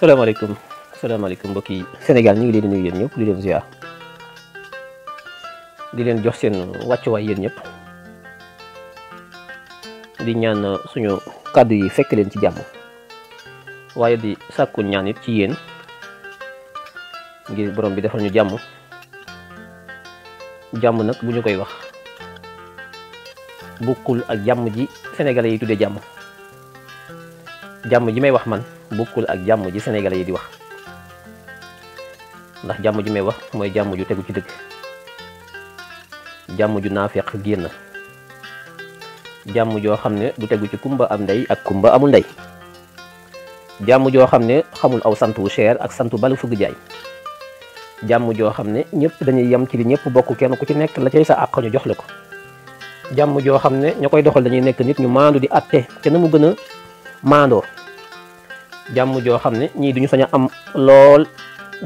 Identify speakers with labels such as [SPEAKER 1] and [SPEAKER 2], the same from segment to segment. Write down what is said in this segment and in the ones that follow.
[SPEAKER 1] Assalamualaikum, assalamualaikum mbokk yi Sénégal ñu ngi leen nuyu yeen ñep di leen ziar di leen jox seen way yeen ñep di ñaan suñu kàddu yi fekk leen ci jamm waye di sakku ñaan yi ci yeen ngir borom bi defal ñu jamm jamm nak bu ñu koy wax bukul ak jamm ji sénégalais yi jamm ji may wax man bukul ak jamm ji Sénégalais yi di wax ndax jamm ju may wax moy jamm ju tegu ci dëgg jamm ju nafiq genn jamm jo xam du tegu ci kumba am ndey ak kumba amul ndey jamm jo xam xamul aw santu cher ak santu balu fugu jaay jamm jo xam ñepp dañuy yam ci li ñepp bokku kenn ku ci nekk la cey sa àq ñu jox lako jamm jo joo ñakoy doxal dañuy nekk nit ñu mandu di atté té namu gëna gën Jamu joo xam ne ñii duñu sañ am lol,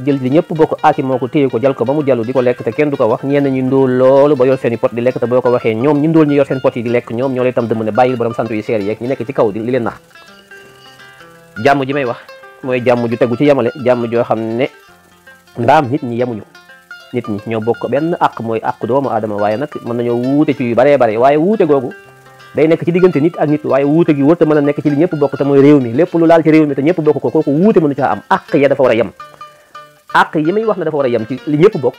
[SPEAKER 1] jël di ñëpp bokk aaki moo ko ko jal ko ba mu jàllu di ko lekk te kenn du ko wax ñenn ñi ndóol loolu ba yor seen i pot di lekk te boo ko waxee ñoom ñi ndóol ñi yor seen pot yi di lekk ñoom ñoo lay tam dëmm ne bàyyil borom sant yu seer yeeg ñi nekk ci kaw di li leen nax jàmm ji may wax mooy jàmm ju tegu ci yamale jàmm joo xam ne ndaam nit ñi yemuñu nit ñi ñoo bokk benn àq mooy àq doomu aadama waaye nag mën nañoo wuute ci yu bare bare waaye wuute googu day nekk ci diggante nit ak nit waaye wuute gi wërta mën a nekk ci li ñëpp bokk te mooy réew mi lépp lu laal ci réew mi te ñëpp bokk ko ne dafa war a yem ci li ko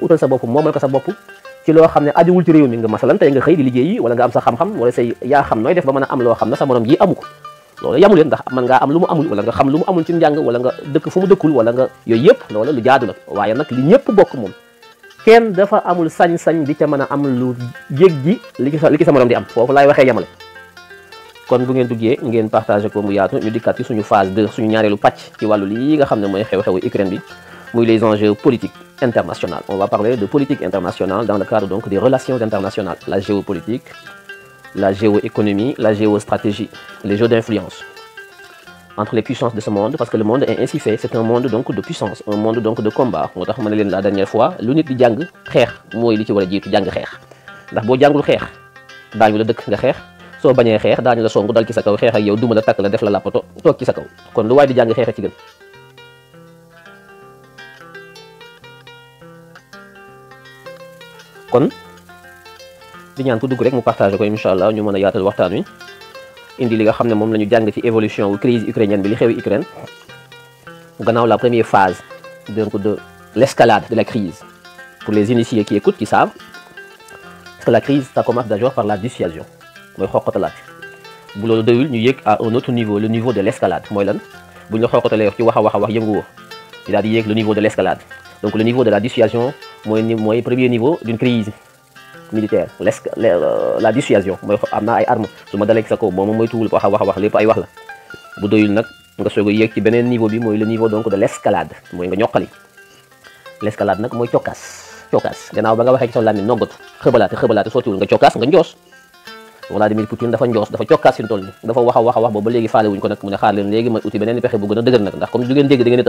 [SPEAKER 1] utal sa bopp moomal ci loo xam ne ajuwul ci réew mi nga masalan tey nga xëy di liggéey yi wala nga am sa xam-xam wala say yaa xam nooy def a am ne sa morom ji amu ko am lu mu amul wala nga xam lu mu amul ci njàng wala nga dëkk fu mu dëkkul wala nga yooyu yëpp loolu lu jaadu la waaye nag li ñëpp bokk moom kenn dafa amul sañ-sañ di ca mën a am lu jéggi li ki sa li ki sa morom di am foofu laay waxee yamale kon bu ngeen duggee ngeen partagé ko mu yaatu ñu dikkaat ci suñu phase 2 suñu ñaareelu pàcc ci wàllu li nga xam ne mooy xew-xewu Ukraine bi muy les enjeux politiques internationaux on va parler de politique internationale dans le cadre donc des relations internationales la géopolitique la géoéconomie la géostratégie les jeux d'influence entre les puissances de ce monde parce que le monde est ainsi fait c'est un monde donc de puissance un monde donc de combat moo tax ma la dernière fois lu nit di jàng xeex mooy li ci wara jitu jang jàng ndax bo jangul xeex dañu la dëkk nga xeex so bañé xeex dañu la songu dal ci sa kaw xeex ak yow duma la tak la def la làppato tok ci sa kaw kon lu waay di jàng xeex ci gën kon di ñaan ku dugg rek mu partager ko inshallah ñu mëna yaatal waxtaan wi indi li nga xam ne moom la ci évolution crise ukrainienne bi li xewi Ukraine gannaaw la première phase donc de l'escalade de la crise pour les initiés qui écoutent qui savent que la crise ça commence d'abord par la dissuasion mooy xoqatalaat bu loolu Nous ñu yéeg à un autre niveau le niveau de l'escalade mooy lan bu ñu la nous ci wax a wax a wax yëngu woo ñu di le niveau de l'escalade donc le niveau de la dissuasion mooy mooy premier niveau d'une crise militaire l'esque eh, la dissuasion mooy am naa ay arme su ma dalee sa kaw boo ma moytuwul wax a wax a wax la bu doyul nag nga soog a ci beneen niveau bi mooy la niveau donc de l' escalade mooy nga ñoqali l' nag mooy cokkaas cokkaas nga waxee ci sa làmmiñ dafa njoos dafa cokkaas fi mu toll dafa wax a wax a wax léegi faale wuñ ko nag mu ne xaar leen léegi ma uti beneen pexe bu gën dëgër nag ndax comme du ngeen dégg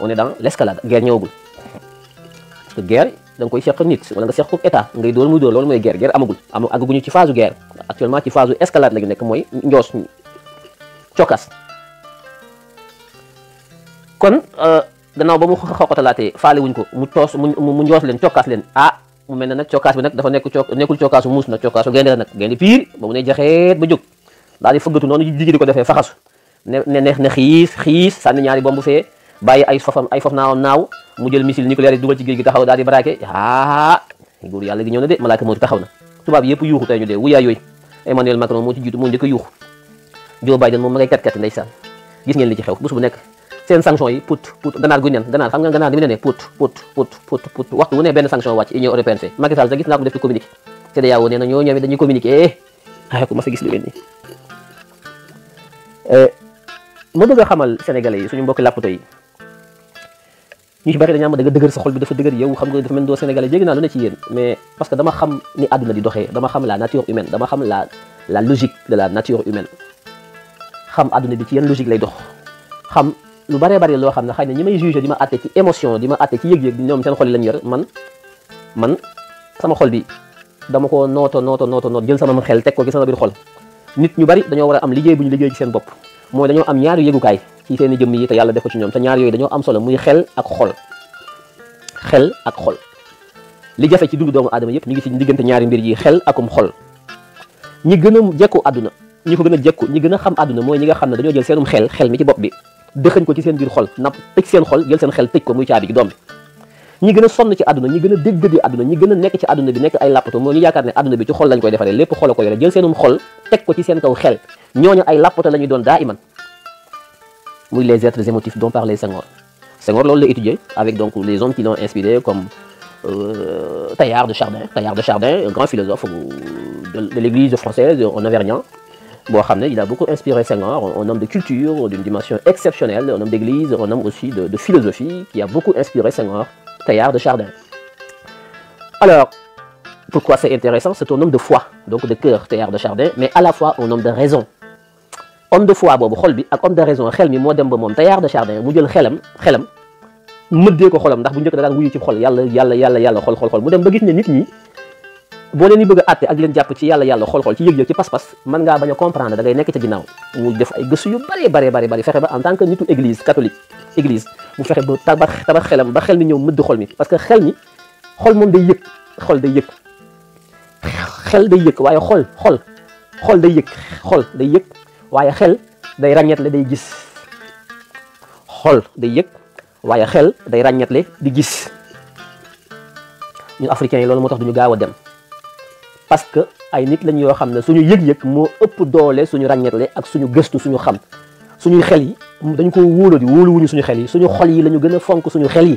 [SPEAKER 1] on est dans l'escalade guerre parce que guerre da koy nit wala nga seq ko état ngay guerre. guerre guerre amagul am ci guerre actuellement ci phase escalade la ñu dans la kon dans euh, ba mu wuñ ko mu toos mu leen leen ah mu mel ne nag bi nag dafa nekk co nekkul cokkaasu On nag cokkaasu gaynde la nag ba mu guerre. guerre. ne ne xiis xiis bàyyi ay fofam ay fof naaw naaw mu jël missile nucléaire dugal ci géej gi taxaw daal di braqué aa nguur yàlla gi ñëw na de malaaka moo taxaw na tubaab yëpp yuuxu tey ñu dee wuyaa yooyu Emmanuel Macron moo ci jiitu a yuuxu Joe Biden moom ci xew bu nekk seen sanction yi put put ganaar guñu gis naa ko mu def ci communiqué te da yaa nee na ñoo ñoom dañuy communiqué ay ko ma sa gis lu mel nii eh, bëgg a xamal sénégalais yi suñu mbokki làppato yi ñu bari dañu am da nga dëgër sa xol bi dafa dëgër yow xam nga dafa mel do sénégalais jégg na lu ne ci yéen mais parce que dama xam ni aduna di doxé dama xam la nature humaine dama xam la la logique de la nature humaine xam aduna bi ci yeen logique lay dox xam lu bari bari lo xam ne xëy ñi may juger dima àtte ci émotion dima àtte ci yegg yegg ñom seen xol lañ yor man man sama xol bi dama ko noto noto noto noto jël sama xel tek ko ci sama bir xol nit ñu bari dañoo wara am liggéey bu ñu liggéey ci seen bop moy dañoo am ñaari yëgukaay ci seen i jëmm yi te yàlla def ko ci ñoom te ñaar yooyu dañoo am solo muy xel ak xol xel ak xol li jafe ci dundu doomu aadama yëpp ñu ngi ci diggante ñaari mbir yi xel akum xol ñi gën a jekku àdduna ñi ko gën a jekku ñi gën a xam àdduna mooy ñi nga xam ne dañoo jël seenum xel xel mi ci bopp bi dëxañ ko ci seen biir xol napp tëj seen xol jël seen xel tëj ko muy caabi gi doom bi ñi gën a sonn ci àdduna ñi gën a dégg di àdduna ñi gën a nekk ci àdduna bi nekk ay làppato moo ñu yaakaar ne àdduna bi ci xol lañ koy defaree lépp xol a ko yore jël seen kaw xel ñooñu ay làppato la ñuy doon daa iman Oui, les êtres émotifs dont parlait Senghor Senghor on la étudié avec donc les hommes qui l'ont inspiré comme euh, Taillard de Chardin Taillard de Chardin un grand philosophe de, l'église française en Avergnan. rien. il a beaucoup inspiré Senghor un homme de culture d'une dimension exceptionnelle un homme d'église un homme aussi de, philosophie qui a beaucoup inspiré Senghor Taillard de Chardin alors pourquoi c'est intéressant c'est un homme de foi donc de cœur Taillard de Chardin mais à la fois un homme de raison homme de foi bobu xol bi ak homme de raison xel mi mo dem ba mom tayar de Chardin mu jël xelam xelam mëddee ko xolam ndax bu ñëk da nga wuyu ci xol yàlla yàlla yàlla yàlla xol xol xol mu dem ba gis ne nit ñi bo leen ni bëgg àtte ak leen jàpp ci yàlla yàlla xol xol ci yëg-yëg ci pass pass man nga baña comprendre da ngay nekk ci ginnaaw mu def ay gëssu yu bari bari bari bari fexe ba en tant que nitu église catholique église mu fexe ba tabax tabax xelam ba xel ni ñëw mëdd xol mi parce que xel ni xol mom day yëk xol day yëk xel day yëk waye xol xol xol day yëk xol day yëk waaye xel day ràññetle day gis xol day yëg waaye xel day ràññetle di gis ñun africains yi loolu moo tax duñu gaaw a dem parce que ay nit lañ yoo xam ne suñu yëg-yëg moo ëpp doole suñu ràññetle ak ñu gëstu ñu xam suñuy xel yi dañ ko wóolu di wóolu wuñu suñu xel yi suñu xol yi la ñu gën a fonk suñu xel yi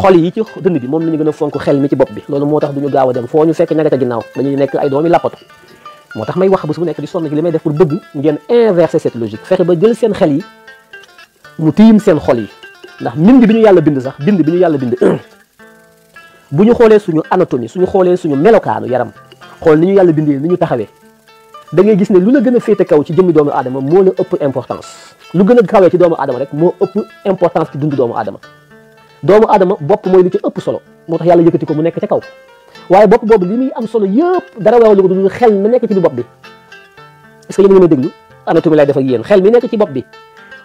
[SPEAKER 1] xol yi ci dënd bi moom la ñu gën a fonk xel mi ci bopp bi loolu moo tax duñu gaaw a dem foo ñu fekk ñaga ginnaaw dañuy nekk ay doomi moo tax may wax bés bu nekk di sonn ci li may def pour bëgg ngeen inverser cette logique fexe ba jël seen xel yi mu tiim seen xol yi ndax mbind bi ñu yàlla bind sax bind bi ñu yàlla bind bu ñu xoolee suñu anatomie suñu xoolee suñu melokaanu yaram xool ni ñu yàlla bindee ni ñu taxawee da ngay gis ne lu la gën a féete kaw ci jëmmi doomu aadama moo la ëpp importance lu gën a kawee ci doomu aadama rek moo ëpp importance ci dund doomu aadama doomu aadama bopp mooy li ci ëpp solo moo tax yàlla yëkkati ko mu nekk ca kaw waaye bopp boobu li muy am solo yëpp dara weewu ko du xel mi nekk ci bopp bi est-ce que yéen a ngi may déglu anatomie lay def ak yéen xel mi nekk ci bopp bi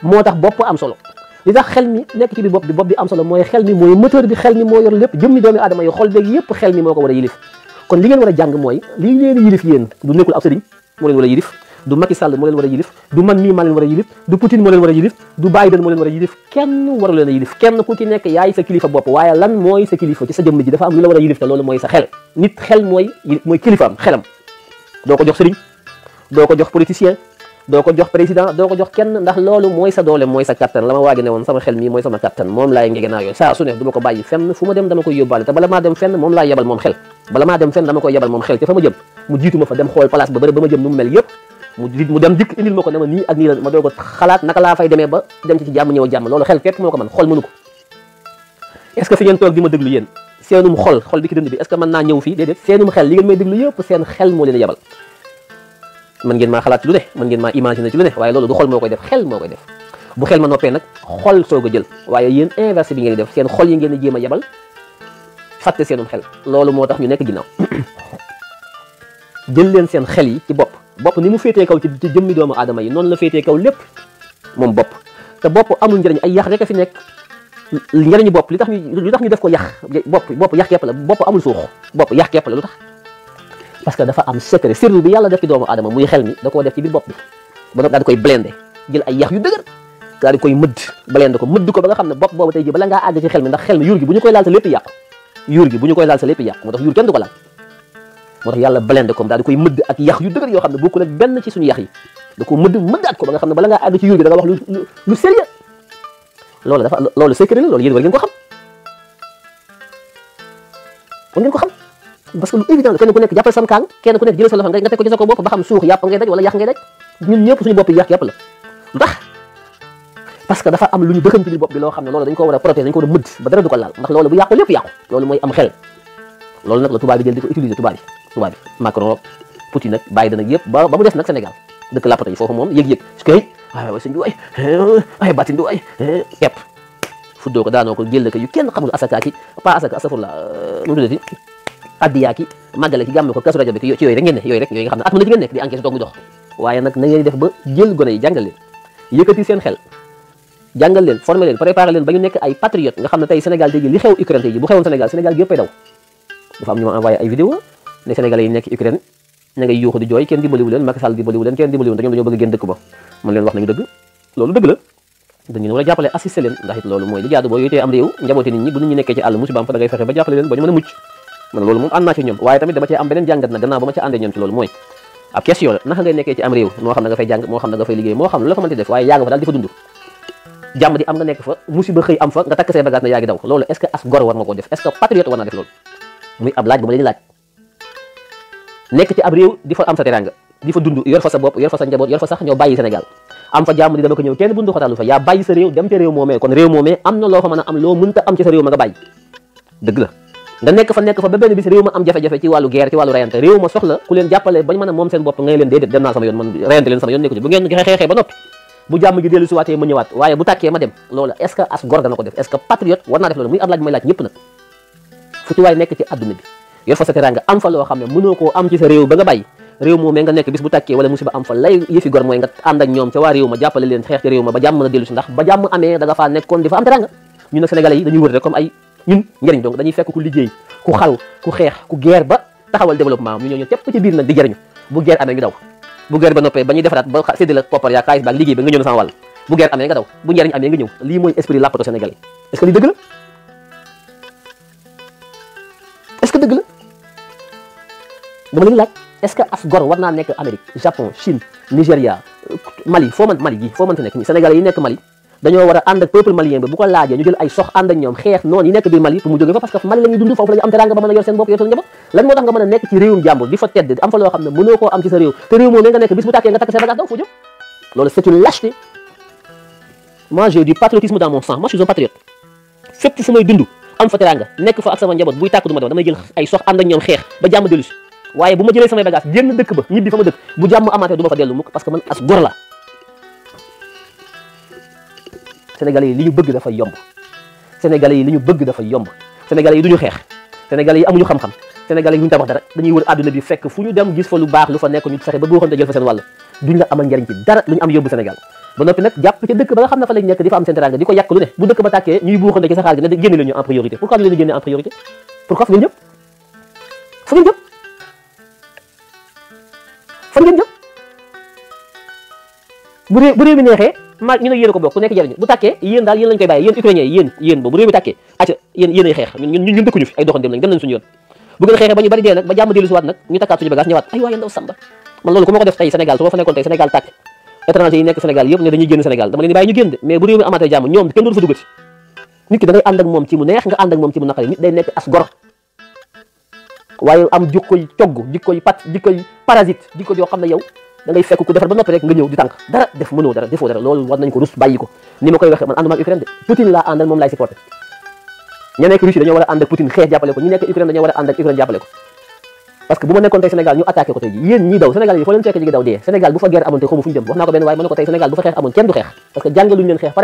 [SPEAKER 1] moo tax bopp am solo li tax xel mi nekk ci biir bopp bi bopp bi am solo mooy xel mi mooy moteur bi xel mi moo yor lépp jëmmi doomi aadama yi xol beeg yëpp xel mi moo ko war a yilif kon li ngeen war a jàng mooy li ngeen yilif yéen du nekkul ab sëriñ leen war a yilif du Macky Sall mo len wara yilif du man mi maa len wara yilif du Poutine mo len wara yilif du Biden mo len wara yilif kenn waru leen a yilif kenn ku ci nek yaay sa kilifa bop waaye lan moy sa kilifa ci sa jëmm ji dafa am lu la wara yilif te lolu moy sa xel nit xel moy moy kilifa am xelam doko jox serigne doko jox politicien doko jox président doko jox kenn ndax lolu moy sa dole moy sa captain lama waji newon sama xel mi moy sama captain mom lay ngegena yo sa su ne du ko bàyyi fenn fuma dem dama koy yobale te bala ma dem fenn mom lay yabal mom xel bala ma dem fenn dama koy yabal mom xel te fama jëm mu jitu ma fa dem xol place ba bari bama jëm num mel yep mu dem dikk indil ma ko ne ma nii ak nii la ma doog a xalaat naka laa fay demee ba dem ci ci jàmm ñëw loolu xel képp moo ko mën xol mënu est-ce que fi ngeen toog di ma déglu yéen seenum xol xol bi ki dënd bi yëpp seen xel moo maa xalaat ci lu ne ngeen maa imaginer ci lu ne waaye loolu du xol moo koy def bu xel ma noppee nag xol soog a jël waaye yéen inverse bi ngeen def seen xol yi ngeen di jéem a yabal fàtte seenum xel loolu moo tax ñu nekk ginnaaw jël leen seen xel yi ci bopp bopp ni mu féetee kaw ci jëmmi doomu aadama yi noon la féetee kaw lépp moom bopp te bopp amul njëriñ ay yax rek fi nekk njëriñu bopp li tax ñu li tax ñu def ko yax bopp bopp yax kepp la bopp amul suux bopp yax kepp la lu tax parce que dafa am secret sirru bi yàlla def ci doomu aadama muy xel mi da koo def ci biir bopp bi ba noppi daal di koy blender jël ay yax yu dëgër daal di koy mëdd blender ko mëdd ko ba nga xam ne bopp boobu tey ji bala ngaa àgg ci xel mi ndax xel mi yuur gi bu ñu koy lépp yàqu yuur gi bu ñu koy laal moo tax yàlla blende comme daal ak yax yu dëgër yoo xam ne bokkul ak benn ci suñu yax da ko mëdd mëddaat ko ba nga xam ne bala ngaa àgg ci yóor bi da wax lu lu sérieux loolu dafa loolu secret la loolu yéen war ngeen ko lu nga teg daj ñun ñëpp suñu bopp yi yàq la lu tax dafa am lu ñu dëxam ci biir bopp bi loo xam ne ko war mooy am xel loolu nag la tubaab jël di ko utiliser tubaab tuba bi Macron ak Poutine nag bàyyi dana yëpp ba ba mu des nag Sénégal dëkk làppata yi foofu moom yeg yëg su koy ay way sëñ bi ay ay batin du ay kepp fuddoo ko daano ko gel ko yu kenn xamul asaka ki pa asaka asafur la euh, mu tuddati addiyaa ki màggale ki gàmme ko kasu radio bi ci yoy rek ngeen ne yooyu rek yoy nga xamna ne at mu ci ngeen nek di enquête dogu dox waye nak na ngeen def ba jël gone yi jàngal leen yëkkati seen xel jangal leen former leen préparer leen ba ñu nekk ay patriote nga xam tay tey Sénégal tey li xew Ukraine tay bu xewon Sénégal Sénégal gi yëppay daw dafa am ñu ma envoyé ay vidéo les sénégalais yi nekk Ukraine ña nga yuuxu di jooy kenn dimbaliwu leen Macky Sall dimbaliwu leen kenn dimbaliwu leen dañu bëgg gën dëkk ba man leen wax nañu dëgg loolu dëgg la dañu wara war a jàppale assisté leen ndax it loolu mooy li jaadu boo yooyu am réew njaboote nit ñi bu nit ñi nekkee ci àll musibaam fa da ngay fexe ba jàppale leen ba ñu mën a mucc man loolu moom ànd ci ñoom waaye tamit dama ci am beneen jàngat na gannaaw ba ma ci àndee ñoom ci loolu mooy ab question la naka ngay nekkee ci am réew moo xam da nga fay jàng moo xam da nga fay liggéey moo xam lu la ko mën di def waaye yaa fa daal di fa dund jàmm di am nga nekk fa musiba xëy am fa nga takk say bagage na yaa ngi daw loolu est ce que as gor war nga ko def est ce que patriote war naa def loolu muy ab laaj bu ma leen laaj Nek ci ab rew di fa am sa teranga di fa dundu yor fa sa bop yor fa sa njabot yor fa sax ñoo bayyi senegal am fa jamm di dama ko ñew kenn bundu xatalu fa ya bayyi sa rew dem rew momé kon rew momé am lo fa mëna am lo mënta am ci sa rew ma nga bayyi deug la nga nek fa nek fa ba benn bis ma am jafé jafé ci walu guerre ci walu rayante rew ma soxla ku leen jappalé bañ mëna mom seen bop ngay leen déedéet dem na sama yoon man rayante leen sama yoon nekku ci bu ngeen xeexee ba nopi bu jamm gi dellu ci waté ma ñewat waye bu takké ma dem loolu est ce que as gor dana ko def est ce que patriote war na def loolu muy laaj laaj ñepp nak fu ci way nek ci aduna bi yor fa sa teranga am fa lo xamne ne ko am ci sa rew ba nga bay rew mo me nga nek bis bu takke wala musiba am fa lay yefi gor moy nga and ak ñom ci waa rew ma jappale leen xex ci rew ma ba jamm na delu ci ndax ba jamm amé da nga fa nekkon difa am teranga ñun nag sénégalais yi dañuy wër rek comme ay ñun njëriñ donc dañuy fekk ku liggéey ku xal ku xex ku guerre ba taxawal développement ñu ñoo ñëw tepp ci biir nak di jëriñu bu guerre amé ñu daw bu guerre ba noppé ba ñuy defaraat ba séddi la koppar ya kaayis ba liggéey ba nga ñëw na sama wal bu guerre amé nga daw bu njëriñ amé nga ñëw li moy esprit lapato sénégalais est ce que li deug la est-ce que dëgg la dama leen laaj est-ce que af gor war naa nekk Amérique Japon Chine nigeria Mali foo man Mali gi foo mënta nekk ñi Sénégal yi nekk Mali dañoo war a ànd ak peuple malien bi bu ko laajee ñu jël ay sox ànd ak ñoom xeex noonu yi nekk biir Mali pour mu jóge fa parce que Mali la ñuy dund foofu la ñu am teranga ba mën a yor seen bopp yor seen njaboot lan moo tax nga mën a nekk ci réewum jàmbur di fa tedd am fa loo xam ne mënoo koo am ci sa réew te réew moom nga nekk bis bu tàkkee nga takk sa bagage daw foo jëm loolu c'est une lâcheté moi j'ai du patriotisme dans mon sang moi je suis un patriote fépp fu may dund am fa teranga nekk fa ak sama njaboot buy tàkk du ma dama damay jël ay sox ànd ak ñoom xeex ba jàmm dellu waaye bu ma jëlee samay bagage génn dëkk ba ñibbi fa ma dëkk bu jàmm amaatee du ma la sénégalais yi li ñu bëgg dafa yomb sénégalais yi li ñu bëgg dafa yomb sénégalais yi duñu xeex sénégalais yi amuñu xam-xam sénégalais yi duñu tabax dara dañuy wër àdduna bi fekk fu ñu dem gis fa lu baax lu fa nekk ñu fexe ba góoxante jël fa seen wàll duñ la amal njariñ ci dara lu ñu am yóbbu senegal ba nopi nak japp ci dëkk ba nga xam ne fa lañ nekk di am seen teranga di ko yàq lu ne bu dëkk ba tàkkee ñuy buuxante ci saxaar gi ne génne leen ñu en priorité pourquoi du leen génne en priorité pourquoi fa ngeen jëm fa ngeen jëm fa ngeen jëm bu réew bu réew mi neexee ma ñu ne yéen ko bokk ku nekk jariñu bu tàkkee yéen daal yéen lañ koy bàyyi yéen ukrainien yéen yéen bu réew mi tàkkee acca yéen yéen ay xeex ñun ñun dëkkuñu fi ay doxandéem lañ dem nañ suñu yoon bu gën xeexee ba ñu bari dee nag ba jàmm dellu si waat nag ñu takkaat suñu bagage ñëwaat ay waa yéen daw samba man loolu ku ma ko def tey Sénégal su ma fa nekkoon tey Sénégal tàkk étranger yi nekk Sénégal yëpp ne dañuy génn Sénégal dama leen bàyyi ñu génn de mais bu réew mi amatee jàmm ñoom kenn dootu fa duggati nit ki da ngay moom ci neex nga ànd moom ci mu naqari da ngay fekk ku defar ba noppi rek dara def mënoo dara defoo dara loolu war nañ ko rus bàyyi ko ni ma koy waxee man ànduma Ukraine de Poutine laa àndal Ukraine dañoo war ko parce que bu ma nekkoon tey Sénégal ñu attaqué ko tey daw dee Sénégal bu fa guerre amoon tey xamu fu ñu wax naa ko benn waaye ma ne ko tey bu fa xeex amoon kenn du xeex mu jàmm gën a lu lu fi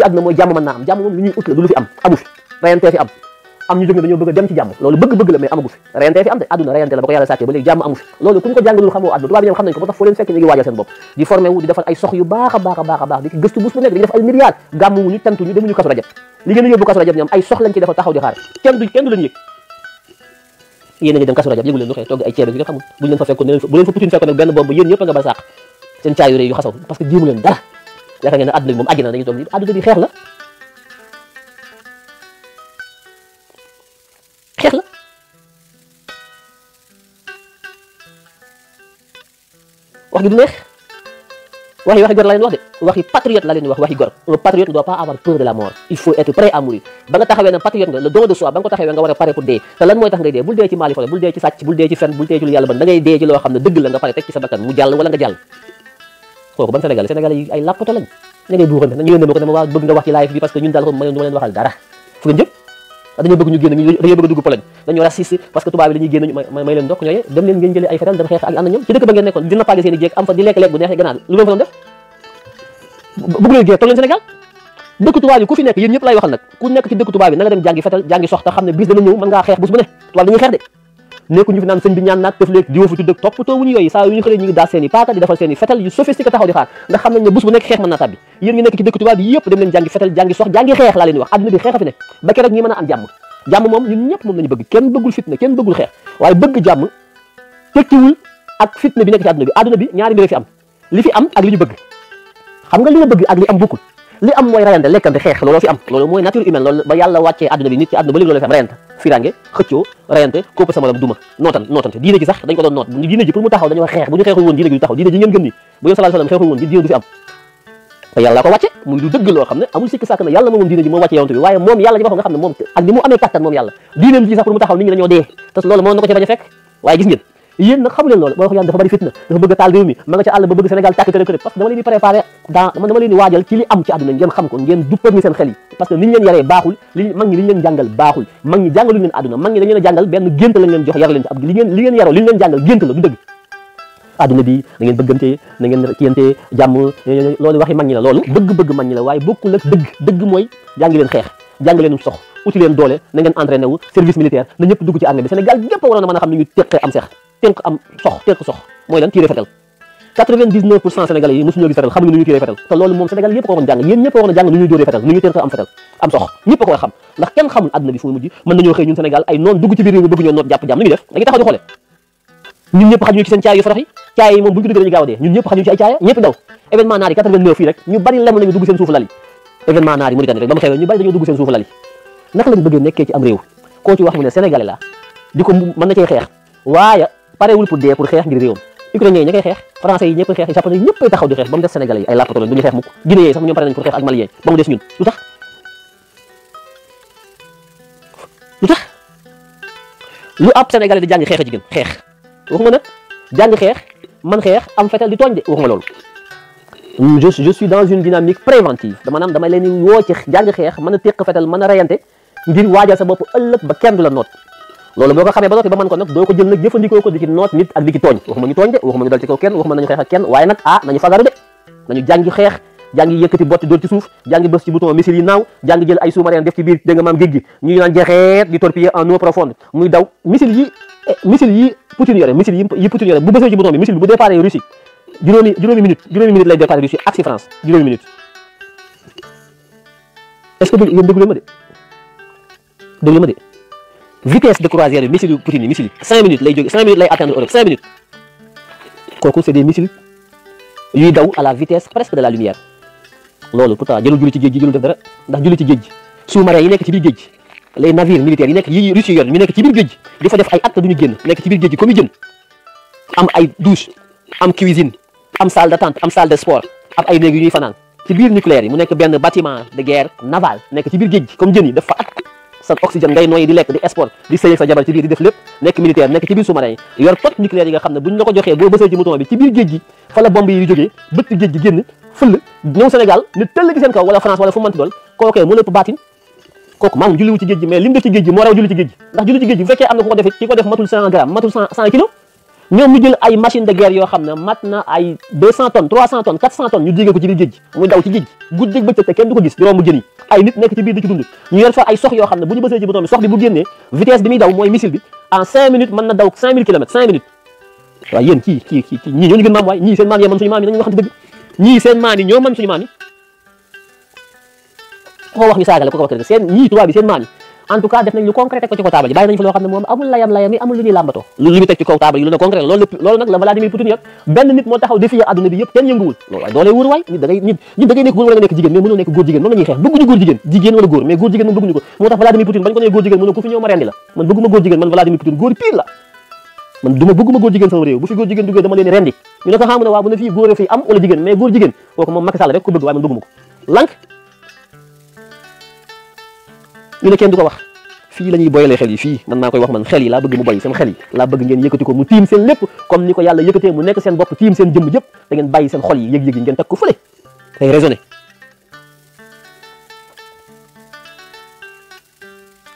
[SPEAKER 1] am amu fi fi am am ñu jóg ne bëgg dem ci jàmm loolu bëgg-bëgg la mais amagu fi reyante fi am de àdduna reyante la ba ko ko jàngalul xamoo àdduna ba tax foo leen fekk ñu ngi waajal seen bopp di formé wu ñu demuñu kaso rajab li bi xeex la Kerla. wax gi du neex waxi waxi gor lain leen wax Wah waxi patriote laa leen wax waxi gor Lo patriot lo apa pas pur de la mort il faut être prêt à mourir ba nga taxawee patriot nga le don de soi ba ko nga pare pour dee te lan mooy tax ngay dee bul dee ci maali fole bul dee ci sàcc bul dee ci fen bul dee ci lu ban da ngay dee ci lo xam la nga pare tek ci sa bakkan mu jàll wala nga jàll kooku ban sénégal sénégal ay làppato lañ ña ngay buuxante ñu leen dama ko dama waa bëgg nga wax ci live bi parce que ñun daal ko ma leen waxal dara fu ngeen Ah, dañoo bëgg ñu génn ñu dañoo bëgg dugg Pologne dañoo raciste parce que tubaab yi dañuy génn ñu may leen leen ngeen jëli ay fetal dem xeex ak ànd ñoom ci dëkk ba ngeen nekkoon dina paale seen i am fa di lekk lekk bu neexee ganaar lu ngeen fa def bëgg leen génn toog leen Sénégal dëkk tubaab yi ku fi nekk yéen ñëpp lay waxal nag ku nekk ci dëkk tubaab yi na dem jàngi fetal jàngi soxta xam ne bis dana ñëw mën ngaa xeex bés bu ne tubaab dañuy nekk ñu fi naan sëñ bi ñaan naat def léegi di woo fi tudd ak toppatoo wuñu yooyu saa ñu xëyee ñu i paaka di defal seen i fetal yu sophistiqué taxaw di xaar ndax xam nañ ne bés bu nekk xeex mën naa tàbbi yéen ñu nekk ci dëkk tubaab bi dem leen jàngi fetal jàngi sox jàngi xeex laa leen wax àdduna bi xeex a fi nekk ba keroog ñi mën am jàmm jàmm moom ñun ñëpp moom lañu bëgg kenn bëggul fitna kenn bëggul xeex waaye bëgg jàmm tekkiwul ak fitna bi nekk ci li fi am ak li nga li nga bëgg ak li am li am mooy rayante lekkante xeex looloo fi am loolu mooy nature humaine ba yàlla wàccee adduna bi nit ki adduna ba léegi fi am rayante firange xëccoo rayante kóopa samalam duma nootan nootante diine ji sax dañ ko noot diine ji moo wàcce yonent bi moom yàlla ji boppam nga xam ne moom ak mu amee kàttan moom yàlla diineem ji sax pour mu taxaw nit ñi dañoo dee te loolu moo na ko ci bañ a fekk waaye yeen nag xam leen loolu mooy wax dafa bari fitna dafa bëgg a taal réew mi ma nga ci àll ba bëgg Sénégal tàkk tërë parce que dama leen di préparer dama dama leen di waajal ci li am ci aduna ngeen xam ko ngeen duppal ni seen xel yi parce que niñ leen yaree baaxul li mag ni liñ leen jangal baaxul mag ni jangalu leen aduna mag ni dañ leen jangal jàngal benn gént lañ leen jox yar leen ci ab li ngeen li ngeen yaro liñ leen jangal gënt la du dëgg aduna bi na ngeen bëggante na ngeen kiyante jamm loolu waxi mag ni la loolu bëgg-bëgg mag ni la waaye bokkul ak dëgg dëgg mooy jàngi leen xeex jàngi leen sox outil leen doole na ngeen entraîné wu service militaire na ñëpp dugg ci armée bi Sénégal gépp waroon na mën a xam ni ñu teqee am seex tënk am sox tënk sox mooy lan tiiree fetal 99 pour cent sénégalais yi mosuñoo gis fetal xamuñu nu ñuy tiiree fetal te loolu moom sénégal yëpp ko waroon nu ñuy dóoree fetal nu ñuy tënk am fetal ko wax mu ne sénégalais la di ko mën na cay xeex waaye parewul pour dee pour xeex ngir réewam ukrainien yi ña koy xeex français yi ñëpp xeex japonais yi ñëppay taxaw di xeex ba mu des sénégalais yi ay làppato lañ du xeex mukk guinéen yi sax ñoom pare nañ pour xeex ak malien ba mu des ñun lu tax xeex man xeex am fetal di tooñ de waxuma loolu je je suis dans une dynamique préventive dama maanaam damay leen woo ci jàng xeex mën a téq fetal mën a reyante ngir waajal sa bopp ëllëg ba kenn du la noot loolu boko xamé ba noppi ba man ko nak do ko jël nak jëfëndiko ko di ci noot nit ak di ci tooñ waxuma ngi togn de waxuma ngi dal ci ko kenn waxuma nañu xex ak kenn waye nak ah nañu fagaru de nañu jangi xex jangi yëkëti botti do ci suuf jangi bëss ci bouton missile yi naaw jangi jël ay sous-marin def ci biir de nga maam géej ñuy naan jeexeet di torpiller en eau profonde muy daw missile yi eh, missile yi putin yore missile yi yi Poutine yore bu bëssé ci bouton bi missile bu déparé russi juroomi juroomi minute juroomi minute lay déparé russi ak ci France juroomi minute est-ce que yéen déglu ma de déglu ma de vitesse de croisière missiles missile Poutine minutes lay cinq minutes minutes c'est des missiles daw à la vitesse presque de la lumière ci dara ndax sous yi les navires militaires yi yi comme am ay douche am cuisine am salle d'attente am salle de sport am ay ci nucléaire yi mu bâtiment de guerre naval nest ci bir comme sa oxygène ngay nooyi di lekk di sport di sëy sa jabar ci biir di def lépp nekk militaire nekk ci biir sous yi yor pot nucléaire yi nga xam ne buñ la ko joxee boo bësee ci mouton bi ci biir géej gi fa bomb yi jógee bëtt géej gi génn fëll ñëw Sénégal ne tëll gi seen kaw wala France wala fu manti dool kookee mu lépp baatin kooku maanaam julliwu ci géej gi mais li mu def ci géej gi moo raw julli ci géej ndax julli ci géej gi bu fekkee ñoom ñu jël ay machine de yoo xam ne mat na ay 200 tonnes 300 tonnes 400 tonnes ñu jigee ko ci biir géej muy daw ci géej guddi ak bëccëg te kenn du ko gis di romb jën yi ay nit nekk ci biir di ci dund ñu yor fa ay sox yoo xam ne bu ñu bësee ci bouton bi sox bi bu génnee vitesse bi muy daw mooy missile bi en 5 minutes mën na daw 5000 kilomètres 5 minutes waaye yéen kii kii kii ñii ñoo ñu gën maam waaye ñii seen maam yee man suñu maam ko en def nañ lu concret ko ji bàyyi nañ fa loolu nag la Vladimir Poutine yak benn nit moo taxaw défier àdduna bi yëpp kenn yënguwul loolu waaye doolee wóor waay nit nit nit nekk góor wala nga nekk jigéen mais mënoo nekk góor jigéen moo tax Vladimir Poutine bañ ko nee góor jigéen mu ne ku fi ñëw ma la man bëgguma góor jigéen man Vladimir Poutine góor bu fi góor jigéen duggee dama leen rendi ñu ne ko xam ah, ne waaw na fii góor fii am wala jigéen ñu ne kenn du ko wax fii la ñuy boyalee xel yi fii man maa koy wax man xel yi laa bëgg mu boy seen xel yi laa bëgg ngeen yëkkati ko mu tiim seen lépp comme ni ko yàlla yëkkatee mu nekk seen bopp tiim seen jëmm jëpp da ngeen bàyyi seen xol yi yëg-yëg yi ngeen teg ko fële day raisonné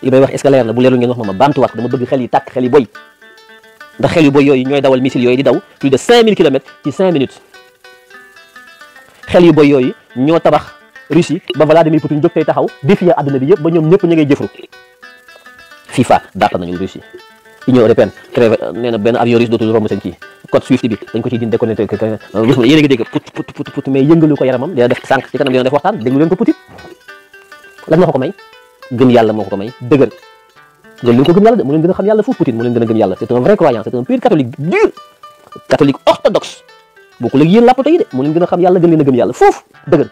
[SPEAKER 1] li may wax est-ce na bu leerul ngeen wax ma ma baamtuwaat dama bëgg xel yi tàkk xel yi boy ndax xel yu boy yooyu ñooy dawal missile yooyu di daw plus de 5000 kilomètres ci 5 minutes xel yu boy yooyu ñoo tabax Russie ba Vladimir Poutine jóg tey taxaw défier àdduna bi yëpp ba ñoom ñëpp ñu ngay jëfru FIFA dàq nañu Russie Union européenne crève euh, nee na benn avion russe dootul romb seen kii code SWIFT bi dañ ko ciy din déconnecté yéen a ngi dégg put put mais yëngalu ko yaramam dina def sànq ci kanam dina def waxtaan déglu leen ko Poutine lan moo ko yàlla moo ko may dëgër loolu li leen gën a gën yàlla de mu leen gën a xam yàlla gën leen a gëm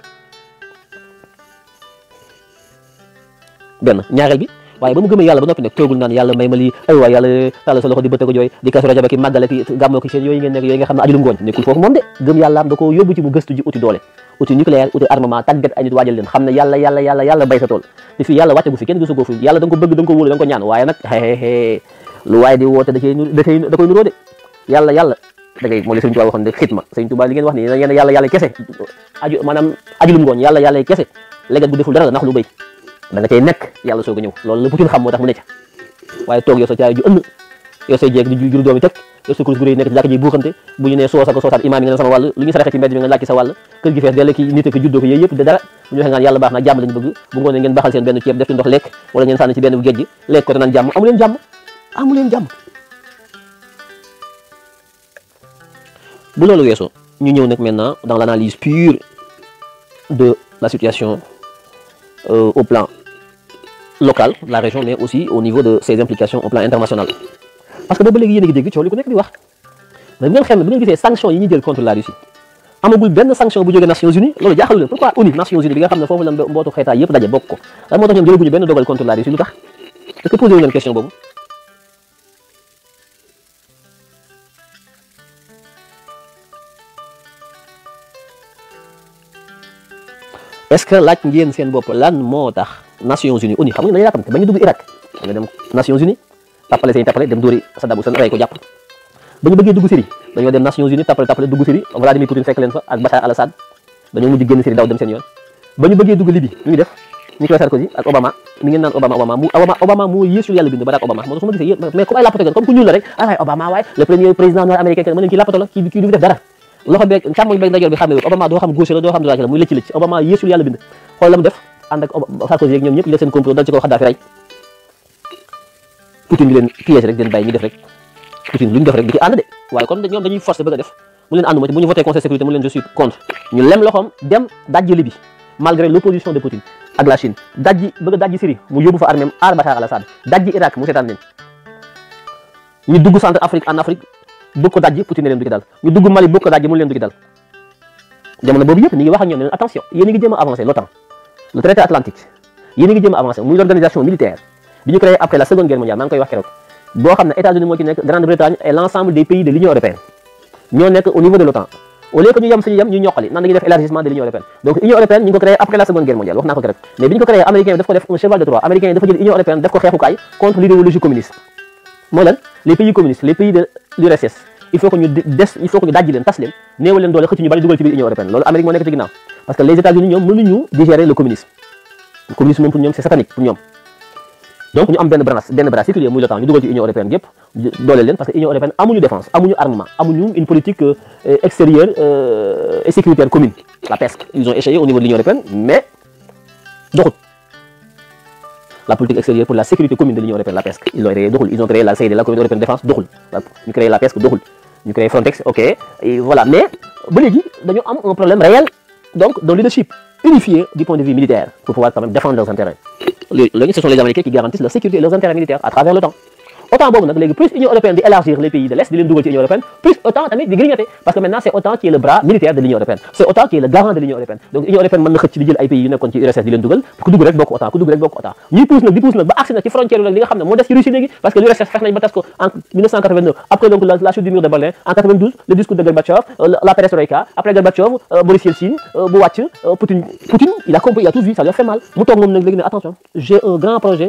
[SPEAKER 1] benn ñaareel bi waaye ba mu gëmee yàlla ba noppi nag toogul naan yàlla may ma lii ay waay yàlla tàllal sa ko jooy di kasu rajaba ki màggale ki gàmmoo ki seen yooyu ngeen nekk yooyu ngeen ajulum ngooñ yàlla yàlla kese légat bu deful dara la lu bay da nga cay nekk yàlla soog a ñëw loolu la puccul xam moo tax mu ne waaye toog yow sa caay ju ënn yow say jeeg di jur doomi teg yow sa kurus gu bu ñu imaam yi nga ne sama wàll lu ñu saraxe ci mbedd mi nga laaj ci sa wàll kër gi fees delle ki nit ak juddoo ko yooyu yëpp de dara bu ñu waxee ngaan yàlla baax na jàmm lañ bëgg bu ngoonee ngeen baxal seen benn ceeb def ci ndox lekk wala ngeen sànni ci benn géej gi lekk ko te naan jàmm amu jàmm bu loolu la situation Euh, au plan local la région est aussi au niveau de ses implications au plan international parce que boobu léegi yéen a ngi dégg coow li ku nekk di wax mais bu ngeen xam ne bu ngeen gisee sanction yi ñuy jël contre la Russie amagul benn sanction bu jógee Nations Unies loolu jaaxalu leen pourquoi ONU Nations Unies bi nga xam ne foofu la mbootu xeetaay yëpp daje bokk ko lan moo tax ñoom jëlaguñu benn dogal contre la Russie lu tax est-ce que posé wu leen question boobu est-ce que laaj ngeen seen bopp lan moo tax Nations Unies uni xam nga dañuy yàkkamte ba ñu dugg Irak nga dem Nations Unies tapale seen tapale dem dóori Saddam Hussein rey ko jàpp ba ñu bëggee dugg Syrie dañoo dem Nations Unies tapale tapale dugg Syrie Vladimir Poutine fekk leen fa ak Bachar al-Assad dañoo mujj génn Syrie daw dem seen yoon ba ñu bëggee dugg Libye ñu ngi def Nicolas Sarkozy ak Obama mi ngeen naan Obama Obama mu Obama Obama moo yées yu yàlla bind Obama moo tax su ma gisee mais comme ay lapato comme ku ñuul la rek ah Obama waay le premier président noir américain ma leen kii lapato la kii kii du def dara loxo beeg càmmoñ beeg Obama doo xam gauche doo xam droite la muy lëcc lëcc Obama yéesul yàlla bind xool la def ànd ak Sarkozy yeeg ñoom ñëpp ñu seen complot dal ci kaw Xaddaafi rey Poutine di leen piège rek di leen ñu def rek Poutine lu ñu def rek di ci de waaye comme ñoom bu ñu voté conseil sécurité mu leen je suis contre ñu lem loxoom dem dajji Libye malgré l'opposition de Poutine ak la Chine dajji bëgg a dajji mu yóbbu fa aar Bachar al-Assad dajji Irak mu bëgg ko dajji Poutine leen du ki dal ñu dugg Mali bëgg ko dajji mu leen du ki dal jamono boobu yëpp ni ngi wax ak ñoom ne leen attention yéen a ngi jéem a avancé l'OTAN le traité atlantique yéen a ngi jéem a avancé muy l'organisation militaire bi ñu créé après la seconde guerre mondiale maa ngi koy wax keroog boo xam ne États-Unis moo ci nekk Grande-Bretagne et l'ensemble des pays de l'Union européenne ñoo nekk au niveau de l'OTAN au lieu que ñu yem suñu yem ñu ñoqali nan dañuy def élargissement de l'Union européenne donc Union européenne ñu ngi ko créé après la seconde guerre mondiale wax naa ko keroog mais bi ñu ko créé américain bi ko def un cheval de Troie américain yi dafa jël Union européenne daf ko xeexukaay contre l'idéologie communiste mooy lan les pays communistes les pays de l'URSS il faut que nous des il faut que ñu dajji leen tas leen néewal leen il faut qu'on bari dugal ci l'Union européenne L'Amérique Amérique moo nekk ci parce que les États-Unis ñoom mënuñu digérer le communisme le communisme pour nous, c'est satanique pour nous donc ñu am benn de bras, branche sécurité muy le temps ñu dugal ci Union européenne yëpp dooleel leen parce que Union européenne amuñu défense amuñu armement amuñu une politique euh, extérieure euh, et sécuritaire commune la PESC ils ont échoué au niveau de l'Union européenne mais donc la politique extérieure pour la sécurité commune de l'Union européenne, la PESC. Ils ont créé Ils ont créé la CED, la Communauté européenne de défense, Ils ont créé la PESC, Ils ont créé Frontex, ok. Et voilà. Mais, Bolivie, nous avons un problème réel, donc, dans le leadership unifié du point de vue militaire, pour pouvoir quand même défendre leurs intérêts. Les, ce sont les Américains qui garantissent leur sécurité et leurs intérêts militaires à travers le temps autant plus l'Union européenne d'élargir les pays de l'Est européenne plus autant tamit grignoter parce que maintenant c'est autant qui est le bras militaire de l'Union européenne c'est autant qui est le garant de l'Union européenne donc l'Union européenne parce que en 1989 après la chute du mur de Berlin en le discours de euh, la après euh, Boris Yeltsin a a j'ai un grand projet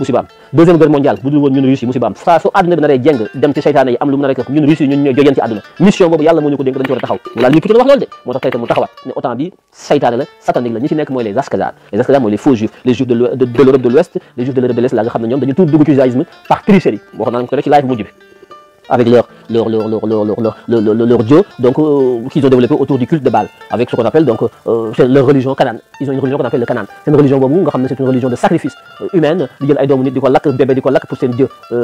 [SPEAKER 1] musibaam deuxième guerre mondiale woon ñun Russie musibaam saa su àdduna bi naree jeng dem ci seytaane yi am lu mu naree këf ñun Russie ñun ñooy jojeen mission boobu yàlla moo ñu ko dénk dañ ci war a taxaw wala ñu wax loolu de moo tax tey mu taxawaat ne OTAN bi seytaane la satanique la ñi ci nekk mooy les ascasars les mooy les faux juifs les juifs de l'Europe de l'Ouest la nga xam ne ñoom dañu tuub dugg ci judaïsme par tricherie waxoon naa ko rek avec leur, leur, leur, leur leur leur dieu donc, euh, qu'ils ont développé autour du culte de Baal, avec ce qu'on appelle donc, euh, euh leur religion canane Ils ont une religion qu'on appelle le Canaan. C'est une religion bobu, c'est une religion de sacrifice euh, humaine. Il y a des gens qui ont bébé qui ont pour ses dieux. Bobu,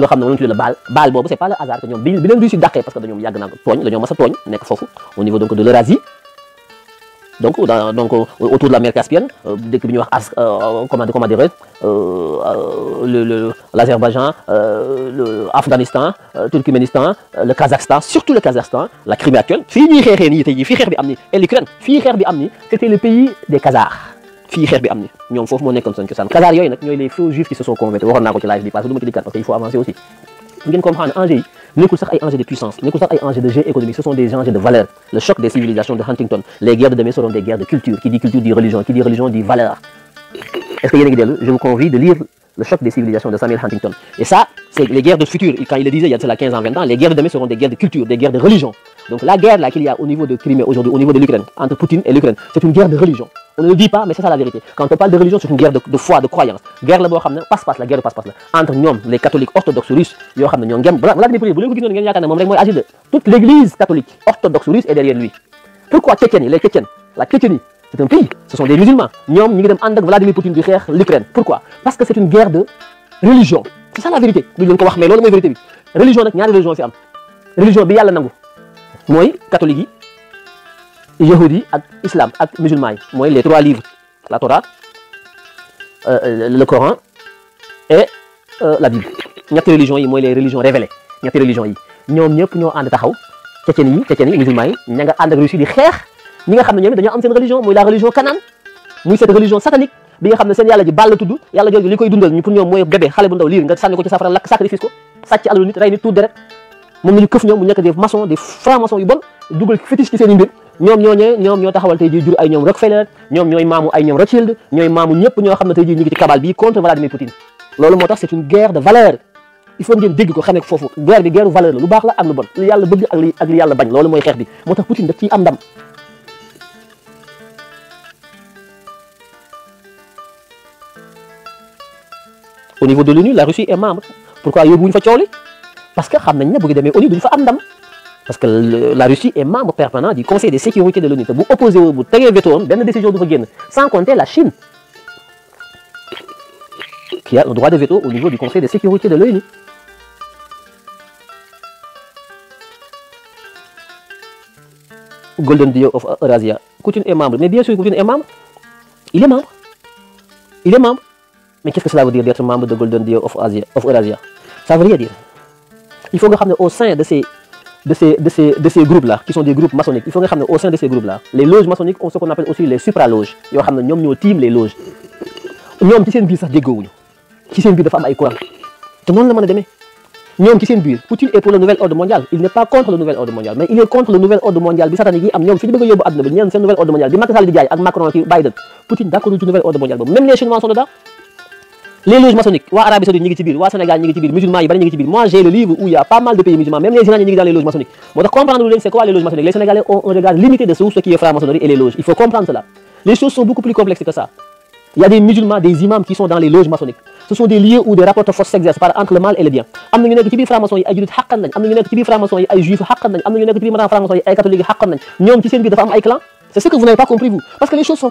[SPEAKER 1] le Baal. Baal, bobu, c'est pas le hasard que nous avons. Ils ont dû se parce que nous avons togn, nous avons togn, au niveau donc de l'Eurasie donc dans donc autour de la mer Caspienne dëkk bi ñuy wax as comment comment dirais le le l'Azerbaïdjan euh, le Afghanistan euh, Turkménistan euh, le Kazakhstan surtout le Kazakhstan la Crimée actuelle fii ñuy xeexee nii tey jii fii bi am et l'Ukraine fii xeex bi am ni c'était le pays des Khazars fii xeex bi am ni ñoom foofu moo nekkoon seen cosaan Khazars yooyu nag ñooy les faux juifs qui se sont convertis waxoon naa ko ci live bi parce que du ma parce qu'il faut avancer aussi vous comprendre que nous nekkul et ay de puissance nous sax un enjeu de jeu économique ce sont des enjeux de valeur le choc des civilisations de Huntington les guerres de demain seront des guerres de culture qui dit culture dit religion qui dit religion dit valeur est-ce que y Je vous convie de lire Le choc des civilisations de Samuel Huntington. Et ça, c'est les guerres de futur. Quand il le disait il y a cela 15 ans, 20 ans, les guerres de demain seront des guerres de culture, des guerres de religion. Donc la guerre là qu'il y a au niveau de Crimée aujourd'hui, au niveau de l'Ukraine, entre Poutine et l'Ukraine, c'est une guerre de religion. On ne le dit pas, mais c'est ça la vérité. Quand on parle de religion, c'est une guerre de, foi, de croyance. Guerre là, passe-passe, la guerre passe-passe. Entre nous, les catholiques orthodoxes russes, toute l'église catholique orthodoxe russe est derrière lui. Pourquoi les Tchétchènes, la Tchétchénie, c'est un pays, ce sont des musulmans. Nous sommes Vladimir Poutine l'Ukraine. Pourquoi Parce que c'est une guerre de religion. C'est ça la vérité. Nous devons mais c'est la vérité. Religion, il y a religion. Religion, c'est Dieu. Moi, catholique, yahudi, islam, et musulman. Moi, les trois livres. La Torah, euh, euh, le Coran et euh, la Bible. Nous avons religion, moi, les religions révélées. Nous avons religion. Nous avons tous les religions. Nous avons les musulmans. Nous avons les Russes. ñi nga xamne ñoom dañu am seen religion muy la religion kanan muy cette religion satanique bi nga xamne seen yalla ji bàll tuddu yalla jooju likoy dundal ñu pour ñoom moy bébé xalé bu ndaw lire nga sànni ko ci safara lak sacrifice ko sacc alu nit ray nit tout deret mom nañu keuf ñoom mu ñek def maçon des francs maçons yu bon dugal fétiche ci seen mbir ñoom ñoo ñe ñoom ñoo taxawal tay ji jur ay ñoom Rockefeller ñoom ñoy mamu ay ñoom Rothschild ñoy mamu ñepp ñoo xamne tay ji ñu ngi ci cabal bi contre Vladimir Poutine lolu motax c'est une guerre de valeur il faut ngeen dégg ko xamee fofu guerre bi guerre valeur lu bax la am lu bon lu yàlla bëgg ak li ak li yàlla bañ lolu moy xex bi motax tax Poutine daf ci am ndam au niveau de l'ONU la Russie est membre pourquoi il fa a parce que parce que la Russie est membre permanent du Conseil de sécurité de l'ONU vous opposez au bout de veto décision du sans compter la Chine qui a le droit de veto au niveau du Conseil de sécurité de l'ONU Golden Deal of Eurasia Poutine est membre mais bien sûr Koutoune est membre il est membre il est membre mais qu'est-ce que cela veut dire d'être membre de Golden Deer of, Asia, of Eurasia Ça veut rien dire. Il faut que au sein de ces, de ces, de ces, de ces groupes-là, qui sont des groupes maçonniques, il faut que au sein de ces groupes-là, les loges maçonniques ont ce qu'on appelle aussi les supraloges. Ils ont team les loges. ñoom ci seen biir sax jéggoowuñu ci seen de dafa am ay courant te monde la des a demee qui ci sen biir Poutine est pour le nouvel ordre mondial il n'est pas contre le nouvel ordre mondial mais il est contre le nouvel ordre mondial nouvel satanique mondial. am est contre le bëgg a un bi contre le nouvel ordre mondial bi Macky Sall di nouvel ak Macron ci Biden Poutine d'accord le nouvel ordre mondial même les chinois sont dedans les loges maçonniques les arabes, Saoudite ñi ngi ci biir Sénégal ñi ngi ci musulmans yi bari ñi ngi moi j'ai le livre où il y a pas mal de pays musulmans même les Iraniens ñi dans les loges maçonniques Mais pour comprendre lu leen c'est quoi les loges maçonniques les Sénégalais ont un regard limité de ce qui est franc-maçonnerie et les loges il faut comprendre cela les choses sont beaucoup plus complexes que ça il y a des musulmans des imams qui sont dans les loges maçonniques ce sont des lieux ou des rapports de force s'exercent par entre le mal et le bien am ñu nekk ci biir franc-maçon ay julit xàqan nañ ñu ci franc-maçon ay juif xàqan nañ ñu nekk ci biir franc-maçon ay catholique xàqan c'est ce que vous n'avez pas compris vous parce que les choses sont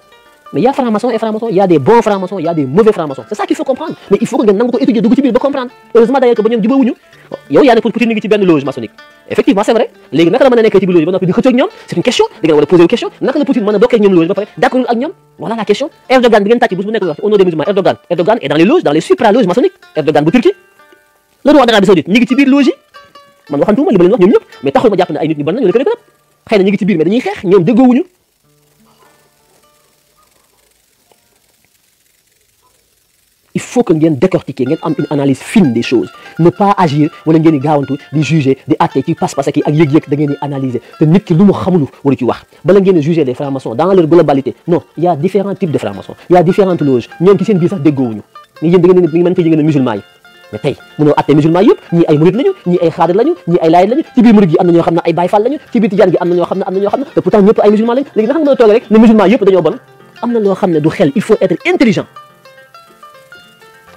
[SPEAKER 1] mais il y a franc-maçon et francs-maçons, il y a des bons francs-maçons, il y a des mauvais francs-maçons. C'est ça qu'il faut comprendre. Mais il faut que nous étudier dugg ci biir ba comprendre. Heureusement d'ailleurs que ba ñoom jubawuñu. yow yaa ne pour Poutine ñu ngi ci benn loge maçonnique. effectivement c'est vrai léegi naka la mën a nekkee ci biir loge ba noppi di xëccoo c'est une question da ngeen war a poser une question naka la Poutine mën a bokkee ak ñoom loge d'accord ak ñoom voilà la question Erdogan bi ngeen tàcc bés bu nekk au nom des musulmans Erdogan Erdogan est dans les loges dans les supraloges maçonniques Erdogan bu Turquie le roi d'Arabie Saoudite ñu ngi ci biir loge yi man waxantuma li ma leen wax ñoom ñëpp mais taxul ma jàpp ne ay nit ñu bon nañu la ko rek xëy na ñu ngi ci biir mais dañuy xeex ñoom déggoowuñu il faut que ngeen décortiquer ngeen am une analyse fine des choses ne pas agir wala ngeen di gaawantu di juger di atte qui pas-pas ki ak yëg-yëg da ngeen analyser te nit ki lu mu xamul wala ci wax bala ngeen juger des francs-maçons dans leur globalité non il y a différents types de francs-maçons il y a différentes loges ñoom ci seen biir sax déggoowuñu ni yéen da ngeen mi ngi mën fi yëngal musulman yi mais tey mënoo atté musulman yëpp ñi ay mourid lañu ñi ay xadir lañu ñi ay laayit lañu ci bi mourid gi am na ñoo xam ay baay fall lañu ci bi tijaan gi am na ñoo xam ne am na ñoo xam te pourtant ñëpp ay musulman lañu légui nga xam nga mën rek né musulman yëpp dañoo bon am na loo xam du xel il faut être intelligent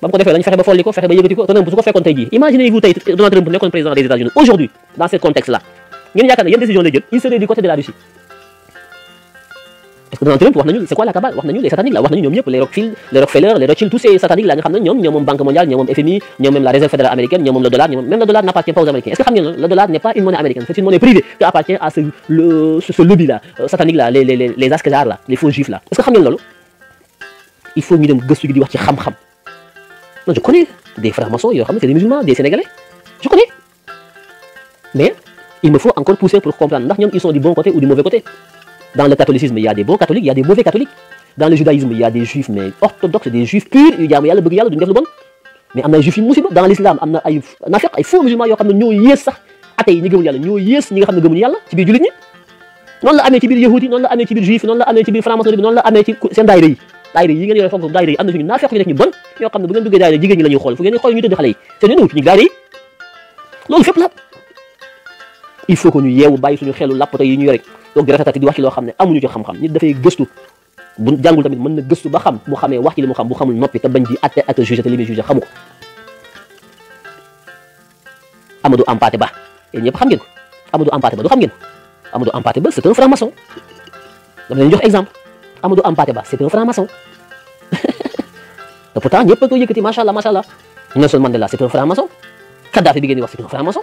[SPEAKER 1] ba mu ko faire dañu fexe ba foliko ko ba yëgati ko bu su ko fekkon imaginez-vous tey Donald Trump nekkoon président des États-Unis aujourd'hui dans ce contexte là ngeen yaakaar a une décision lay jël il serait du côté de la Russie parce que Donald Trump wax nañu c'est quoi la cabale wax nañu les sataniques la wax nañu ñom ñëpp les Rockefeller les Rockefeller les Rothschild tous ces sataniques là nga xamna ñom ñom banque mondiale ñom FMI ñom même la réserve fédérale américaine ñom le dollar ñom même le dollar n'appartient pas aux américains est-ce que xam le dollar n'est pas une monnaie américaine c'est une monnaie privée qui appartient à ce le ce lobby là euh, satanique là les les les les là les faux juifs là est-ce que xam lolu il faut ñu dem gëstu gi di wax ci xam-xam non, je connais des frères maçons, des musulmans, des Sénégalais. Je connais. Mais il me faut encore pousser pour comprendre. Ils sont du bon côté ou du mauvais côté. Dans le catholicisme, il y a des bons catholiques, il y a des mauvais catholiques. Dans le judaïsme, il y a des juifs, mais orthodoxes, des juifs purs. Il y a le brial, le bon. Mais il y a des juifs musulmans. Dans l'islam, il y a des faux musulmans qui ont yes. Atay ñi gens qui ont des « ñi nga xam ne gëmuñu yàlla ci biir jullit ñi Non, la amee ci biir yahudi noonu la amee ci biir juif non, la amee ci biir franc-maçonnerie bi la amee ci daayira yi ngeen yore fonk na fi ñu naafeq ñu nekk ñu bon ñoo xam ne bu ngeen duggee daayira jigéen ñi la ñuy xool fu xam ne amuñu ci xam-xam nit dafay gëstu bu tamit mën na gëstu ba xam bu xamee wax ci li mu xam bu xamul noppi te bañ di atte ak te li muy jugé xamu ko Amadou Hampâté Bâ yéen ñëpp xam ngeen ko Amadou Hampâté xam ngeen ko Amadou Hampâté Bâ c'est un jox exemple Amadou Hampâté Bâ c'est un franc-maçon ta pourtant ñëpp a ko yëkkati macha allah macha allah Nelson de la un franc-maçon Kadhafi bi ngeen di wax c'est un franc-maçon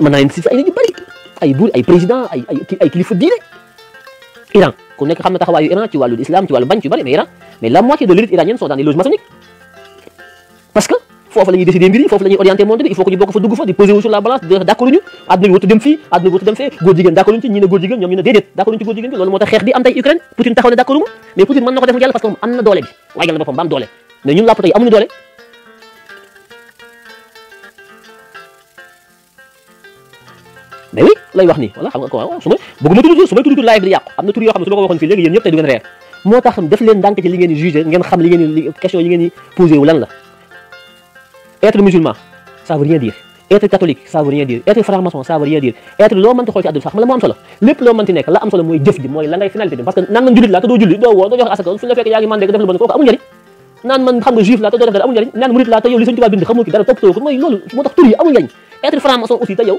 [SPEAKER 1] mën naa si ay nit ñu ay buur ay président ay ay ay kilifa diine Iran ku nekk xam na taxawaayu Iran ci wàllu islam ci wàllu bañ ci bëri mais Iran mais la moitié de l'élite iranienne sont dans les loges maçonniques foofu la ñuy décider mbir yi foofu la ñuy orienter monde bi il faut que ñu bokk fa dugg fa di poser sur la balance d'accord ñu àdduna bi wut dem fi àdduna wotu dem fee góor jigéen d'accord ñu ci ñi ne góor jigéen ñom ñu ne dedet d'accord ñu ci góor jigéen lolu motax xex di am tay Ukraine putin taxaw na d'accord ma mais putin man nako def yalla parce que amna doole bi waajal na boppam bam doole mais ñun làpp tay amuñu doole mais oui lay wax ni wala xam nga ko waaw bëgguma tudd tur su may tudd live bi yaq amna am yo tur yoo xam ne su ma ko waxoon fii léegi yéen ñëpp tey du ngeen reer motax def leen ndànk ci li ngeen juger jugé ngeen xam li ngeen question yi ngeen di wu lan la être musulman ça veut rien dire être catholique ça veut rien dire être franc-maçon ça xool ci àdduna sax la moo am solo lépp loo nekk la am mooy jëf ji mooy la ngay finalité bi parce que naan man jullit laa te doo julli doo woo doo joxe asaka fu la yaa ngi mandé def lu bon kooku amul njëriñ naan man juif laa te doo def dara amul njëriñ ko mooy loolu moo tax tur yi amul njëriñ être franc-maçon aussi te yow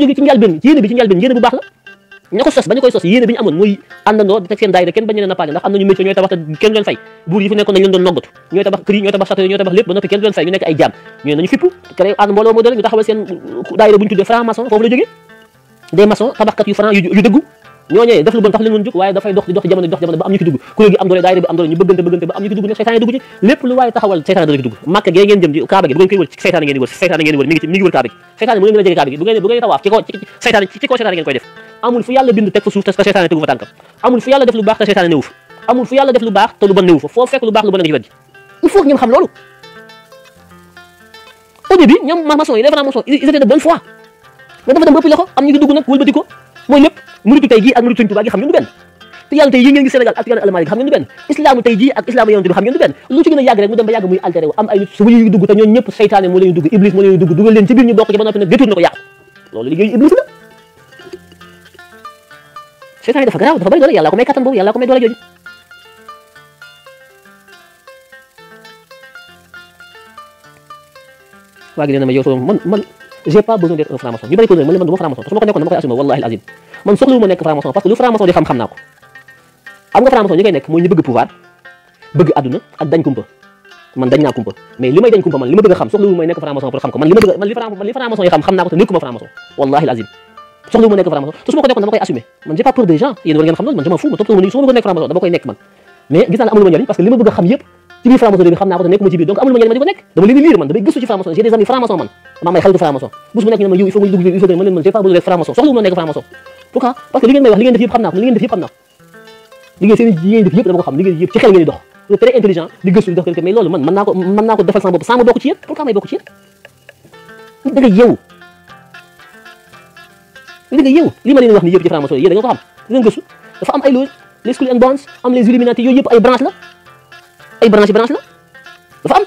[SPEAKER 1] jógee ci njëlbeen bi ci bi baax la ña sos ba koy sos yéene bi ñu amoon muy àndandoo di seen daayira kenn bañ leen a paale ndax am nañu métier ñooy tabax te kenn leen fay buur yi fi ñooy tabax kër ñooy tabax château ñooy tabax lépp ba noppi leen fay ñu nekk ay jaam ñu nañu fipp créé ànd mbooloo moo doole ñu seen daayira bu ñu tuddee franc foofu la jógee des maçons tabaxkat yu franc yu dëggu ñooñee def lu bon tax leen woon jóg waaye dafay dox di dox jamono di dox jamono ba am ñu ci dugg kuréel gi am doole daayira bi am doole ñu bëggante bëggante ba am ñu ci dugg nag seytaane dugg ci lépp lu waaye taxawal seytaane dana ci dugg màkk gee ngeen jëm ci kaaba gi bu ngeen koy wër seytaane ngeen di wër seytaane ngeen di wër mi ngi mi ngi wër kaaba gi seytaane mu ngeen gën a jege kaaba gi bu ngeen bu ngeen tawaaf ci kaw seytaane ci kaw seytaane ngeen koy def amul fu yàlla bind teg fa suuf te seytaane tegu fa tànkam amul fu yàlla def lu baax te seytaane newu fa amul fu yàlla def lu baax te lu bon newu fa foo fekk lu baax lu bon nga ci wet gi il faut ngeen xam loolu au début ñoom maçon yi les francs-maçons ils étaient de bonne foi mais dafa dem rëppi loxo am ñu ngi dugg nag wëlbati ko mooy lépp muritu tey jii ak muritu sëñ Tuubaa gi xam ngeen du benn te yàlla tey yi ngeen ngi Sénégal ak yàlla Allemagne xam ngeen du benn islaamu tey jii ak islaamu yonent bi xam ngeen du benn lu ci gën a yàgg rek mu dem ba yàgg muy altéré wu am ay nit su ñuy dugg te ñoom ñëpp seytaane moo leen dugg iblis moo leen dugg dugal leen ci biir ñu bokk ci ba noppi nag détourné ko yàqu loolu liggéeyu iblis la seytaane dafa garaaw dafa bari doole yàlla ko may kattan boobu yàlla ko may doole jooju waa gi nee na ma yow man man j'ai pas besoin d'être un franc-maçon ñu bari ko ne man man du ma franc-maçon su ma ko nekkoon dama koy assumé wallahi al azim man soxlawu ma nekk franc parce que lu franc di xam-xam naa ko xam nga franc-maçon ñi nekk mooy ñu bëgg pouvoir bëgg àdduna ak kumpa man dañ naa kumpa mais li may dañ kumpa man li ma bëgg a xam soxlawu may nekk franc man li ma bëgg man ko nekk man mais gis naa la amul ma njëriñ parce que li ma bëgg a xam ci bi xam naa ko te nekkuma ci biir donc amul ma njëriñ ma di ko nekk dama leen di nekk ñu ma yow il faut nga dugg il nekk franc-maçon pourquoi parce que may wax li ngeen def yëpp xam naa ko li ngeen def xam naa ko li ngeen seen li ngeen def yëpp dama ko xam li ngeen loolu man mën naa ko mën naa ko defal sama bopp sama may bokk ci yéen da nga yeewu da li ma wax ni yëpp ci franc-maçon yéen ko xam da dafa am ay loge les schools and bonds am les illuminati yooyu ay branche yi la dafa am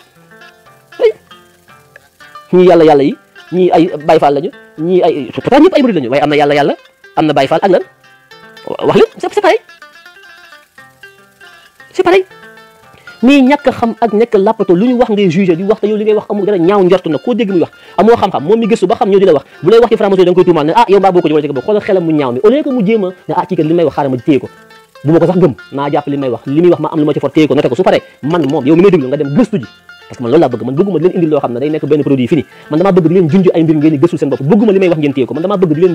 [SPEAKER 1] ñii yàlla yàlla yi ñii ay Baay Faal lañu ñii ay pourtant ñëpp ay murid lañu waaye am na yàlla yàlla am na bay Faal ak lan wax leen c'est pareil c'est pareil mais ñàkk xam ak ñàkk làppato lu ñu wax ngay jugé di wax te yow li wax amul dara ñaaw njort na koo dégg muy wax amoo xam-xam moom mi gëstu ba xam ñëw wax bu lay wax ci franc-maçonnerie koy tuumaal ne ah yow mbaa boo ko jëmale ci ko xoolal xelam mu a ne ah ma ko bu ma wax li muy wax ma bëgg man leen indil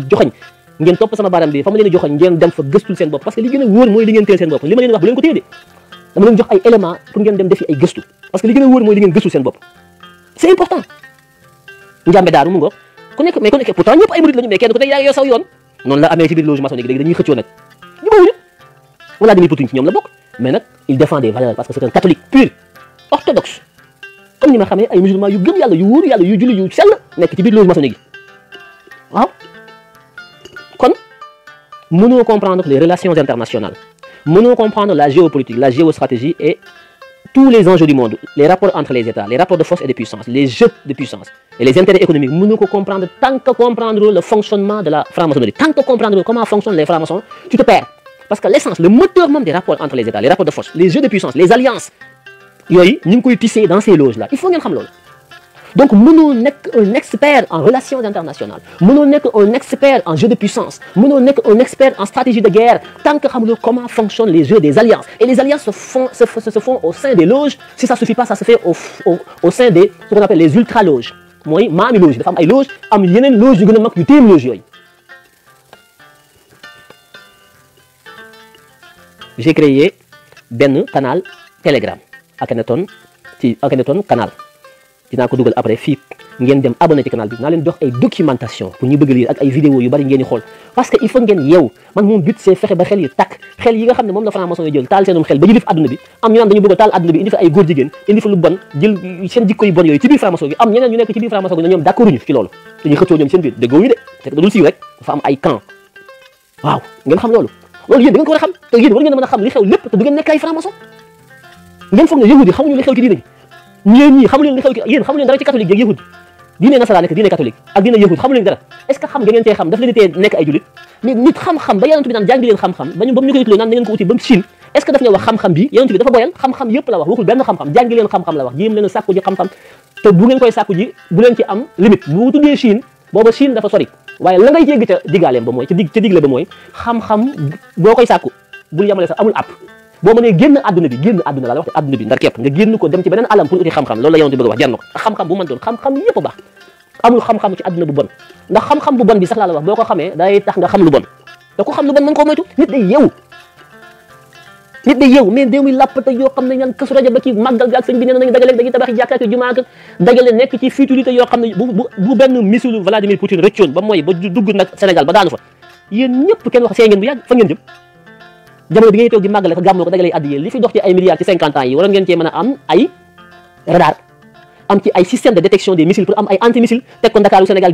[SPEAKER 1] ngeen topp sama baram bi fa leen joxañ ngeen dem fa gëstul seen bopp parce que li gën a mooy li ngeen seen bopp li leen wax bu leen ko téye de leen jox ay élément pour ngeen dem defi ay gëstu parce que li gën a wóor mooy li ngeen gëstul seen bopp c'est important njàmbe daaru mu ngoog ku nekk mais ay murid lañu mais kenn ku nekk yaa ngi yow saw voilà Poutine ci ñoom la mais nak il défend des valeurs parce que c'est un catholique pur orthodoxe comme ni ma xamé ay musulmans, yu gëm yalla yu wóor yalla yu julli yu sel nek ci loge Nous comprendre les relations internationales mënoo comprendre la géopolitique la géostratégie et tous les enjeux du monde les rapports entre les États les rapports de force et de puissance les jeux de puissance et les intérêts économiques Nous ko comprendre tant que comprendre le fonctionnement de la franc-maçonnerie tant que comprendre comment fonctionnent les francs-maçons tu te perds parce que l'essence, le moteur même des rapports entre les États, les rapports de force, les jeux de puissance, les alliances, yoy, nous qui tisser dans ces loges-là. Il faut que nous donc, nous sommes un expert en relations internationales, nous sommes un expert en jeux de puissance, nous sommes un expert en stratégie de guerre, tant que nous comment fonctionnent les jeux des alliances. Et les alliances se font, se, se font au sein des loges, si ça ne suffit pas, ça se fait au, au, au sein des, ce qu'on appelle les ultra-loges. Moi, ma loge, des femmes loges, am yenen loge du gouvernement qui tem loge j'ai créé ben canal Telegram Akhenaton ci Akhenaton canal dina ko dugal après fii ngeen dem abonné ci canal bi na len dox ay documentation pour ñu bëgg lire ak ay vidéo yu bari ngeen xol parce que il faut ngeen yeew man moom but c'est fexé ba xel yi tak xel yi nga xam ne moom la franc-maçon yi jël tal seenum xel ba jëlif aduna bi am ñu naan dañu bëgg tal aduna bi indi fa ay góor jigéen indi fa lu bon jël seen jikko yu bon yoy ci bi franc-maçon gi am ñeneen ñu nekk ci bi franc-maçon ñom ñoom ñu ci loolu dañuy xëccoo ñoom seen biir déggoowuñu de te da dul siiw rek fa am ay camp waaw ngeen xam loolu loolu yéen da ko war a xam te yéen war ngeen a a xam li xew lépp te du nekk ay franc-maçon ngeen foog ne yahudi xamuñu li xew ci diine ji nit xam-xam ba yonent bi naan jàngi leen xam-xam ba ñu ba ñu koy tuddee naan na ko uti ba Chine est daf ñoo wax xam-xam bi yonent bi dafa boyal xam-xam yëpp la wax waxul benn xam-xam jàngi xam-xam la wax jéem leen a ji xam-xam te bu koy sàkku ji bu ci am limite bu tuddee Chine booba waaye la ngay jéggi ca diggaaleem ba mooy ca dig ca digle ba mooy xam-xam boo koy sàkku bul yemale sax amul app boo mënee génn àdduna bi génn àdduna laa la wax àdduna bi ndar képp nga génn ko dem ci beneen alam pour uti xam-xam loolu la yonent bi bëgg a wax jar na ko xam-xam bu mën doon xam-xam yëpp a amul xam-xam ci àdduna bu bon ndax xam-xam bu bon bi sax laa wax boo ko xamee day tax nga xam lu bon te ku xam lu bon mën koo moytu nit day yow mais déemuy làppata yoo xam ne ñaan kasu rajo ba nekk ci futilité yoo xam ne bu benn missile Vladimir Poutine rëccoon ba mooy ba dugg nag Sénégal ba daanu fa yéen ñëpp kenn wax see ngeen bu yàgg fa ngeen jëm jamono bi ngay toog di màggale ko gàmmoo ko dagale addi yéen li fi dox ci ay milliards ci cinquante ans yi waroon ngeen cee mën am ay radar am ci ay système de détection des missiles pour am ay anti teg ko Ndakaaru Sénégal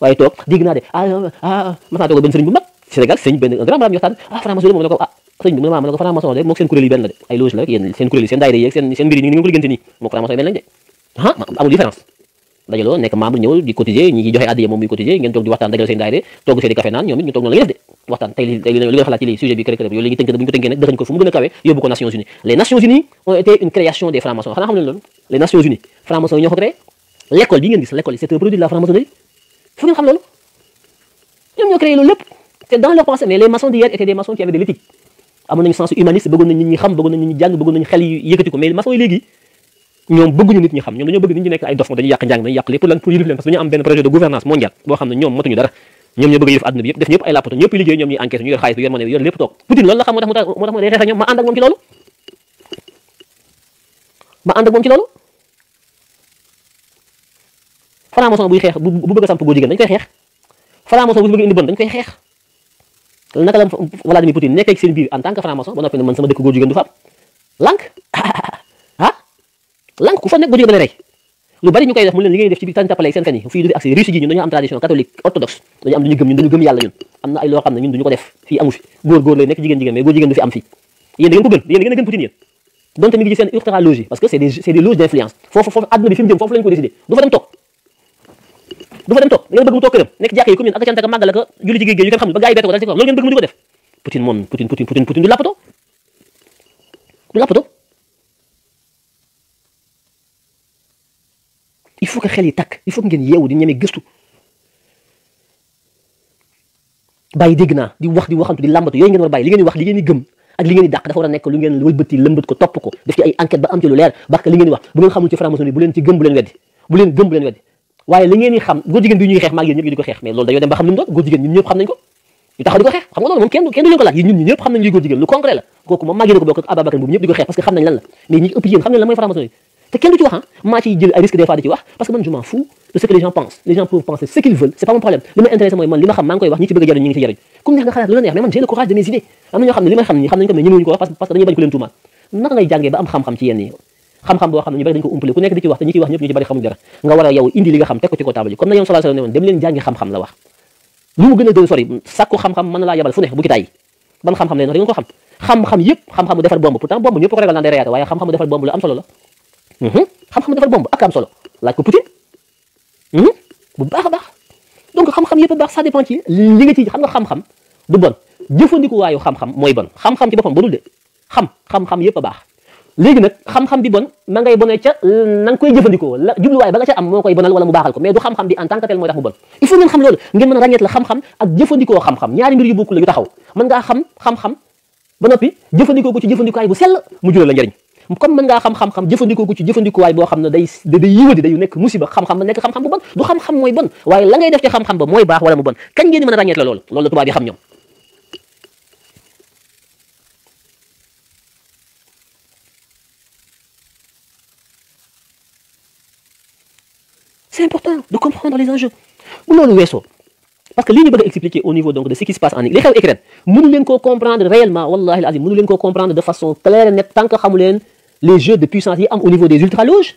[SPEAKER 1] waaye toog dégg naa de ah ah mas naa toog benn sëriñ bu mag Sénégal sëriñ benn grand maanaam ñu waxtaan ah franc-maçon moom la ko ah sëriñ bi mu ne maa ma ne ko franc-maçon rek mook seen kuréel yi benn la de ay loge la rek yéen seen kuréel yi seen daayira yi seen seen mbir yi ni ngeen ko liggéeyante nii mook franc-maçon yi benn lañ de ah amul différence dajaloo nekk membre ñëw di cotiser ñi joxe addiya moom muy cotiser ngeen toog di waxtaan dajaloo seen daayira togg seen i café naan ñoom it ñu toog noonu la ngeen def de waxtaan tey li li ngeen xalaat ci lii sujet bi kër kër yooyu la ñuy tënk bu ñu ko tënkee nag dëxañ ko fu mu gën a kawe yóbbu ko Nations Unies les Nations Unies ont été une création des francs-maçons xanaa xam leen loolu les Nations Unies francs-maçons yi ñoo ko créé l'école bi ngeen gis l'école c'est un produit de la franc-maçonnerie fu xam loolu ñoom ñoo créé loolu lépp c'est dans leur pensée mais les maçons d'hier étaient des maçons qui avaient de l'éthique amoon nañu sens humaniste bëggoon nañ nit ñi xam bëggoon nañ nit ñi jàng bëggoon nañu xel yi yëkkati ko mais maçons yi léegi ñoom bëgguñu nit ñi xam ñoom dañoo bëgg nit ñi nekk ay dof dañuy yàq njàng dañuy yàq lépp pour lan parce que dañu am benn projet de gouvernance mondiale boo xam ne ñoom matuñu dara ñoom ñu yor xaalis bi yor monnaie bi yor lépp toog Poutine la xam ñoom ma ànd ak franc-maçon buy xeex bu bëgg a samp góor jigéen dañ koy xeex franc-maçon bu xeex naka la Vladimir Poutine nekkee seen biir en tant que franc-maçon ba noppi man sama dëkk góor jigéen du fa am ah? nekk góor jigéen da lay du fi am fi góor góor gën yéen da ngeen a gën Poutine yéen donte mi ngi ci parce que c'est des c'est des loges d'influence foofu foofu àdduna bi fi mu jëm foofu lañu ko du fa dem toog du fa dem toog li nga bëgg mu toog këram yi commune ak cant ak màggal ak julli ci géej yu ba gars yi bett ko dal xel yi tàkk il faut yeewu di ñeme gëstu bàyyi dégg naa di wax di waxantu di làmbatu yooyu ngeen war bàyyi li wax li gëm ak li ngeen di dàq dafa nekk lu ngeen wëlbati lëmbat ko topp ko def ci ay enquête ba am ci lu leer parce que li wax bu ngeen xamul ci franc-maçonnerie bu leen ci gëm bu leen weddi waye li ngeen di xam go jigéen bi ñuy xex ma yéen ñëpp di ko xeex mais loolu dañoo dem ba xam lu do go góor jigéen ñun ñëpp xam nañ ko ñu taxaw diko xex xam nga loolu moom kenn kenn du leen ko laaj yéen ñun ñëpp xam nañ luy go jigéen lu concret la kooku mom magi yéen ko bokk ak Ababacar boobu ñëpp di ko parce que xam nañ lan la mais ñi ëpp yéen xam nañ la moy franc te kenn du ci wax ah maa ciy jël ay risque des fois di ci wax parce que man je m'en fous de ce que les gens pensent les gens peuvent penser ce qu'ils veulent c'est pas mon problème li ma intéressé moy man li ma xam maa ngi koy wax ñi ci bëgg a jariñ ñi ngi ci jariñ kum neex nga xalaat lu la neex mais man j'ai le courage de mes idées am na ñoo xam ne li ma xam ni xam nañ ko mais ñu ko wax parce que dañuy bañ ko leen tuuma naka ngay jàngee ba am xam-xam ci yenn yi xam-xam boo xam ne ñu bari dañ nga war a yow indi li xam teg ko ci ko taabal yi comme na yoon sallallahu alayhi wasallam ne woon dem leen jàngi xam a doon sori sàkku xam-xam mën na laa ne ko xam xam-xam yëpp xam waaye xam mhm. xam defar bomb ak am solo laaj ko Poutine mhm. bu baax a baax donc xam-xam yëpp a baax ça dépend xam xam-xam du xam-xam mooy bon xam-xam ci xam xam-xam yëpp a baax léegi nag xam-xam bi bon ma ngay bonee ca na nga koy jëfandikoo la jubluwaay ba nga ca am moo koy bonal wala mu baaxal ko mais du xam-xam bi en tant que tel mooy tax mu bon il faut ngeen xam a ràññeet xam-xam ak jëfandikoo xam-xam ñaari mbir yu bokkul la yu taxaw mën ngaa ba noppi jëfandikoo ko ci jëfandikuwaay bu sell mu jural la njëriñ comme mën ngaa xam xam jëfandikoo ko ci jëfandikuwaay boo xam ne day day yiwadi day nekk musiba xam-xam ba nekk xam-xam bu bon du xam-xam mooy bon waaye la def ci xam-xam ba mooy baax wala mu bon kañ ngeen mën a ràññeet la la tubaab C'est important de comprendre les enjeux. bu loolu weesoo parce que li ñu bëgg expliquer au niveau donc de ce qui se passe en li xew Ukraine mënu leen koo comprendre réellement wallahi al azim mënu leen comprendre de façon claire et nette tant que xamu les jeux de puissance yi am au niveau des ultraloges.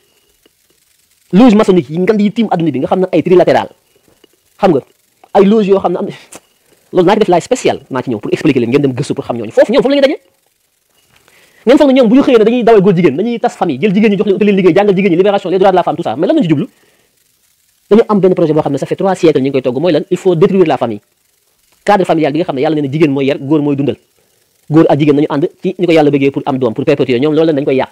[SPEAKER 1] loge maçonnique yi ngand yi tiim adduna bi nga xamna ay trilatéral xam nga ay loge yo xamna am lolu naa def laay spécial ma ci ñëw pour expliquer leen ngeen dem gëstu pour xam ñooñu fofu ñoom fofu la ñuy daje ngeen foog ñoom bu ñu xëyee dañuy dawal góor jigen dañuy tas famille jël jigen ñi jox leen hôtel leen liggéey jàngal jigéen ñi libération les droits de la femme tout ça mais lan ñu ci jublu dañu am benn projet boo xam ne ça fait trois siècles ñu ngi togg mooy lan il faut détruire la famille cadre familial bi nga xam ne yàlla nee jigéen mooy yar góor mooy dundal góor ak jigéen nañu ànd ñu ko yàlla bëggee pour am doom pour perpétuer ñoom loolu lañ dañu koy yàq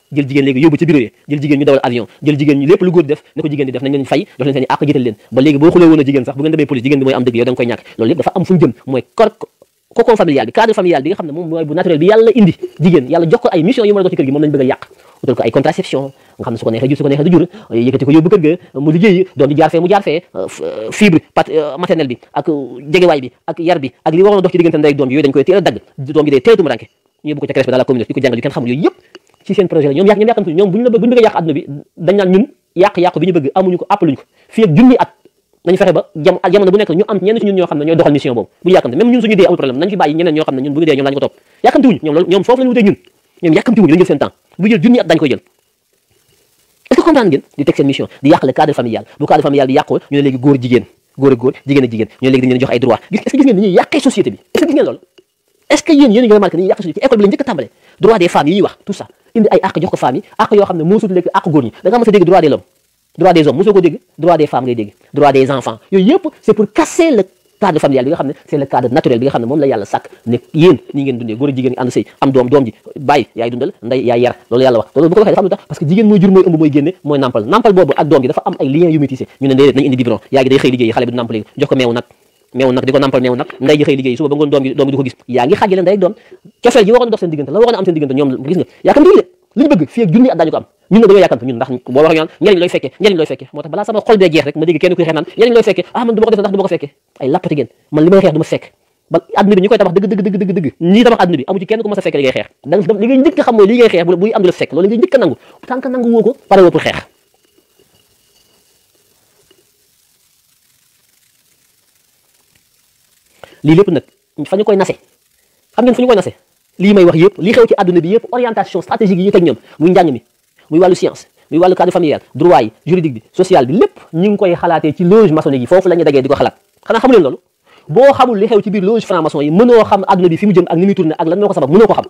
[SPEAKER 1] jël jigéen léegi yóbbu ca bureau yi jël jigéen ñu dawal avion jël jigéen ñu lépp lu def ne ko jigéen di def nañ fay jox leen seen i àq jiital leen ba léegi boo xuloo woon a jigéen sax bu ngeen police jigéen bi mooy am dëgg yow da nga koy yooyu dañ koy teel dagg doom bi day teetu mu yóbbu ko ca crèche bi dans la ko jàngal yu ci seen projet la ñoom yàq ñoom yàqamtu ñoom buñ la buñu bëgg a yàq àdduna bi dañ naan ñun yàq-yàqu bi ñu bëgg amuñu ko àppaluñu ko fii ak junni at nañu fexe ba jam jamono bu nekk ñu am ñenn ci ñun ñoo xam ne ñooy doxal mission boobu buñu yàqamte même ñun suñu dee amul problème nañ fi bàyyi ñeneen ñoo xam ne ñun bu ñu dee ñoom lañu ko topp yàqamti wuñu ñoom loolu ñoom foofu lañu wutee ñun ñoom yàqamti wuñu dañu jël seen temps bu jël junni at dañ koy jël est-ce que comprendre ngeen di teg seen mission di yàq le cadre familial bu cadre familial bi yàqoo ñu ne léegi góor jigéen góor ak góor jigéen ak jigéen ñu ne léegi dañu leen jox ay droit gis est-ce que gis ngeen ni ñuy yàqee société bi est-ce que gis ngeen loolu est-ce que yéen yéen ngi remarqué dañuy yàq société école bi la njëkk tambalé droit des femmes yi wax tout ça indi ay ak jox ko femmes yi àq yoo xam ne moo ak goor àq ñi da nga mos a dégg droit des hommes droit des hommes mosoo ko dégg droit des femmes ngay dégg droit des enfants yooyu yëpp c'est pour casser le cadre familial bi nga xamné c'est le cadre naturel bi nga xamné mom la yalla sak ne yéen ni ngeen dundé goor jigen jigéen ngi ànd am dom dom ji bay yaay dundal nday yaay yar loolu yalla wax loolu bu ko waxee dafa am parce que jigen mooy jur mooy ëmb mooy génne mooy nampal nampal bobu ak dom ji dafa am ay liens yu métissé ñu né dédé nañ indi biberon yaa gi day xey liggéey xalé bi nampal jox ko meewu nak meew nag di ko nàmpal meew nag nday ji xëy liggéey suba ba doom gi doom ko gis yaa ngi xaajale nday ak doom cofeel ji waroon dox seen diggante la waroon a am seen diggante ñoom gis nga yaakam diñ de li ñu bëgg fii ak junni at daañu ko am ñun na dañoo yàkkamti ñun ndax boo wax ñaan njëriñ looy fekke njëriñ looy fekke moo loolu ngay njëkk nangu tant nangu woo li lepp nak fa ñu koy nasé xam ngeen fu koy nasé li may wax yépp li xew ci aduna bi yépp orientation stratégique yi tek ñom muy njàng mi muy walu science muy walu cadre familial droit yi juridique bi social bi lepp ñu ngi koy xalaté ci loge maçonnerie yi foofu la ñu dagee di ko xalaat xanaa xamu leen loolu boo xamul li xew ci biir loge franc maçon yi mënoo xam aduna bi fi mu jëm ak ni muy tourner ak lan moko ko sabab mënoo ko xam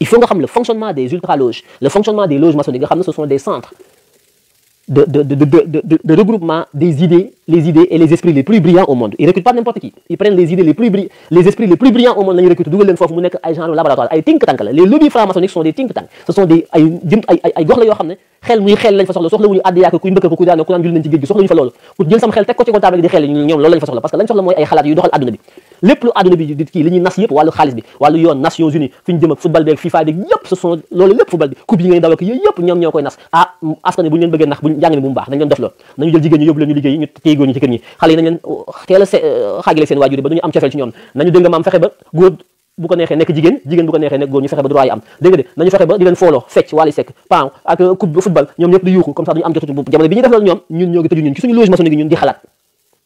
[SPEAKER 1] il faut nga xam le fonctionnement des ultra loges le fonctionnement des loges maçonniques nga xam ne ce sont des centres de, de, de, de, de regroupement des idées, les idées et les esprits les plus brillants au monde. Ils ne recrutent pas n'importe qui. Ils prennent les idées les plus brillants, les esprits les plus brillants au monde. Ils recrutent des gens qui sont laboratoire, des think tanks. Les lobbies francs-maçonniques sont des think tanks. Ce sont des ay gox la yoo xam ne xel muy xel lañ fa soxla soxla wuñu àddi yaak kuy mbëkk ku daanoo ku naan jul nañ ci géej gi soxla wuñu fa loolu ku jël sam xel teg ko ci comptable di xel ñoom loolu lañ fa soxla parce que lañ soxla mooy ay xalaat yu doxal àdduna bi lépp lu àdduna bi di kii li ñuy nas yëpp wàllu xaalis bi wàllu yoon Nations Unies fi ñu jëm football bi coupe yi ngay daw ah, ñu leen a football ñoom ñëpp di yuuxu comme ça duñu am jotu bu bi ñuy def loolu ñoom ñun ñoo ngi tëju ñun ci suñu loge maçonnique ñun di xalaat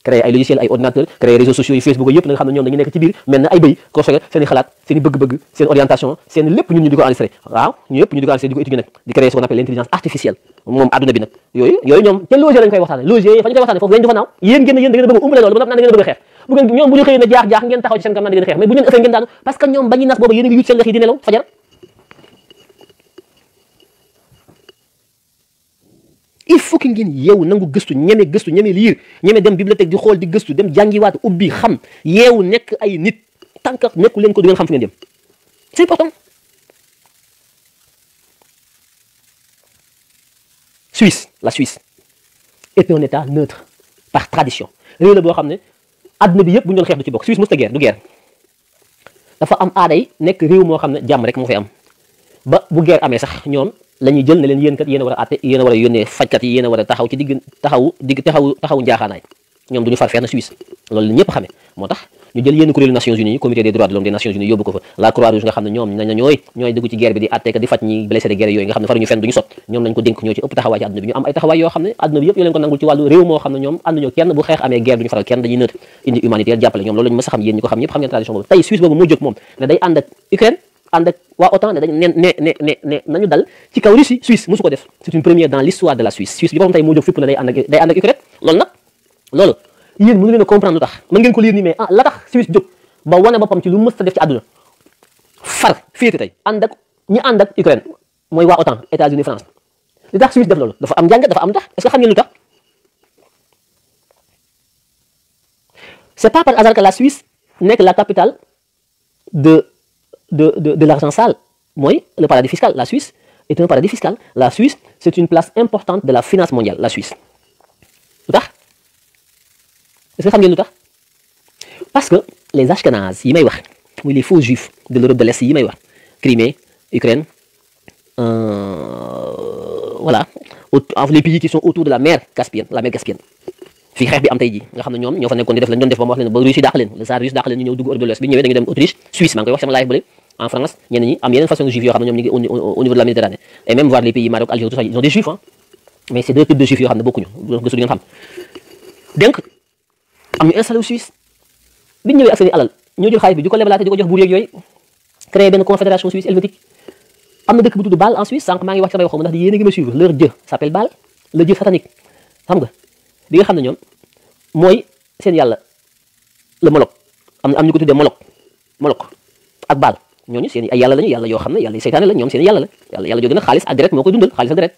[SPEAKER 1] créer ay logiciel ay ordinateur créer réseaux sociaux yi Facebook yëpp na nga xam ne ñoom dañu nekk ci biir mel na ay béy ko soge seen xalaat seen bëgg-bëgg seen orientation seen lépp ñu di ko enregistré waaw ñu ñu di ko enregistré di fa ñu koy waxtaane foofu lañ dafa naaw yéen ngeen ngeen a bëgg a umbale bëgg a xeex ñoom bu ñu xëyee ne jaax jaax ngeen taxaw ci seen kanam naan da ngeen a xeex mais bu ñu leen ëffee ngeen daanu parce que ñoom bañu nas booba yéen il faut que ngeen yeewu nangu gëstu ñeme gëstu ñeme liir ñeme dem bibliothèque di xol di geustu dem jàngiwaat ubi xam yeewu nekk ay nit tànk nekku leen ko du ngeen xam fu ngeen dem c'est important Suisse la Suisse est un état neutre par tradition réew la boo xam ne bi yëpp bu ñu xex du ci bok Suisse mosut guerre du guerre dafa am aada yi nekk réew mo xam jam rek mo fay am ba bu guerre amee sax ñoom la jël ne leen kat yéen a war a àtte yéen a war a yónnee fajkat yi yéen war a taxaw ci digg taxawu njaaxaanaay ñoom du ñu far fenn Suisse loolu ñu jël kenn bu xeex indi humanitaire jàppale ñoom loolu lañ mës xam yéen ñi ko xam ñëpp tradition boobu tey Suisse boobu moo jóg moom ne day ànd ak Ukraine and wa autant OTAN ne dañ ne ne ne nañu dal ci kaw Russie Suisse musuko def c'est une première dans l'histoire de la Suisse Suisse bi boppam tay mo jóg fépp na day ànd ak day ànd ak Ukraine loolu nak loolu yeen mënu leen comprendre lu tax mën ngeen ko lire ni mais ah la tax Suisse jóg ba woné bopam ci lu mës def ci àdduna far féete tay ànd ak ñi ànd ak Ukraine moy wa autant États-Unis France li tax Suisse def loolu dafa am njàng dafa am tax est-ce que xam ngeen lu tax c'est pas par hasard que la Suisse nekk la capitale de de, de, de l'argent sale. Oui, le paradis fiscal, la Suisse est un paradis fiscal. La Suisse, c'est une place importante de la finance mondiale, la Suisse. Lu tax est-ce que xam ngeen lu tax parce que les ashkenazes yi may wax muy les faux juifs de l'Europe de l'Est yi may wax Crimée Ukraine euh, voilà ah, les pays qui sont autour de la mer Caspienne la mer Caspienne Fi xeex bi am tay jii nga xam ñom ñoom ñoo fa nekkoon di def lañ doon def ba wax leen ba Russie dakh leen le Tsar Russes dakh leen ñu dugg Europe de l'Est bi ñëwee dañu dem Autriche Suisse maa ngi koy wax sama live bi en France ñenn ñi am yeneen façon juifs yoo xam ne ñoom ñu au niveau de la Méditerranée et même voir les pays Maroc Algérie tout ça ils ont des juifs Hein? mais c'est deux types de juifs yoo xam ne bokkuñu gëstu ngeen xam donc am ñu installé Suisse bi ñu ñëwee ak seen i alal ñoo jël xaalis bi di ko lebalaate di ko jox buur yeeg yooyu créé benn confédération suisse helvétique am na dëkk bu tudd Bâle en Suisse sànq maa ngi wax sama yoo xam ndax yéen a ngi suivre leur dieu s'appelle Bal, le dieu satanique xam nga bi nga xam ne ñoom mooy seen yàlla le Moloch am am ñu ko tuddee Moloch Moloch ak Bal ñoñu seen ay yalla lañu yalla yo xam yalla yàlla la ñom seen yalla la yalla yalla jóge na xaalis ak deret moo koy dundal xaliss ak direct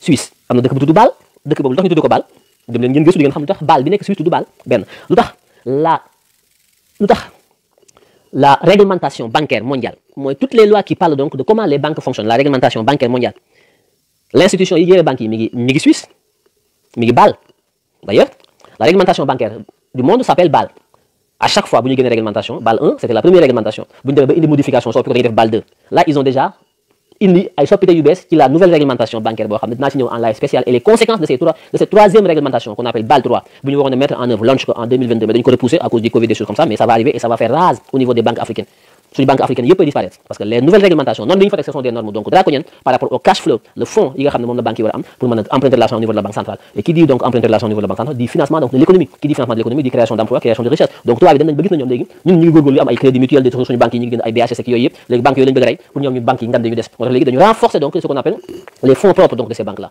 [SPEAKER 1] Suisse amna na dëkk bu tudd bal dëkk bobu lu tax ñu tudd ko bal dem leen ngeen gëstu di ngeen xam lu tax bal bi nekk Suisse tudd Bal, Ben. lutax la lutax la réglementation bancaire mondiale moy toutes les lois qui parlent donc de comment les banques fonctionnent la réglementation bancaire mondiale l'institution yi yore banque yi mi ngi mi ngi Suisse mi ngi d'ailleurs la réglementation bancaire du monde s'appelle Bal à chaque fois vous avez une réglementation BAL 1 c'était la première réglementation Vous avez une modification soppi pour BAL 2 là ils ont déjà indi ay ont UBS bees la nouvelle réglementation bancaire On va mettre en live spécial et les conséquences de ces de cette troisième réglementation qu'on appelle BAL 3 Vous ñu mettre en œuvre launch en 2022 mais dañu ko repousser à cause du Covid des choses comme ça mais ça va arriver et ça va faire rase au niveau des banques africaines les banques africaines il peut disparaître parce que les nouvelles réglementations non yi ce sont des normes donc draconiennes par rapport au cash flow le fonds il y a un monde de banque qui va am pour emprunter de l'argent au niveau de la banque centrale et qui dit donc emprunter de l'argent au niveau de la banque centrale dit financement donc de l'économie qui dit financement de l'économie dit création d'emplois création de richesse donc tout yi dem nous ba gens na ñoom léegi ñun ñu am de banque yi des ngi ay qui ak yooyu banques, banque lañ bëgg pour renforcer donc ce qu'on appelle les fonds propres donc de ces banques là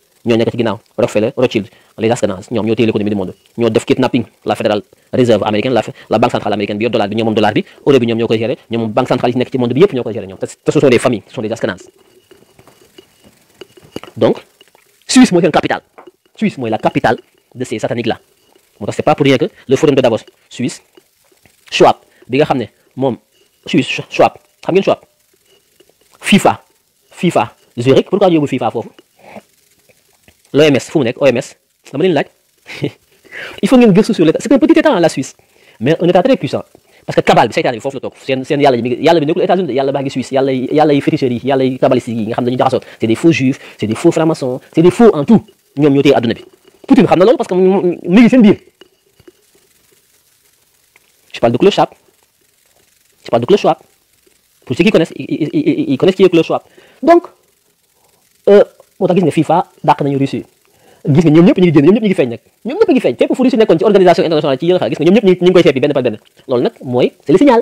[SPEAKER 1] ñoo nekk ci ginnaaw Rockefeller Rothschild les Askenaz ñoom ñoo téye l'économie du monde ñoo def kidnapping la fédérale réserve américaine la banque centrale américaine bi yor dollar bi ñoom dollar bi euro bi ñoom ñoo banque centrale yi monde bi ñoo ce sont des familles ce sont des Askenaz donc Suisse mooy seen capitale Suisse mooy la capitale de ces sataniques là moo c'est pas pour rien que le forum de Davos Suisse Schwab bi nga xam Suisse Schwab xam ngeen Schwab FIFA FIFA Zurich pourquoi vous yóbbu FIFA foofu l'OMS, OMS fu OMS nekk OMS dama leen laaj il faut une gëstu sur l'état c'est un petit état la Suisse mais un état très puissant parce que cabal c'est un bi foofu la toog seen seen yàlla ji mi États-Unis yàlla baa ngi Suisse yàlla yi yàlla yi féticheurs yi yàlla yi kabbalistes yi nga xam c'est des faux juifs c'est des faux francs-maçons c'est des faux en tout nous ñoo téye à bi tout xam na loolu parce que nous ngi seen je parle de Klaus je parle de Klaus pour ceux qui connaissent ils connaissent qui est le Schwab donc euh, moo tax gis nga FIFA dàq nañu Russie gis nga ñoom ñëpp ñu ngi génn ñoom ñëpp ñi ngi feeñ nag ñoom ñëpp ñu ngi feeñ fépp fu Russie nekkoon ci organisation internationale ci yéen xaar gis nga ñoom ñëpp ñi ngi koy seet benn par benn lool nak moy c'est le signal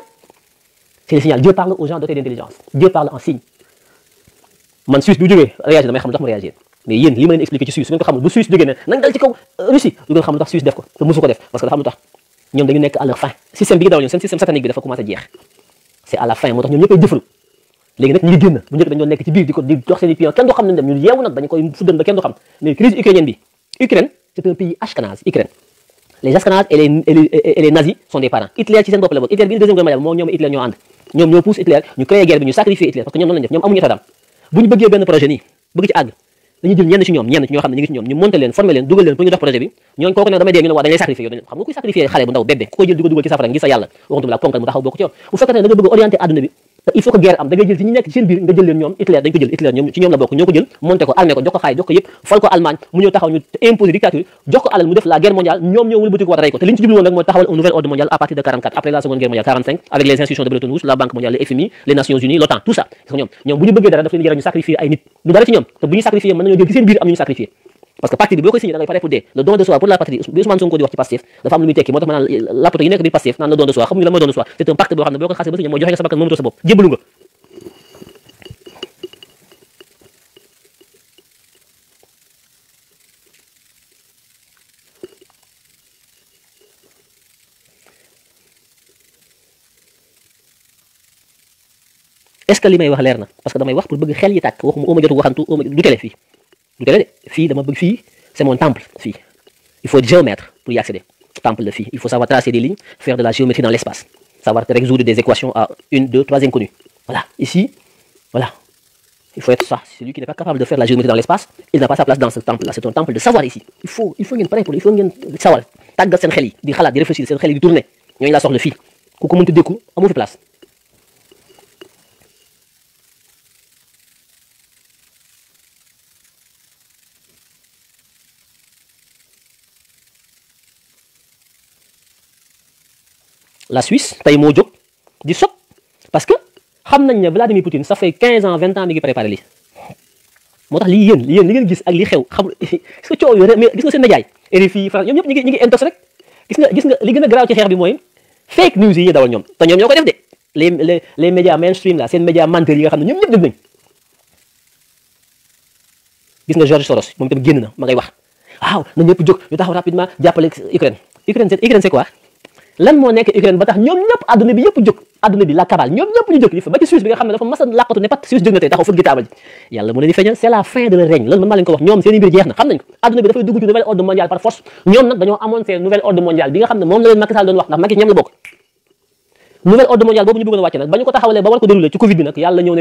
[SPEAKER 1] c'est le signal Dieu parle aux gens dotés d'intelligence Dieu parle en signe man Suisse du jógee réagir damay xam tax mu réagir mais yeen li ma leen expliquer ci Suisse su ngeen ko xamul bu Suisse jógee ne nañ dal ci kaw euh, Russie du ngeen xam tax Suisse def ko te mosu ko def parce que dafa am tax ñoom dañu nekk à leur fin système bi ngi dawal ñoom système satanique bi dafa commencé jeex c'est à la fin moo tax ñoom ñëpp ay jëfalu léegi nak ñi gën bu ñëk dañu nekk ci biir di ko di jox seen i pion kenn du xam nañ dem ñu yeewu nak dañ koy fuddan ba kenn du xam mais crise ukrainienne bi Ukraine c'est un pays ashkenaz Ukraine les ashkenaz et les et les nazis sont des parents Hitler ci seen bopp la bokk Hitler bi deuxième guerre mondiale moo ñoom Hitler ñoo and ñoom ñoo pousse Hitler ñu créé guerre bi ñu sacrifier Hitler parce que ñoom noonu lañ def ñoom amuñu état d'âme bu ñu bëggee benn projet nii bëgg ci àgg dañuy jël ñenn ci ñoom ñenn ci ñoo xam ne ñu ngi ci ñoom ñu monté leen formé leen dugal leen pour ñu dox projet bi ñooñu kooku ne damay dee ñu ne waaw dañ lay sacrifié yow xam nga kuy sacrifier xale bu ndaw bébé ko jël di ko dugal ci safara ngi sa yàlla waxantu la ponkal mu taxaw bokk ci yow bu fekkee ne da nga bëgg orienté àdduna bi il faut que guerre am da ngay jël ci ñi nekk ci seen biir nga jël leen ñoom Hitler dañ ko jël Hitler ñoom ci ñoom la bokk ñoo ko jël monté ko armé ko jox ko xaay jox ko yépp fal ko Allemagne mu ñëw taxaw ñu imposer dictature jox ko alal mu def la guerre mondiale ñoom ñoo wëlbatiku war a rey ko te liñ ci jublu woon nak mooy taxawal un nouvel ordre mondial à partir de 44 après la seconde guerre mondiale 45 avec les institutions de Bretton Woods la banque mondiale le FMI les nations unies l'OTAN tout ça ñoom ñoom bu ñu bëggee dara daf leen jaral ñu sacrifier ay nit lu dara ci ñoom te bu ñu sacrifier mën nañoo jël ci seen biir am ñu sacrifier parce que parti bi boo koy signé da ngay pare pour dee le don de soi pour la patrie bi Ousmane Sonko di wax ci Pastef dafa am lu muy tekki moo tax maanaam naan la mooy don de xam nga sa bakkan moomatoo sa may wax leer na parce que damay wax pour bëgg xel yi tàkk waxuma ooma jotu waxantu ooma du télé fii Vous Fille, ma ma fille c'est mon temple fille il faut géomètre pour y accéder temple de fille il faut savoir tracer des lignes faire de la géométrie dans l'espace savoir résoudre des équations à une deux trois inconnues voilà ici voilà il faut être ça celui qui n'est pas capable de faire la géométrie dans l'espace il n'a pas sa place dans ce temple là c'est un temple de savoir ici il faut il faut une lui pour il faut une savoir. Tag de xel di xalaat di réfléchir seen di tourner ko place la Suisse tay mo jóg di parce que Vladimir Poutine ça fait 15 ans 20 ans mi préparé li tax li ngeen li xew xam ngi li fake news les les médias mainstream la médias yi nga xam ñom nañ nga George Soros mom na ma ngay wax waaw na rapidement Ukraine Ukraine c'est Ukraine c'est quoi lan moo nekk Ukraine ba tax ñoom ñëpp àdduna bi yëpp jóg àdduna bi la cabale ñoom ñëpp ñu jóg fa ba ci Suisse bi nga ne dafa mas a làqatu ne ji yàlla mu leen di c'est la fin de leur règne loolu ko wax ñoom seen i jeex na xam nañ ko àdduna bi dafay dugg ci nouvel ordre mondial par force ñoom nag dañoo amoon seen nouvel ordre mondial bi nga xam ne moom la leen Macky Sall wax nag ba ñu ko taxawalee nag yàlla ñëw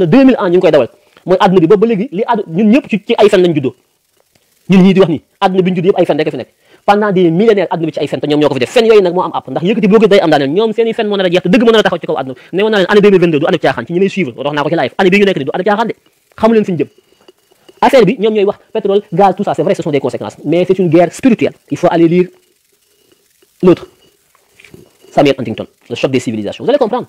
[SPEAKER 1] ne moy àdduna bi ba ba léegi li àdduna ñun ñëpp ci ay fan lañu juddoo ñun ñi di wax ni àdduna bi ñu juddoo yëpp ay fan rek fi nek pendant des millénaires àdduna bi ci ay fan te ñoom ñoo ko fi def fen yoy nak mo am app ndax yëkkati boo gis day am daal ñom seeni i fen moo nar a jeex te dëgg moo nar taxaw ci kaw àdduna néw na naa leen année 2022 du ci caaxaan ci ñi may suivre wax naa ko ci live année bi ñu nekk ni du ci caaxaan de xamu leen fi ñu jëm affaire bi ñom ñoy wax pétrole gaz tout ça c'est vrai ce sont des conséquences mais c'est une guerre spirituelle il faut aller lire l'autre Samir Huntington le choc des civilisations vous allez comprendre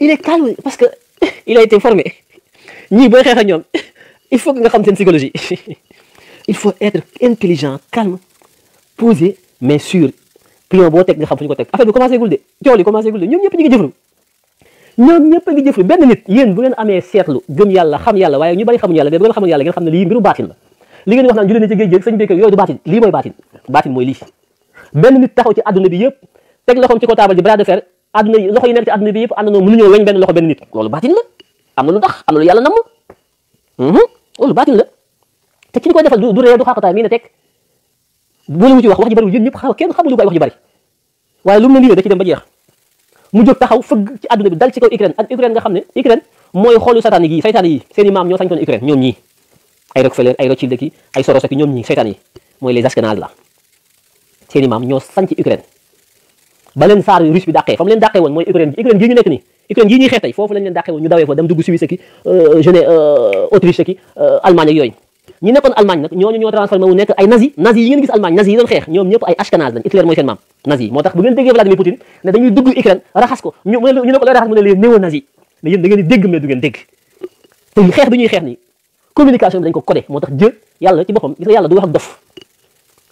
[SPEAKER 1] il est calme parce que il a été formé Ni il faut que nga xam psychologie il faut être intelligent calme posé mais sûr Puis boo teg nga xam fu ko commencé de commencé de de ñom a nit yéen bu amee seetlu gëm yàlla xam yàlla waaye ñu bari xamuñu yàlla mais bu yàlla ngeen xam ne lii mbiru baatin li ngeen wax naan ci géej géej sëñ yooyu du baatin lii mooy baatin baatin mooy lii benn nit taxaw ci bi ci de fer àdduna yi loxo yi nekk ci àdduna bi yëpp ànd na mënuñoo weñ benn loxo benn nit loolu baatin la am na lu tax am na lu yàlla namm loolu baatin la te ki ñu koy defal du ree du xaqataay mii ne teg boole wu ci wax wax ji bari yéen ñëpp xaw kenn xamul lu koy wax ji bari waaye lu mu ne nii da ci dem ba jeex mu jóg taxaw fëgg ci àdduna bi dal ci kaw Ukraine ak Ukraine nga xam ne Ukraine mooy xoolu satan yi saytaan yi seen i maam ñoo sañtoon Ukraine ñoom ñii ay Rockefeller ay Rothschild ki ay Soros ki ñoom ñii saytaan yi mooy les Ashkénazes la seen i maam ñoo sañ ci Ukraine ba leen saar russe bi daqé fam len daqé won moy ukraine Ukraine gi ñu nek ni Ukraine gi ñi xé tay fofu lañ len daqé won ñu dawé fo dem dugg Suisse ki euh jeune euh Autriche ki euh Allemagne ak yooyu ñi nekkon Allemagne nak ñooñu ñoo transformé wu nek ay nazi nazi yi ngeen gis Allemagne nazi yi doon xex ñom ñep ay ashkenaz lañ Hitler moy seen mam nazi motax bu ngeen déggé Vladimir Poutine ne dañuy dugg Ukraine raxas ko ñu ñu nekk lay raxas mu ne néwo nazi ne yéen da ngeen dégg mais du ngeen dégg te xex bi ñuy xex ni communication bi dañ ko codé motax jeul yàlla ci bopam gis nga yàlla du wax ak dof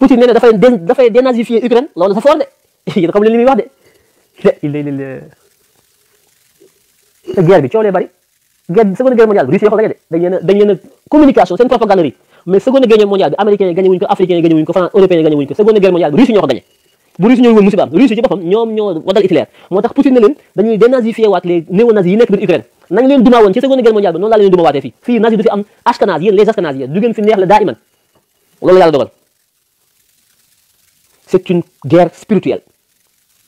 [SPEAKER 1] Poutine nee na dafay dafay dénazifier Ukraine loolu sa foor de yéen xam leen li muy wax de il lay lay bi coow lee bari guerre seconde guerre mondiale Russie yoo xam ne dañ leen a dañ leen a communication seen propagande yi mais seconde guerre mondiale bi américains yi gagné wuñ ko africains yi gagné wuñ ko France européens yi gagné bu Russie ñoo woon musiba moo tax Poutine ne leen dañuy dénazifier waat les néonazis yi nekk biir Ukraine nañ leen duma waatee fii fii nazi du fi c'est une guerre spirituelle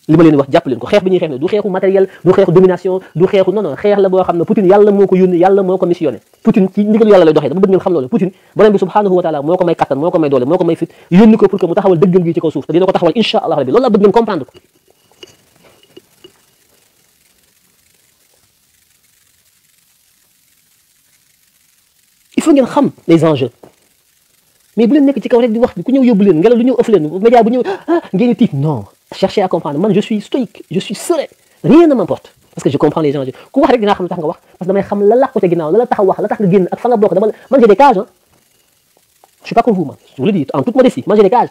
[SPEAKER 1] li ma leen wax jàpp leen ko xeex bi ñuy xeex ne du xeexu matériel du xeexu domination du xeexu non non xeex la boo xam ne Poutine yàlla moo ko yónni yàlla moo ko missionné Poutine ci ndigalu yàlla lay doxee dama bëgg ngeen xam loolu Poutine borom bi subhanahu wa taala moo ko may kattan moo ko may doole moo ko may fit yónni ko pour que mu taxawal dëggam gi ci kaw suuf te dina ko taxawal insha allah rabbi loolu laa bëgg ngeen comprendre ko il faut ngeen xam les enjeux mais bu leen nekk ci kaw rek di wax ku ñëw yóbbu leen ngelaw lu ñëw ëff média bu ñëw ah ngeen tiit non chercher à comprendre man je suis stoïque je suis serein rien ne m'importe parce que je comprends les gens ku wax rek dina xam tax nga wax parce que damay xam la làqu ca ginnaaw la la tax wax la tax nga genn ak fa nga bokk dama man j'ai des cages ah je suis pas comme vous man je vous le dis en toute modestie man j'ai des cages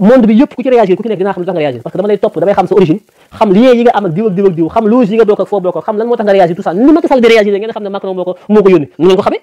[SPEAKER 1] monde bi yépp ku ci réagir ku ci nek dina xam tax nga réagir parce que dama lay top damay xam sa origine xam lien yi nga am ak diw ak diw ak diw xam loge yi nga bokk ak fo bok xam lan mo tax nga réagir tout ça ni ma Macky sal di réagir ngeen xam na Macron moko moko yoni ko yónni ngeen ko xamee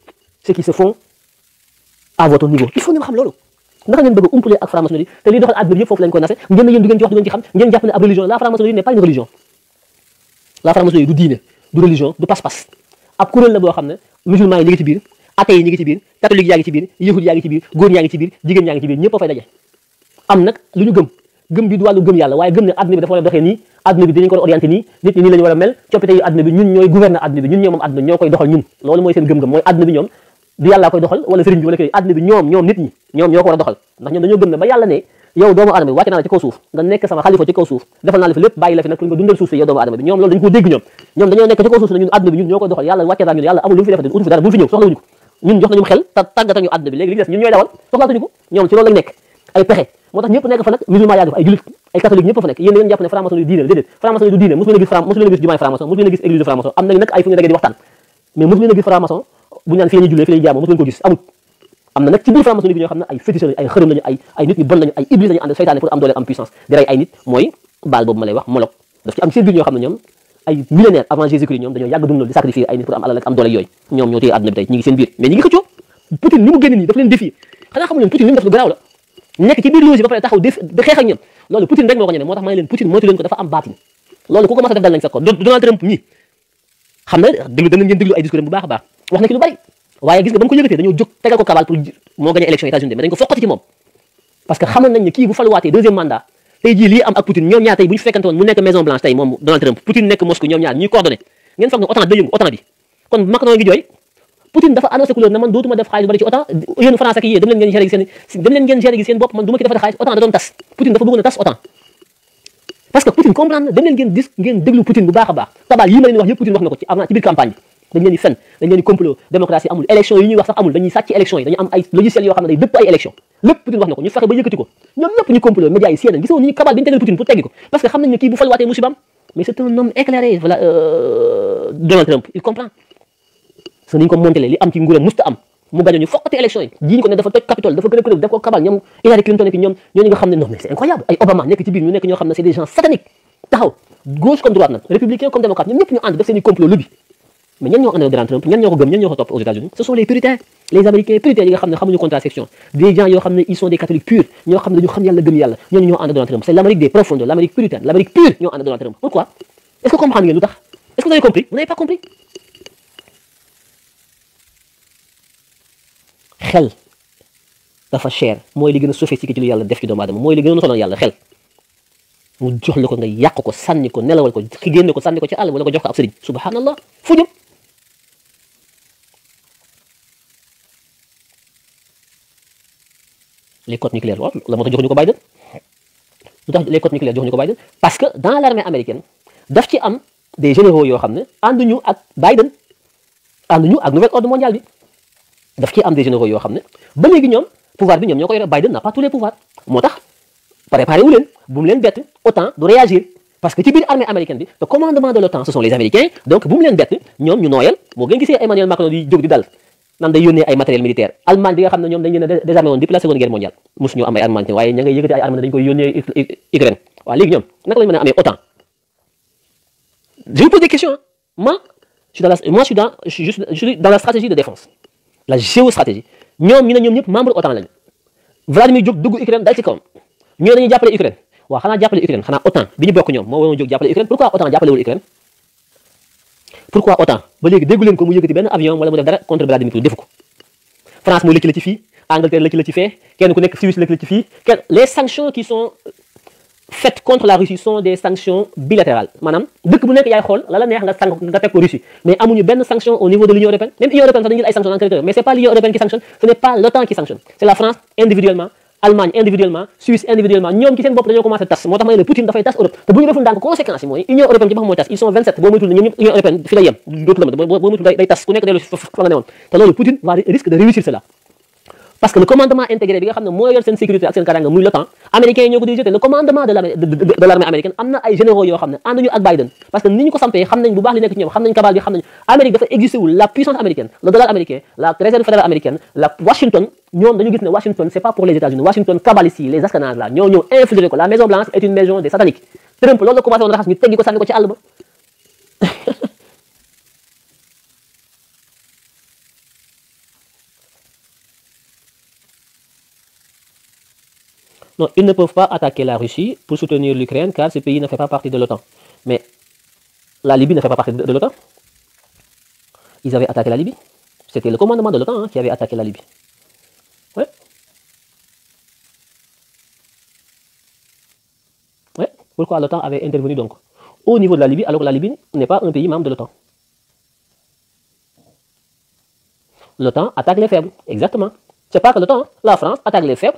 [SPEAKER 1] ceux qui se font à votre niveau il faut ngeen xam loolu ndax ngeen bëgg a ak franc-maçonnerie te liy doxal àdduna bi yëpp foofu lañ ko nase ngeen yeen yéen du ngeen ci wax du ngeen ci xam ngeen jàpp ne ab religion la franc-maçonnerie n'est pas une religion la franc-maçonnerie du diine du religion du pas-pas ab kuréel la boo xam ne musulman yi ñu ngi ci biir athée yi ñu ngi ci biir catholique yaa ngi ci biir yahud yaa ngi ci biir góor yaa ngi ci biir jigéen yaa ngi ci biir ñëpp a fay daje am nag lu ñu gëm gëm bi du wàllu gëm yàlla waaye gëm ne adduna bi dafa war a doxee nii adduna bi dinañ ko war orienté nii nit ñi nii lañu war a mel coppite yu adduna bi ñun ñooy gouverner adduna bi ñun ñoo am adduna ñoo koy doxal ñun loolu mooy seen gëm-gëm mooy adduna bi ñoom di yàlla koy doxal wala serigne bi wala kay àddina bi ñom ñom nit ñi ñom ñoko wara doxal ndax ñom dañu gëm ne ba yàlla ne yow doomu adama bi wacc na la ci kaw suuf nga nekk sama khalifa ci kaw suuf defal na la fi lépp bàyyi la fi nak lu nga dundal suuf si yow doomu adama bi ñom loolu dañ ko dégg ñom ñom dañu nekk ci kaw suuf ñun àdduna bi ñun ñoko doxal yàlla wacc na ñun yàlla amu lu fi defal utu fi dara bu fi ñëw soxla soxlawuñu ko ñun jox nañu xel ta te tàggatañu àdduna bi léegi li def ñun ñoy dawal soxla soxlaatuñu ko ñom ci loolu lañ nekk ay pexe motax ñëpp nekk fa nak musulman yaa fa ay julit ay catholique ñëpp fa nek yéen ngeen jàpp ne franc-maçon yu diine dedet déedéet franc-maçon du diine musulman gis franc musulman gis jumaay franc-maçon musulman gis église franc-maçon am nañ nak ay fu ñu dégg di waxtan mais musulman gis franc-maçon bu ñaan fi la ñuy fi lay jaamoo mosu ko gis amul ci biir franc-maçonnerie ñoo xam ne ay féticheurs ay ay ay nit ay iblis lañu ànd seytaane pour am doole am puissance di ay nit mooy baal boobu ma lay wax molok daf ci am seen biir ñoom ay millénaires avant Jésus-Christ ñoom dañoo yàgg dund di sacrifier am alal ak ñoom ñoo téye àdduna bi ñi seen biir mais ñi ngi xëccoo Poutine li mu génn nii daf leen défier xanaa xamu leen Poutine xam na déglu da ngeen déglu ay discours bu baax a baax wax na ci lu bari waaye gis nga ba mu ko yëgatee dañoo jóg tegal ko kabal pour moo gagné élection États-Unis mais dañ ko foqati ci moom parce que xamoon nañ ne kii bu faluwaatee deuxième mandat tey jii lii am ak Poutine ñoom ñaar tey bu ñu fekkante woon mu nekk Maison Blanche tey moom Donald Trump Poutine nekk Moscou ñoom ñaar ñuy coordonné ngeen foog ne OTAN da yëngu OTAN bi kon Macron ngi jooy Poutine dafa annoncé couleur na man dootuma def xaalis bari ci OTAN yéen France ak yéen dem leen ngeen gérer gi seen dem leen ngeen gérer gi seen bopp man du ma ci defati xaalis OTAN da doon tas Poutine dafa bëggoon a tas OTAN parce que Poutine comprendre na dem leen ngeen gis ngeen déglu Poutine bu baax a baax tabal yi ma leen wax yëpp Poutine wax na ko ci avant ci biir campagne bi dañ leen di fen dañ leen di complot démocratie amul élection yi ñuy wax sax amul dañuy sàcc élection yi dañu am ay logiciels yoo xam ne day dëpp ay élection lépp Poutine wax na ko ñu fexe ba yëkkati ko ñoom ñëpp ñu complot média yi CNN gisoo ni kabal bi ñu tegal Poutine pour teggi ko parce que xam nañ ne kii bu faluwaatee musibam mais c'est un homme éclairé voilà euh, Donald Trump il comprend parce que ni ñu ko montelé li am ci nguuram musta am mu gaño ñu foqati élection yi ji ñu ko né dafa toj capitole dafa gën a dafa ko kabal ñoom Hillary Clinton et puis ñoom ñooñu nga xamné non mais c'est incroyable ay Obama nek ci biir ñu nek ñoo xamné c'est des gens sataniques taxaw gauche comme droite nag républicain comme démocrate ñoom ñëpp ñu ànd def seen complot lobby mais ñan ñoo ànd ak Donald Trump ñan ñoo ko gëm ñan ñoo ko top aux États-Unis ce sont les puritains les américains puritains yi nga xam ne xamuñu contraception des gens yo xamné ils sont des catholiques purs ñoo xamné ne dañu xam Yalla gëm Yalla ñooñu ñoo ànd ak Donald Trump c'est l'Amérique des profondes l'Amérique puritaine l'Amérique pure ñoo ànd ak Donald Trump pourquoi est-ce que comprendre ngeen lu tax est-ce que vous avez compris vous n'avez pas compris xel dafa cher mooy li gën a sophistiqué ci lu yàlla def ci doomu aadama mooy li gën a sonal yàlla xel mu jox la ko nga yàq ko sànni ko nelawal ko génne ko sànni ko ci àll wala ko jox ko ab sëriñ subhanallah fu jëm les codes nucléaires lool la moo tax joxuñu ko Biden lu tax les codes nucléaires joxuñu ko Biden parce que dans l' armée américaine daf ci am des généraux yoo xam ne ànduñu ak Biden ànduñu ak nouvel ordre mondial bi daf ci am des généraux yoo xam ne ba léegi ñoom pouvoir bi ñoom ñoo ko yore Biden n'a pas tous les pouvoirs moo tax préparé wu leen bu mu leen bett autant du réagir parce que ci biir armée américaine bi le commandement de l'OTAN ce sont les américains donc bu mu leen bett ñoom ñu nooyal moo gën gisee Emmanuel Macron di jóg di dal nan day yónnee ay matériel militaire Allemagne bi nga xam ne ñoom dañ leen a désarmé woon depuis la seconde guerre mondiale mosu ñoo am ay armement waaye ña ngay yëkkati ay armes dañ koy yónnee Ukraine waaw léegi ñoom naka lañu mën a amee Autant. je vous pose des questions hein. moi je suis dans la moi je suis dans je suis dans la stratégie de défense la géostratégie ñoom ñu ne ñoom ñëpp membre OTAN Vladimir jóg dugg Ukraine dal ci kawam ñoo dañuy jàppale Ukraine waaw xanaa jàppale Ukraine xanaa autant, bi ñu bokk ñoom moo waroon jóg jàppale Ukraine pourquoi autant jàppale wul Ukraine pourquoi autant? ba léegi déggu leen ko mu yëkkati benn avion wala mu def dara contre Vladimir Poutine defu ko France moo lëkkale ci fii Angleterre lëkkale ci fee kenn ku nekk Suisse lëkkale ci fii kenn les sanctions qui sont fait contre la Russie sont des sanctions bilatérales maanaam dëkk bu nekk yaay xool la la neex nga sànq nga teg ko Russie mais amuñu sanction au niveau de l'Union européenne même Union européenne ça dañu jël ay sanctions en créateur mais c'est pas l'Union européenne qui sanctionne ce n'est pas l'OTAN qui sanctionne c'est la France individuellement Allemagne individuellement Suisse individuellement ñoom ci seen bopp dañoo commencé tasse, moo tax ma ne la Poutine dafay tas Europe te bu ñu deful ndànk conséquence yi mooy Union européenne ci ba xam mooy tas ils sont 27 boo moytul ne ñoom ñëpp Union européenne fi la yem dootu la mën boo moytul day tas ku nekk dellu fa nga newoon te loolu Poutine va risque de réussir cela parce que le commandement intégré bi nga xam mo moo yor seen sécurité ak sen karange muy l'OTAN américains yi ñoo ko di le commandement de l'armée de l'armée américaine amna ay généraux yo xam ne ñu ak Biden parce que niñ ko sampé xamnañ bu baax li nek ñom xamnañ cabal cabale bi xamnañ Amérique dafa existé wul la puissance américaine le dollar américain la réserve fédérale américaine la Washington ñoom dañu gis né Washington c'est pas pour les États-Unis Washington cabal ici, les askanazes là ñoo ñoo infiltré ko la Maison Blanche est une maison des sataniques Trump loolu la commencé on raxas ñu teggi ko ko ci àll ils ne peuvent pas attaquer la Russie pour soutenir l'Ukraine car ce pays ne fait pas partie de l'OTAN. Mais la Libye ne fait pas partie de, l'OTAN. Ils avaient attaqué la Libye. C'était le commandement de l'OTAN hein, qui avait attaqué la Libye. Ouais. Pourquoi l'OTAN avait intervenu donc au niveau de la Libye alors que la Libye n'est pas un pays membre de l'OTAN L'OTAN attaque les faibles, exactement. C'est pas que l'OTAN, hein. la France attaque les faibles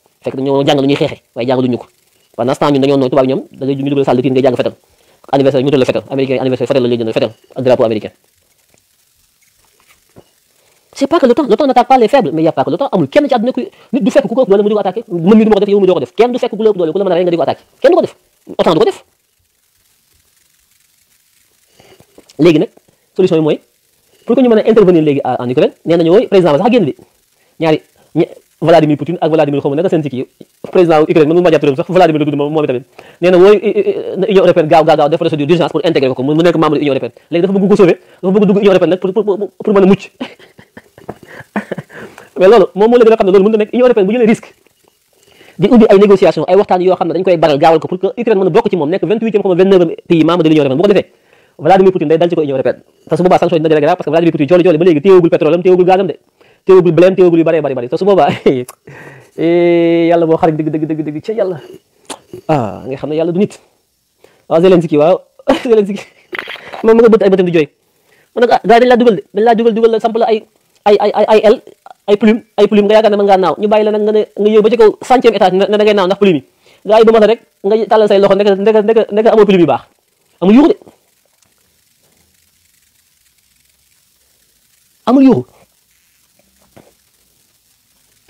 [SPEAKER 1] fekk dañoo jàng lu ñuy xeexe jàng lu ñu ko pendant ce temps ñun dañoo tubaab ñoom da ngay ñu dugal salle de tir ngay jàng fetal anniversaire ñu tuddee fetal américain anniversaire fetal la ñu a ma ko def yow solution yi pour que ñu mën intervenir léegi en Ukraine nee nañu mooy président ba sax génn bi Vladimir Poutine ak Vladimir xaw moom nekk membre Union européenne léegi bu jëlee risque di ubbi ay négociation ay waxtaan yoo xam ne dañ koy baral gaawal ko pour que Ukraine mën bokk ci moom nekk 28e xaw ma 29e pays membre de l'Union européenne bu ko defee Vladimir Poutine day dal ci ko Union européenne parce que boobaa sanction dina Vladimir Poutine jooli jooli ba léegi téewagul pétrole am téewagul de téewul bi baleen téewul bi bëree bëri bëri te su boobaa eh, yàlla boo xarit dëgg dëgg dëgg dëgg ca yàlla ah nga xam ne yàlla du nit waaw ah, Zelensky waaw Zelensky moom ma nga bëtt ay bëtam di jooy man nag ah gars de dañ laa dugal ay ay ay ay el ay plume ay plume nga yaakaar naaw ñu bàyyi la nag nga ne nga ba ci kaw centième étage ne da ngay naaw ndax plume yi gars ba mata nga tàllal say loxo nekk nekk nekk nekk amoo plume yu baax amul yuuxu de amul yuuxu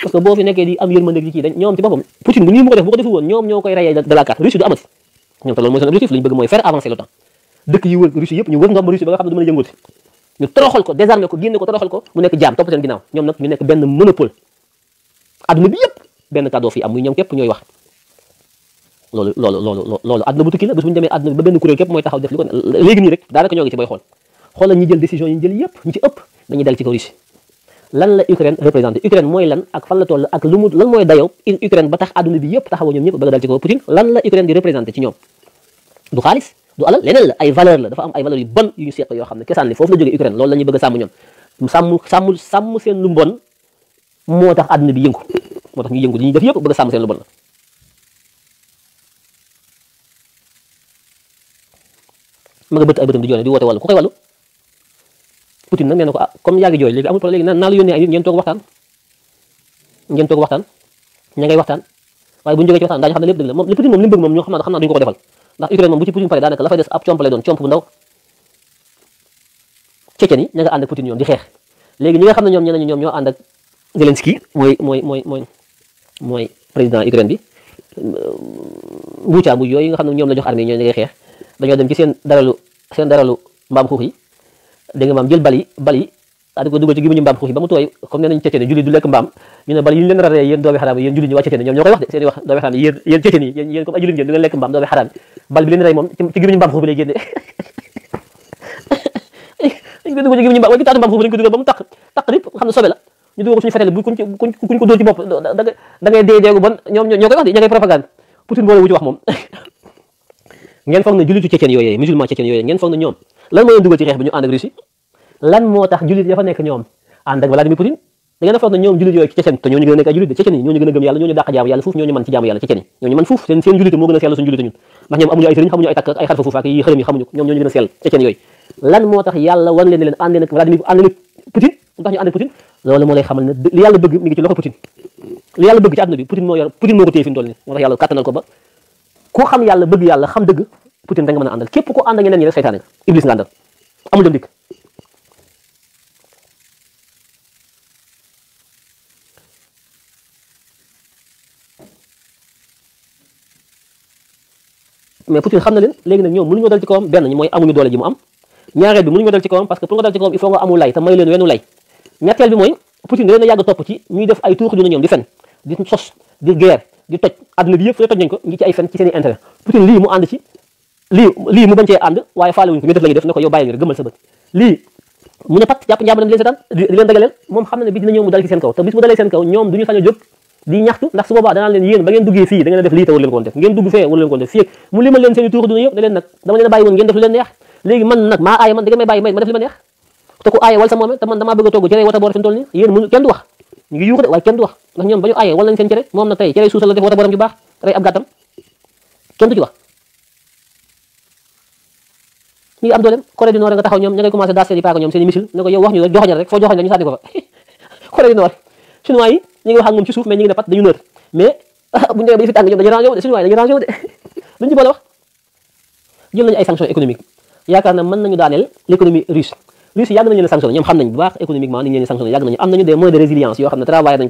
[SPEAKER 1] parce que boo fi nekkee di am yërmande gi kii dañ ñoom ci boppam Poutine bu nii mu ko def bu ko deful woon ñoom ñoo koy rayee de la du amati ñoom te loolu mooy seen objectif lañu bëgg mooy faire avancer l'OTAN dëkk yi wër Russie yëpp ñu wër ngam Russie ba nga xam ne du mën jaam topp seen ginnaaw ñoom nag ñu nekk benn monopole adduna bi yëpp benn cadeau fi am muy ñoom képp ñooy wax loolu loolu loolu loolu adduna bu tukki la bu ñu ñu jël lan la Ukraine représenté Ukraine mooy lan ak fan la toll ak lu mu lan mooy dayoo Ukraine ba tax àdduna bi yëpp taxawoo ñoom ñëpp bëgg dal ci ko Poutine lan la Ukraine di représenté ci ñoom du xaalis du alal leneen la ay valeur la dafa am ay valeur yu bon yu ñu seq yoo xam ne kesaan li foofu la jógee Ukraine loolu la ñuy bëgg sàmm ñoom sàmm sàmm sàmm lu mbon moo tax àdduna bi yëngu moo tax ñu yëngu li ñuy def yëpp bëgg a sàmm seen lu bon la ma nga bët ay bëtam di joone di woote wàllu putin nak nee ko comme ah, yaa joy legi amul problème léegi naa la yónnee ay nit ngeen toog waxtaan ngeen toog waxtan ña ngay waxtan waye buñu joge ci waxtan daañu xam ne lépp dëgg la mom li Poutine moom li bëgg mom ñoo xamna naa xam naa ko ko defal ndax Ukraine mom bu ci putin paré da naka la fay des ap chomp lay doon chomp bu ndaw Tchétchène yi ña nga ànd ak ñoom di xex legi ñi nga xam ne ñoom ñeneen ñoom ñoo and ak Zelensky moy moy moy moy moy président Ukraine bi bu buucaa bu yoy nga xamna ne ñoom la jox armée ñoo ngay xex dañu dem ci seen daralu seen daralu mbam xuux yi da nga maam jël bali bali daal ko dugal ci gimu mbaam xuux yi ba mu tooy comme nee nañ cecene julli du lek mbam ñu ne bali yi ñu leen raré yeen doomi haram yeen julli ñu waa cecene ñom ñokoy wax de seen wax doomi haram yeen yéen cecene yeen yéen yéen comme ay julli ngeen du ngeen lekk mbaam doomi xaraam bal bi leen ray mom ci gémmiñu mbam xuux bi lay gënné dañ ko dugal ci gémmiñu mbam waaye taatu mbam xuux bi dañ ko dugal ba mu taq taq rip xam sobe la ñu dugal ko suñu fetale bu kuñ ci kuñ ko dóor ci bop da ngay dé dégu bon ñom ñoo koy wax de ña ngay propagande bo boole wu ci wax mom ngeen fogg foog ne jullitu cecene yoyé musulman cecene yoyé ngeen fogg na ñom lan moo leen dugal ci xeex bi ñu tax jullit jullit yooyu ci Tchétchène ñooñu gën a nekk ay jullit Tchétchène ñooñu gën a gëm yàlla ñooñu ñooñu man ci jaamu yàlla Tchétchène ñooñu man fuuf seen jullit moo gën a sell suñu jullit ñun ndax ñoom amuñu ay sëriñ xamuñu ay takk ay xarfa fuuf ak yi xërëm yi xamuñu ñoom ñooñu gën a sell Tchétchène yooyu lan moo tax yàlla wan leen leen ànd leen ak Vladimir loolu moo lay xamal ne li bëgg mi ngi ci loxo Poutine li yàlla bëgg ci àdduna bi Poutine moo ko téye Poutine da a àndal ko ànd ak ñeneen ñi rek seytaane nga Iblis nga àndal amul dem dikk mais Poutine xam na leen léegi nag ñoom mënuñoo dal ci kawam benn mooy amuñu doole ji mu am ñaareel bi mënuñoo dal ci kawam parce que pour nga dal ci kawam il faut nga amul lay te may leen wenu lay ñetteel bi mooy Poutine leen a yàgg topp ci ñuy def ay tuux dina ñoom di fen di sos di guerre di toj àdduna bi yëpp foo toj nañ ko ngi ci ay fen ci seen i intérêt lii mu ànd ci li li mu bañ ci and waye faalé wuñ ko ñu def la ñuy def nako yow bayil ngir gëmal sa bët li mu ne pat japp njàmbaram di leen setan di leen dagalel mom xam na bi dina ñew mu dal ci seen kaw te bis mu dalé seen kaw ñom duñu xañu a di ñaxtu ndax su boobaa danaan leen yeen ba ngeen duggé fi da ngeen def li taw leen ko def ngeen dugg fe wala leen ko def fi mu limal leen seen i duñu yëp da leen nak dama leen bayiwon ngeen def leen neex legi man nak ma ay man da ngeen may bayi may ma def li ma neex te ko ay wal sa moome te man dama bëgg togg wata boor fi tol ni yeen mu kenn du wax ñi ngi yuuxu way kenn du wax ndax ñom bañu ñu wala ñu seen jéré mom na tay jéré suusal la def wata borom ju baax rey ab gattam kenn du ci wax mi ngi am doole Corée du nga taxaw ñoom ña ngay i paaka yow wax ñu rek joxoñ rek foo joxoñ ñu sànni ko fa Corée du Nord chinois yi ñu ngi wax moom ci suuf mais ñu ngi ne pat dañu nër mais bu ñu demee ba fi tàng ñoom dañu rangé ay sanctions économiques yaakaar na mën nañu daaneel l'économie russe russe yàgg nañu leen sanctionné ñoom xam nañ bu baax ni ñu leen sanctionné yàgg nañu am nañu des moyens de résilience yoo xam ne travaillé nañ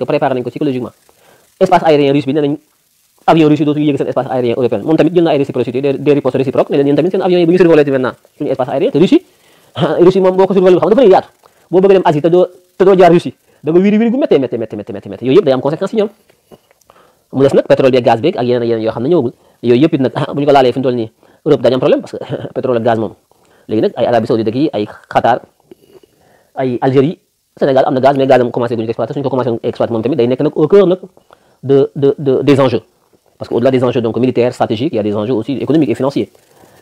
[SPEAKER 1] avion russe dootu yéeg seen espace aérien européen moom tamit ah, day am conséquence ci ñoom mu des nag pétrole beeg gaz beeg ak am na gaz mais gaz am commencé guñu ko exploité moom tamit day nekk nag au cœur nag de de des enjeux Parce qu'au-delà des enjeux donc, militaires, stratégiques, il y a des enjeux aussi économiques et financiers.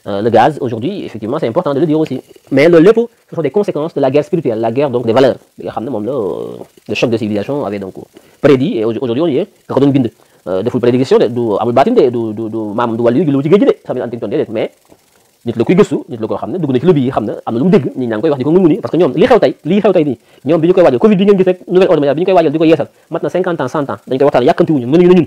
[SPEAKER 1] Euh, le gaz, aujourd'hui, effectivement, c'est important de le dire aussi. Mais le lepo, ce sont des conséquences de la guerre spirituelle, la guerre donc des valeurs. Euh, le choc de civilisation avait donc prédit, et aujourd'hui on y est, quand on binde. Euh, deful prédiction de du amul baatin de du du du maam du ci géej gi de samit mais nit la kuy gëstu nit la koo xam ne dugg na ci lobby yi xam amna am na lu mu dégg koy wax di ko parce que ñom li xew tay li xew tay ni ñom biñu koy waajal covid bi ngeen gis rek nouvelle ordre mondiale bi koy waajal di ko yeesal 50 ans 100 ans dañ koy waxtaan yàkkanti wuñu mënuñu na ñun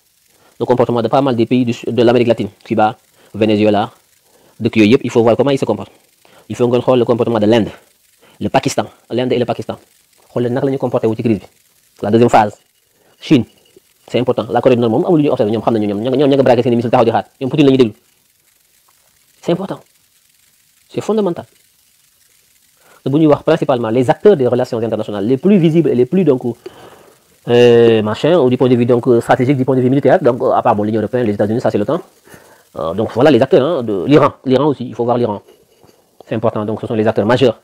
[SPEAKER 1] le comportement de pas mal des pays de l'Amérique latine, Cuba, Venezuela, de yooyu il faut voir comment ils se comportent. il faut encore le comportement de l'Inde le Pakistan l'Inde et le Pakistan xool leen naka la comporté wu crise la deuxième phase Chine c'est important la Corée du Nord moom amul lu ñuy observé ñoom xam nañu ñoom ñoo ña nga braqué seen déglu c'est important c'est fondamental Nous ñuy wax principalement les acteurs des relations internationales les plus visibles et les plus donc et eh, machin, ou du point de vue donc, stratégique, du point de vue militaire, donc euh, à part bon, l'Union Européenne, les États-Unis, ça c'est l'OTAN. Euh, donc voilà les acteurs hein, de l'Iran. L'Iran aussi, il faut voir l'Iran. C'est important, donc ce sont les acteurs majeurs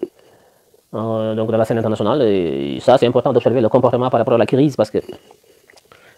[SPEAKER 1] euh, donc, dans la scène internationale. Et ça c'est important d'observer le comportement par rapport à la crise parce que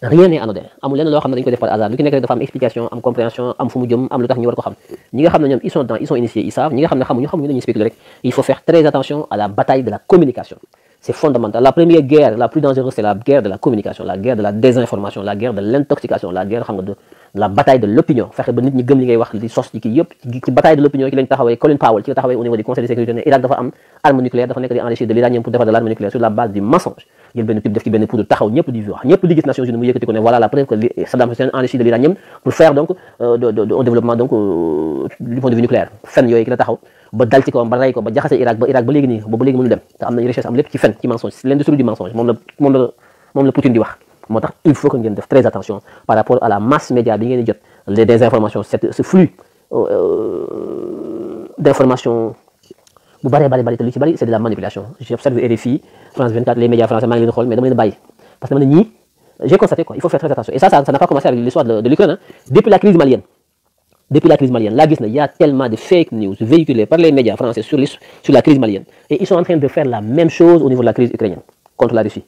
[SPEAKER 1] rien n'est anodin. amul lenn loo xam ne ko def par hasard lu ki nekk rek dafa explication am compréhension am fu mu am lu ñu war ko xam ñi nga xam ne ils sont dans ils sont initiés ils savent ñi nga xam ne xamuñu xamuñu dañuy spéculer rek il faut faire très attention à la bataille de la communication. C'est fondamental. La première guerre, la plus dangereuse, c'est la guerre de la communication, la guerre de la désinformation, la guerre de l'intoxication, la guerre de la bataille de l'opinion. Faire que nous gëm li ngay wax di sos ci yépp ci bataille de l'opinion qui lañ taxawé Colin Powell qui taxawé au niveau du Conseil de sécurité né Irak dafa am arme nucléaire dafa nek di enrichir de l'uranium pour défendre de l'arme nucléaire sur la base du mensonge jël benn pipe def ci benn poudre taxaw ñëpp di wax ñëpp di gis Nations Unies mu yëkkati ko ne voilà la preuve que Saddam Hussein enrichi de l'uranium pour faire donc euh, de un développement donc euh, du point de vue nucléaire fen yooyu ki la taxaw ba dal ci ko ba rey ko ba jaxase Irak ba Irak ba léegi nii ba léegi mënu dem te am nañu recherche am lépp ci fen ci mensonge l'industrie du mensonge moom la moom la moom la Poutine di wax moo tax il faut que ngeen def très attention par rapport à la masse média bi ngeen di jot les désinformations ce flux euh, d'informations bu bëree bëri bëri te lu ci bëri c'est de la manipulation j'observe RFI France 24 les médias français maa ngi mais dama parce que maintenant ni, j'ai constaté quoi il faut faire très attention et ça ça n'a pas commencé avec l'histoire de, de l'Ukraine hein. depuis la crise malienne depuis la crise malienne là il y a tellement de fake news véhiculées par les médias français sur la crise malienne et ils sont en train de faire la même chose au niveau de la crise ukrainienne contre la Russie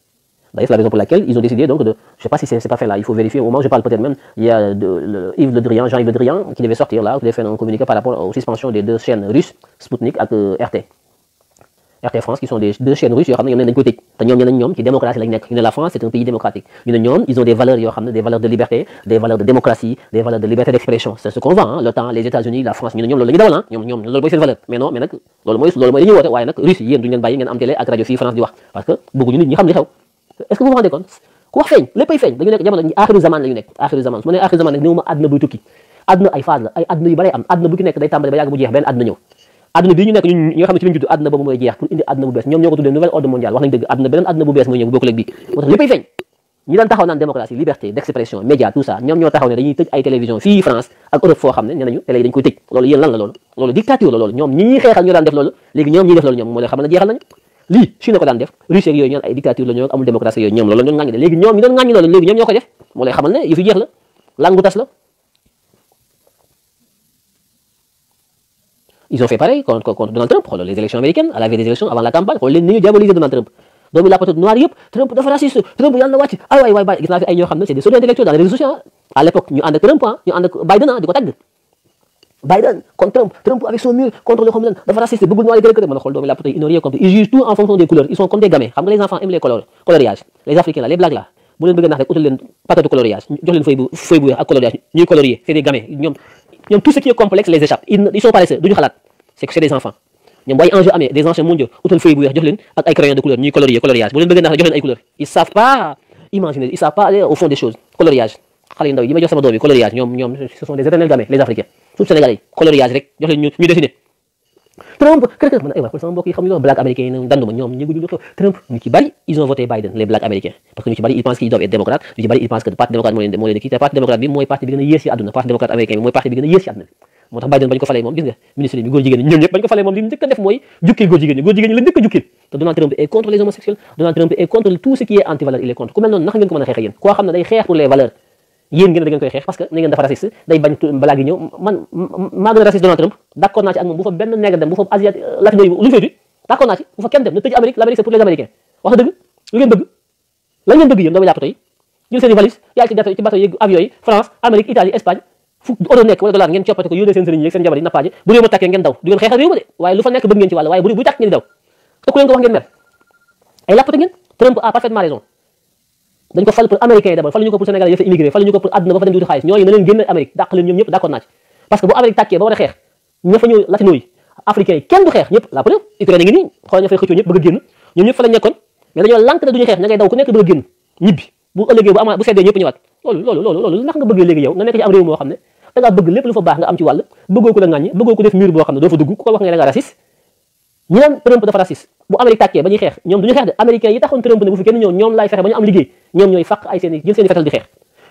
[SPEAKER 1] D'ailleurs, c'est la raison pour laquelle ils ont décidé donc de. Je ne sais pas si ce n'est pas fait là, il faut vérifier. Au moment où je parle peut-être même, il y a de, Yves Le Drian, Jean-Yves Le Drian, qui devait sortir là, qui devait faire un communiqué par rapport aux suspensions des deux chaînes russes, Sputnik et euh, RT. France qui sont des deux chaînes russes qui y en a démocratie la France c'est un pays démocratique ils ont des valeurs des valeurs de liberté des valeurs de démocratie des valeurs de liberté d'expression c'est ce qu'on hein. les États-Unis la France hein. mais que est-ce que vous rendez àdduna bii ñu nekk ñun ñi nga xam ne ci lañ judd àdduna boobu mooy jeex pour indi àdduna bu bees ñoom ñoo ko tuddee nouvelle ordre mondiale wax nañ dëgg àdduna beneen àdduna bu bees mooy ñëw bokkul ak bii moo tax léppay feeñ ñi daan taxaw naan démocratie liberté d'expression média tout ça ñoom ñoo taxaw ne dañuy tëj ay télévision fii France ak Europe foo xam ne nee nañu télé yi dañ koy tëj loolu yéen lan la loolu loolu dictature la loolu ñoom ñi ñuy xeexal ñoo daan def loolu léegi ñoom ñi def loolu ñoom moo leen xamal na jeexal nañu lii Chine ko daan def Russie ak yooyu ñoon ay dictature la ñoo amul démocratie yooyu ñoom loolu doon ŋàññi de léegi ñoom ñi doon ŋàññi loolu léegi ñoom ñoo ko def moo lay xamal ne yëf yi jeex la lan gu tas la Ils ont fait pareil contre, Donald Trump, les élections américaines, elle avait des élections, avant la campagne, les nuls diaboliser Donald Trump. doomu lappatoo noir yëpp Trump dafa raciste Trump il y a ay waay waay gis naa fi ay ñoo c'est des pseudo intellectuels dans les réseaux sociaux ah. à l'époque ñu a ak Trump il ah, ñu a ak Biden ah di ko tagg Biden contre Trump Trump avec son mur contre le homeland dafa raciste bëggul noir yi gën a mën a xool doomu lappatoo yi ils jugent tout en fonction des couleurs ils sont comme des gamins les enfants aiment les couleurs, coloriage. les africains là les blagues là bu leen bëgg a rek patate coloriage jox leen feuille bu feuille bu ak coloriage ñuy colorier c'est des gamins ñoom tout ce qui est complexe les échappe ils sont pas paresseux duñu xalaat c'est que c'est des enfants ñoom bu ay enjeux amee des enjeux mondiaux utal feuille bu weex jox leen ak ay crayon de couleur ni colorier coloriage bu leen bëggee naax jox ay couleur ils savent pas imaginer ils savent pas aller au fond des choses coloriage xale yu ndaw yi may jox sama doom yi coloriage ñoom ñoom ce sont des éternels gamins les africains surtout sénégalais yi coloriage rek jox leen ñu dessiner Trump kër kër man eh, ay waay xool sama mbokk yi xam ñu black américain yi danduma ñoom Trump ñu ci bari ils ont voté Biden les black américains parce que ñu ci bari ils pensent qu'ils doivent être démocrates ñu ci bari ils pensent que parti démocrate moo leen parti démocrate bi parti bi gën a yées parti démocrate américain bi parti bi gën a yées ci Biden bañ ko falee mom gis nga ministre bi goor jigéen ñi ñoom ñëpp bañ ko falee mom li ñëk def moy jukkil goor jigéen goor góor jigéen la ñëk a te Donald Trump est contre les homosexuels Donald Trump est contre tout ce qui est anti valeur il est contre ku mel noonu naka ngeen ko mëna a yeen ko xamna day xéx pour les valeurs yéen ngeen da ngeen koy day bañ balaa ñëw man maa Donald Trump d'accord naa ci ak moom bu fa benn nègre dem bu fa asiat euh, latino lu ñu d'accord naa ci bu fa kenn dem na tëj Amérique l'Amérique c'est pour les Américains wax ngeen bëgg lan ngeen bëgg yéen doomu yàqu tey jël yi avion yi seen sëriñ yi seen jabar yi nappaaje bu réew ngeen daw du ngeen xeexal réew ma de waaye lu fa nekk bëgg ngeen ci wàll waaye bu buy tàkk ngeen dañ ko fal pour américain d'abord faluñu ko pour sénégalais dafa immigré faluñu ko pour àdduna ba fa dem duuti xaalis ñooñu na leen génn Amérique dàq leen ñoom ñëpp d'accord naa ci parce ngi nii xool ña fay xëccoo ñëpp bëgg a ñibbi bu ëllëgee bu ama bu seddee ñëpp ñëwaat loolu loolu loolu loolu ndax nga bëggee léegi yow nga nekk ci am moo xam ne da bëgg lépp lu fa baax nga am ci wàll bëggoo ko la ŋàññi bëggoo def mur boo xam ne doo fa dugg ko ñi leen Trump dafa raciste bu Amérique tàkkee ba ñuy xeex ñoom duñu xeex de américain yi taxoon Trump ne bu fi kenn ñëw ñoom lay fexe ba ñu am liggéey ñoom ñooy faq ay seen jël seen fetal di xeex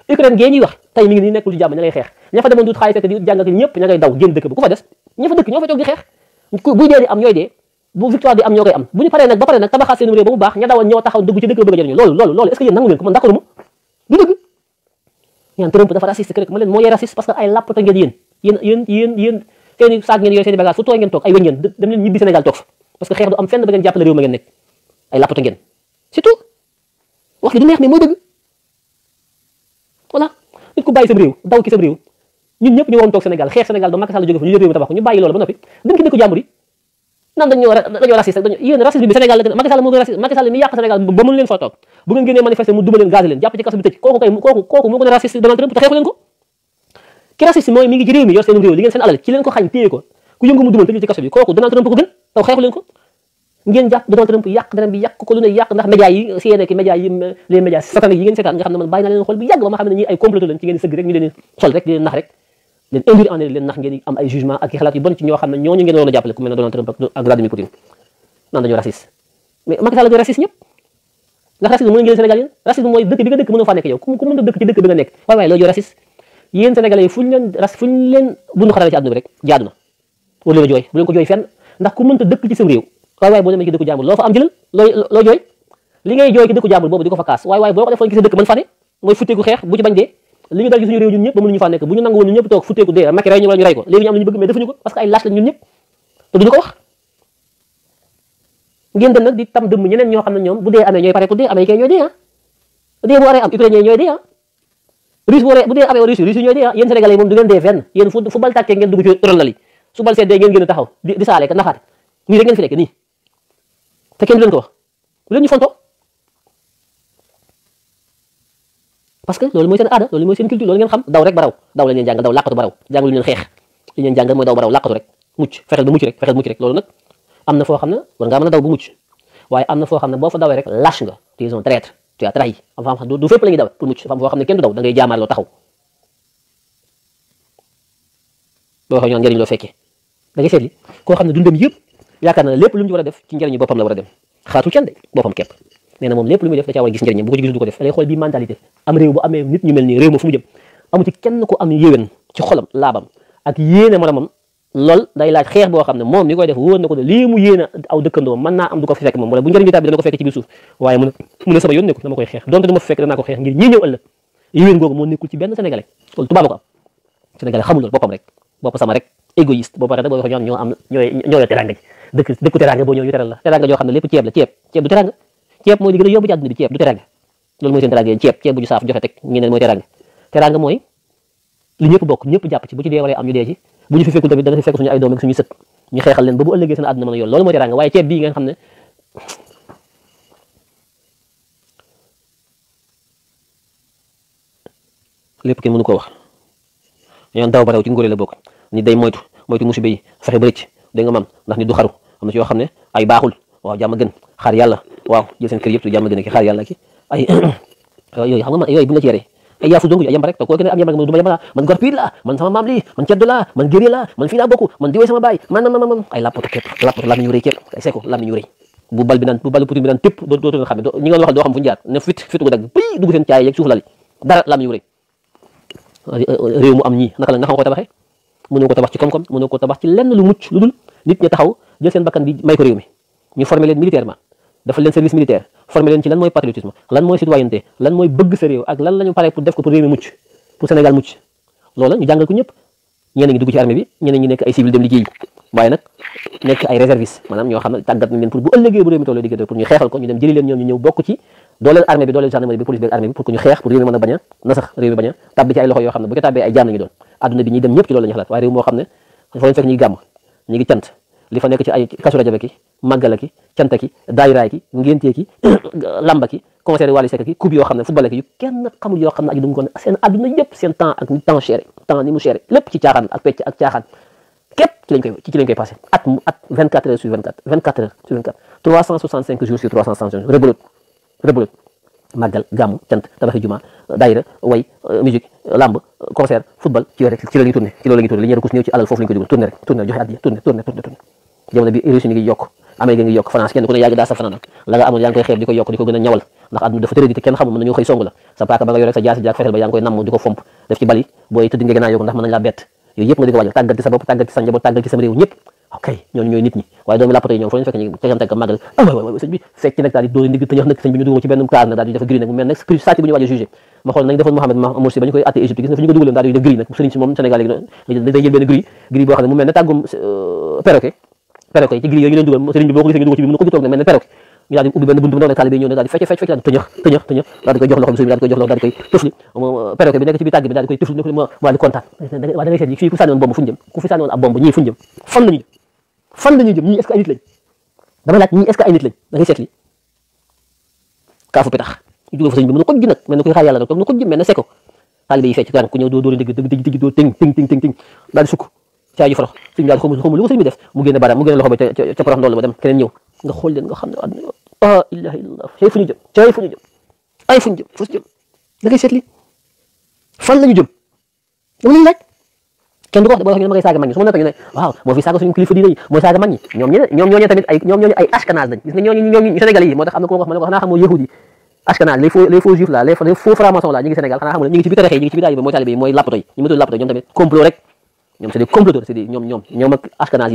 [SPEAKER 1] Ukraine gee ñuy wax tey mi ngi ni nekkul ci jàmm ña ngay xeex ña fa demoon duut xaalis di jàng ak ñëpp ña ngay daw génn dëkk ba ku fa des ña fa dëkk ñoo fa toog di xeex buy dee di am ñooy dee bu victoire di am ñoo koy am bu ñu paree nag ba paree nag tabaxaat seen réew ba mu baax ña dawoon ñoo taxaw dugg ci dëkk bëgg a jëriñu loolu loolu loolu est-ce que yéen nangu ngeen ko man d'accord mu du dëgg ñaan Trump dafa raciste rek ma leen moo yee raciste parce que ay lapp ta ngeen yéen yéen yéen yéen seen i ngeen yooyu seen i bagage fu tooy toog ay weñ ngeen dem leen ñibbi Sénégal toog parce que xeex du am fenn ba ngeen yi la Macky Sall moo a raciste toog bu ngeen génnee manifester mu duma leen gaz leen jàpp ci kaso bi tëj kooku kay kooku kooku moo gën a raciste Donald Trump te xeexu leen ko ki raciste mooy mi ngi ci réew mi yor seen réew li ngeen seen alal ki leen ko xañ téye ko ku yëngu mu dugal tëj ci kaso bi kooku Donald Trump ko gën taw xeexu leen ko ngeen jàpp Donald Trump yàq dara bi yàq ko lu ne yàq ndax média yi CNN ki média yi les médias sataniques yi ngeen seetaan nga xam ne man bàyyi naa leen xool bu yàgg ba ma xam ne ñii ay complot lañ ci ngeen sëgg rek ñu leen xol rek di leen nax rek leen induire en leen nax ngeen am ay jugement ak xalaat yu bon ci ñoo xam ne ñooñu ngeen waroon a jàppale ku mel ne Donald Trump ak Vladimir Poutine naan dañoo raciste mais Macky Sall dañoo raciste ñëpp ndax racisme mu ngeen Sénégal yéen racisme mooy dëkk bi nga dëkk mënoo faa nekk yow ku mën a dëkk ci dëkk bi nga nekk waaye waaye loo joo raciste yéen sénégalais yi fu ñu leen ras fu leen bundu xataale ci àdduna bi rek jaadu na leen jooy bu leen ko jooy fenn ndax ku mënta dëkk ci sam réew waaye waaye boo demee ci dëkku di ko fa kaas waaye waaye boo ko defoon ci sa dëkk dee li ñu dal ci suñu réew ñun ñëpp ba mënuñu faa nekk bu ñu nangu dee Macky ñu wala ñoo xam ne ñoom bu dee amee ñooy pare ah. bu waree am ukrainien ñooy dee ah russe boo bu dee amee russe russe ñooy dee yéen sénégalais moom du ngeen dee fenn yéen fu bal tàkkee ngeen dugg ci ronal yi su bal seddee ngeen gën a taxaw di saale ka naxaate nii rek ngeen fi nekk nii te du leen ko wax daw rek baraw daw la ñeen daw làqatu baraw jàng lu leen xeex li ñeen mooy daw baraw làqatu rek mucc fexeel ba mucc rek fexeel mucc loolu nag am na foo xam ne war ngaa mën a daw bu mucc waaye am na foo xam ne boo fa dawee rek lâche nga tu es un traître tu as trahi am fa du fépp la ñuy daw pour mucc dafa foo xam ne kenn du daw da ngay jaamaarloo taxaw boo waxee ñoom njëriñ loo fekkee da ngay seetli koo xam ne dundam yëpp yaakaar na lépp lu mu war a def ci njëriñu boppam la war a dem xaatu kenn de boppam képp nee na moom lépp lu def da caa a gis njëriñam bu ko ci gisul du ko def day xool bii mentalité am réew bu amee nit ñu mel nii réew ma fu mu jëm amu kenn ko am yéwén ci xolam laabam ak yéene moromam loolu day laaj xeex boo xam ne moom ni koy def wóor na ko ne lii mu yéen a aw dëkkandoo mën naa am du ko fekk moom wala bu njëriñ bi tàbbi dana ko fekk ci biir waaye mu ne sama yónne ko dama koy xeex donte du ma fi fekk danaa ko xeex ngir ñii ñëw ëllëg yéen googu moo nekkul ci benn sénégalais loolu tubaab ko am sénégalais xamul loolu boppam rek bopp sama rek égoïste boo paree rek boo wax ñoo du teranga ceeb mooy li gën a yomb ci àdduna bi ceeb du teranga ñëpp bokk ñëpp bu ñu fi fekkul tamit dana fi fekk suñu ay doom ak suñu sët ñu xeexal leen ba bu ëllëgee seen àdduna mën a yoon loolu moo teraanga waaye ceeb bii nga xam ne lépp kenn mënu wax ñaan daaw ba rew ci ngóore la bokk ni day moytu moytu musiba yi fexe ba rëcc dégg nga maam ndax ni du xaru am na ci yoo xam ne ay baaxul waaw jàmm gën xaar yàlla waaw jël seen kër yëpp tu gën ki xaar yàlla ki ay yooyu xam nga man yooyu bu la Eya fuzo ngui ayam barek to kuakene ayam barek mudu bayama man garpila man sama mamli man cedula man girila man fina boku man sama bayi, mana mana mana, man lapor lapo tiket lapo lami nyuri ket ay seko lami nyuri bu bal binan bu balu binan tip do do do xamé do ñinga wax do xam fu ñaat ne fit fit go dag dugu sen tay yek suuf lali darat lami nyuri rew mu am nakal naka la naka ko kota mu ñu ko tabax ci kom kom mu ñu ko tabax ci lenn lu mucc lu dul nit ñi taxaw jël sen bakkan bi may ko rew mi ñu dafa leen service militaire formé leen ci lan mooy patriotisme lan mooy citoyenneté lan mooy bëgg sa ak lan la pare pour def ko pour réew mi mucc pour Sénégal mucc loola ñu jàngal ko ñëpp ñeneen nekk ay civil dem ñu ñëw bokk ci dooleel armée bi dooleel gendarmerie bi police bi ak bi pour que ñu xeex pour réew mi mën a nasax réew mi bañ a ci ay loxo yoo xam ne bu ko tàbbee ay jaam ñu doon adduna bi ñuy dem ñëpp ci loolu ñu xalaat waaye réew moo xam ne foo li fa nekk ci ay kasu rajo ki màggala ki canta ki daayiraay ki ngéntee ki lamba ki concert wàllu sekk ki coupe yoo xam ne football ki yu kenn xamul yoo xam ne aji du seen adduna yëpp seen temps ak ni mu chéré lépp ci caaxaan ak pecc ak caaxaan képp ci lañ koy at at 24 sur 24 24 heures sur 24 365 jours sur 365 jours rebelut rebelut màggal gàmmu cant tabaxi juma daayira way euh, musique euh, lamb euh, concert football ci yooyu rek ci la ñuy tourné ci loolu la ñuy tourné li yokk Amérique ngi kenn ku ne yaa ngi daa sa fanaan la nga koy xeeb di ko yokk di ko gën a ñawal ndax àdduna dafa tëradi te kenn xamul mën nañoo xëy song la sa paaka ba nga yor sa jaasi bi ak ba yaa ngi koy namm di ko fomp def ci bali booy tëdd nga gën a yokk ndax mën nañ laa bett yooyu yëpp nga di ko ok ñooy nit ñi waaye doomi làppatoo ñoom foo leen fekk tëñëx nag sëñ bi ñu dugg ci benn kaar nag daal koy tëñëx tëñëx tëñëx koy jox loxo bi daal di koy jox loxo daal kontaan waaw da ngay seet fii ku sànni woon bomb fu ñu fu ñu jëm fan fan la ñuy jëm ñii ay nit lañ dama da ngay seetli kaafu petax ñu jóge fa sëñ bi mën a ko ji nag mel na koy xaar yàlla nag toog na ko ji mel na seko xaalis yi fecc ku ñëw doo dóori dëgg dëgg dëgg dëgg doo tëng ko sëñ bi def mu génne baaraam mu génne loxo ba ca porox ndool ma dem keneen ñëw nga xool leen nga xam ne àdduna yow ah ilaha illallah cay fu ñu jëm fu ñu fu ñu jëm fu ñu seetli fan la ñu jëm dama kenn du ko wax de boo wax ñu ne ma waaw moo fi saaga suñu kilifa diine yi mooy saaga mag ñi ñoom ñene ñoom tamit ay ñoom ñooñu ay moo tax am na ko wax ma yahudi ashkanaz les faux les faux juifs là les faux francs-maçons là ñu ngi Sénégal xanaa xamul ñu ci biir tarixe yi mooy taalibe yi mooy lapato yi ñu tamit complot rek ñoom c'est des comploteurs c'est des ñoom ñoom ñoom ak ashkanaz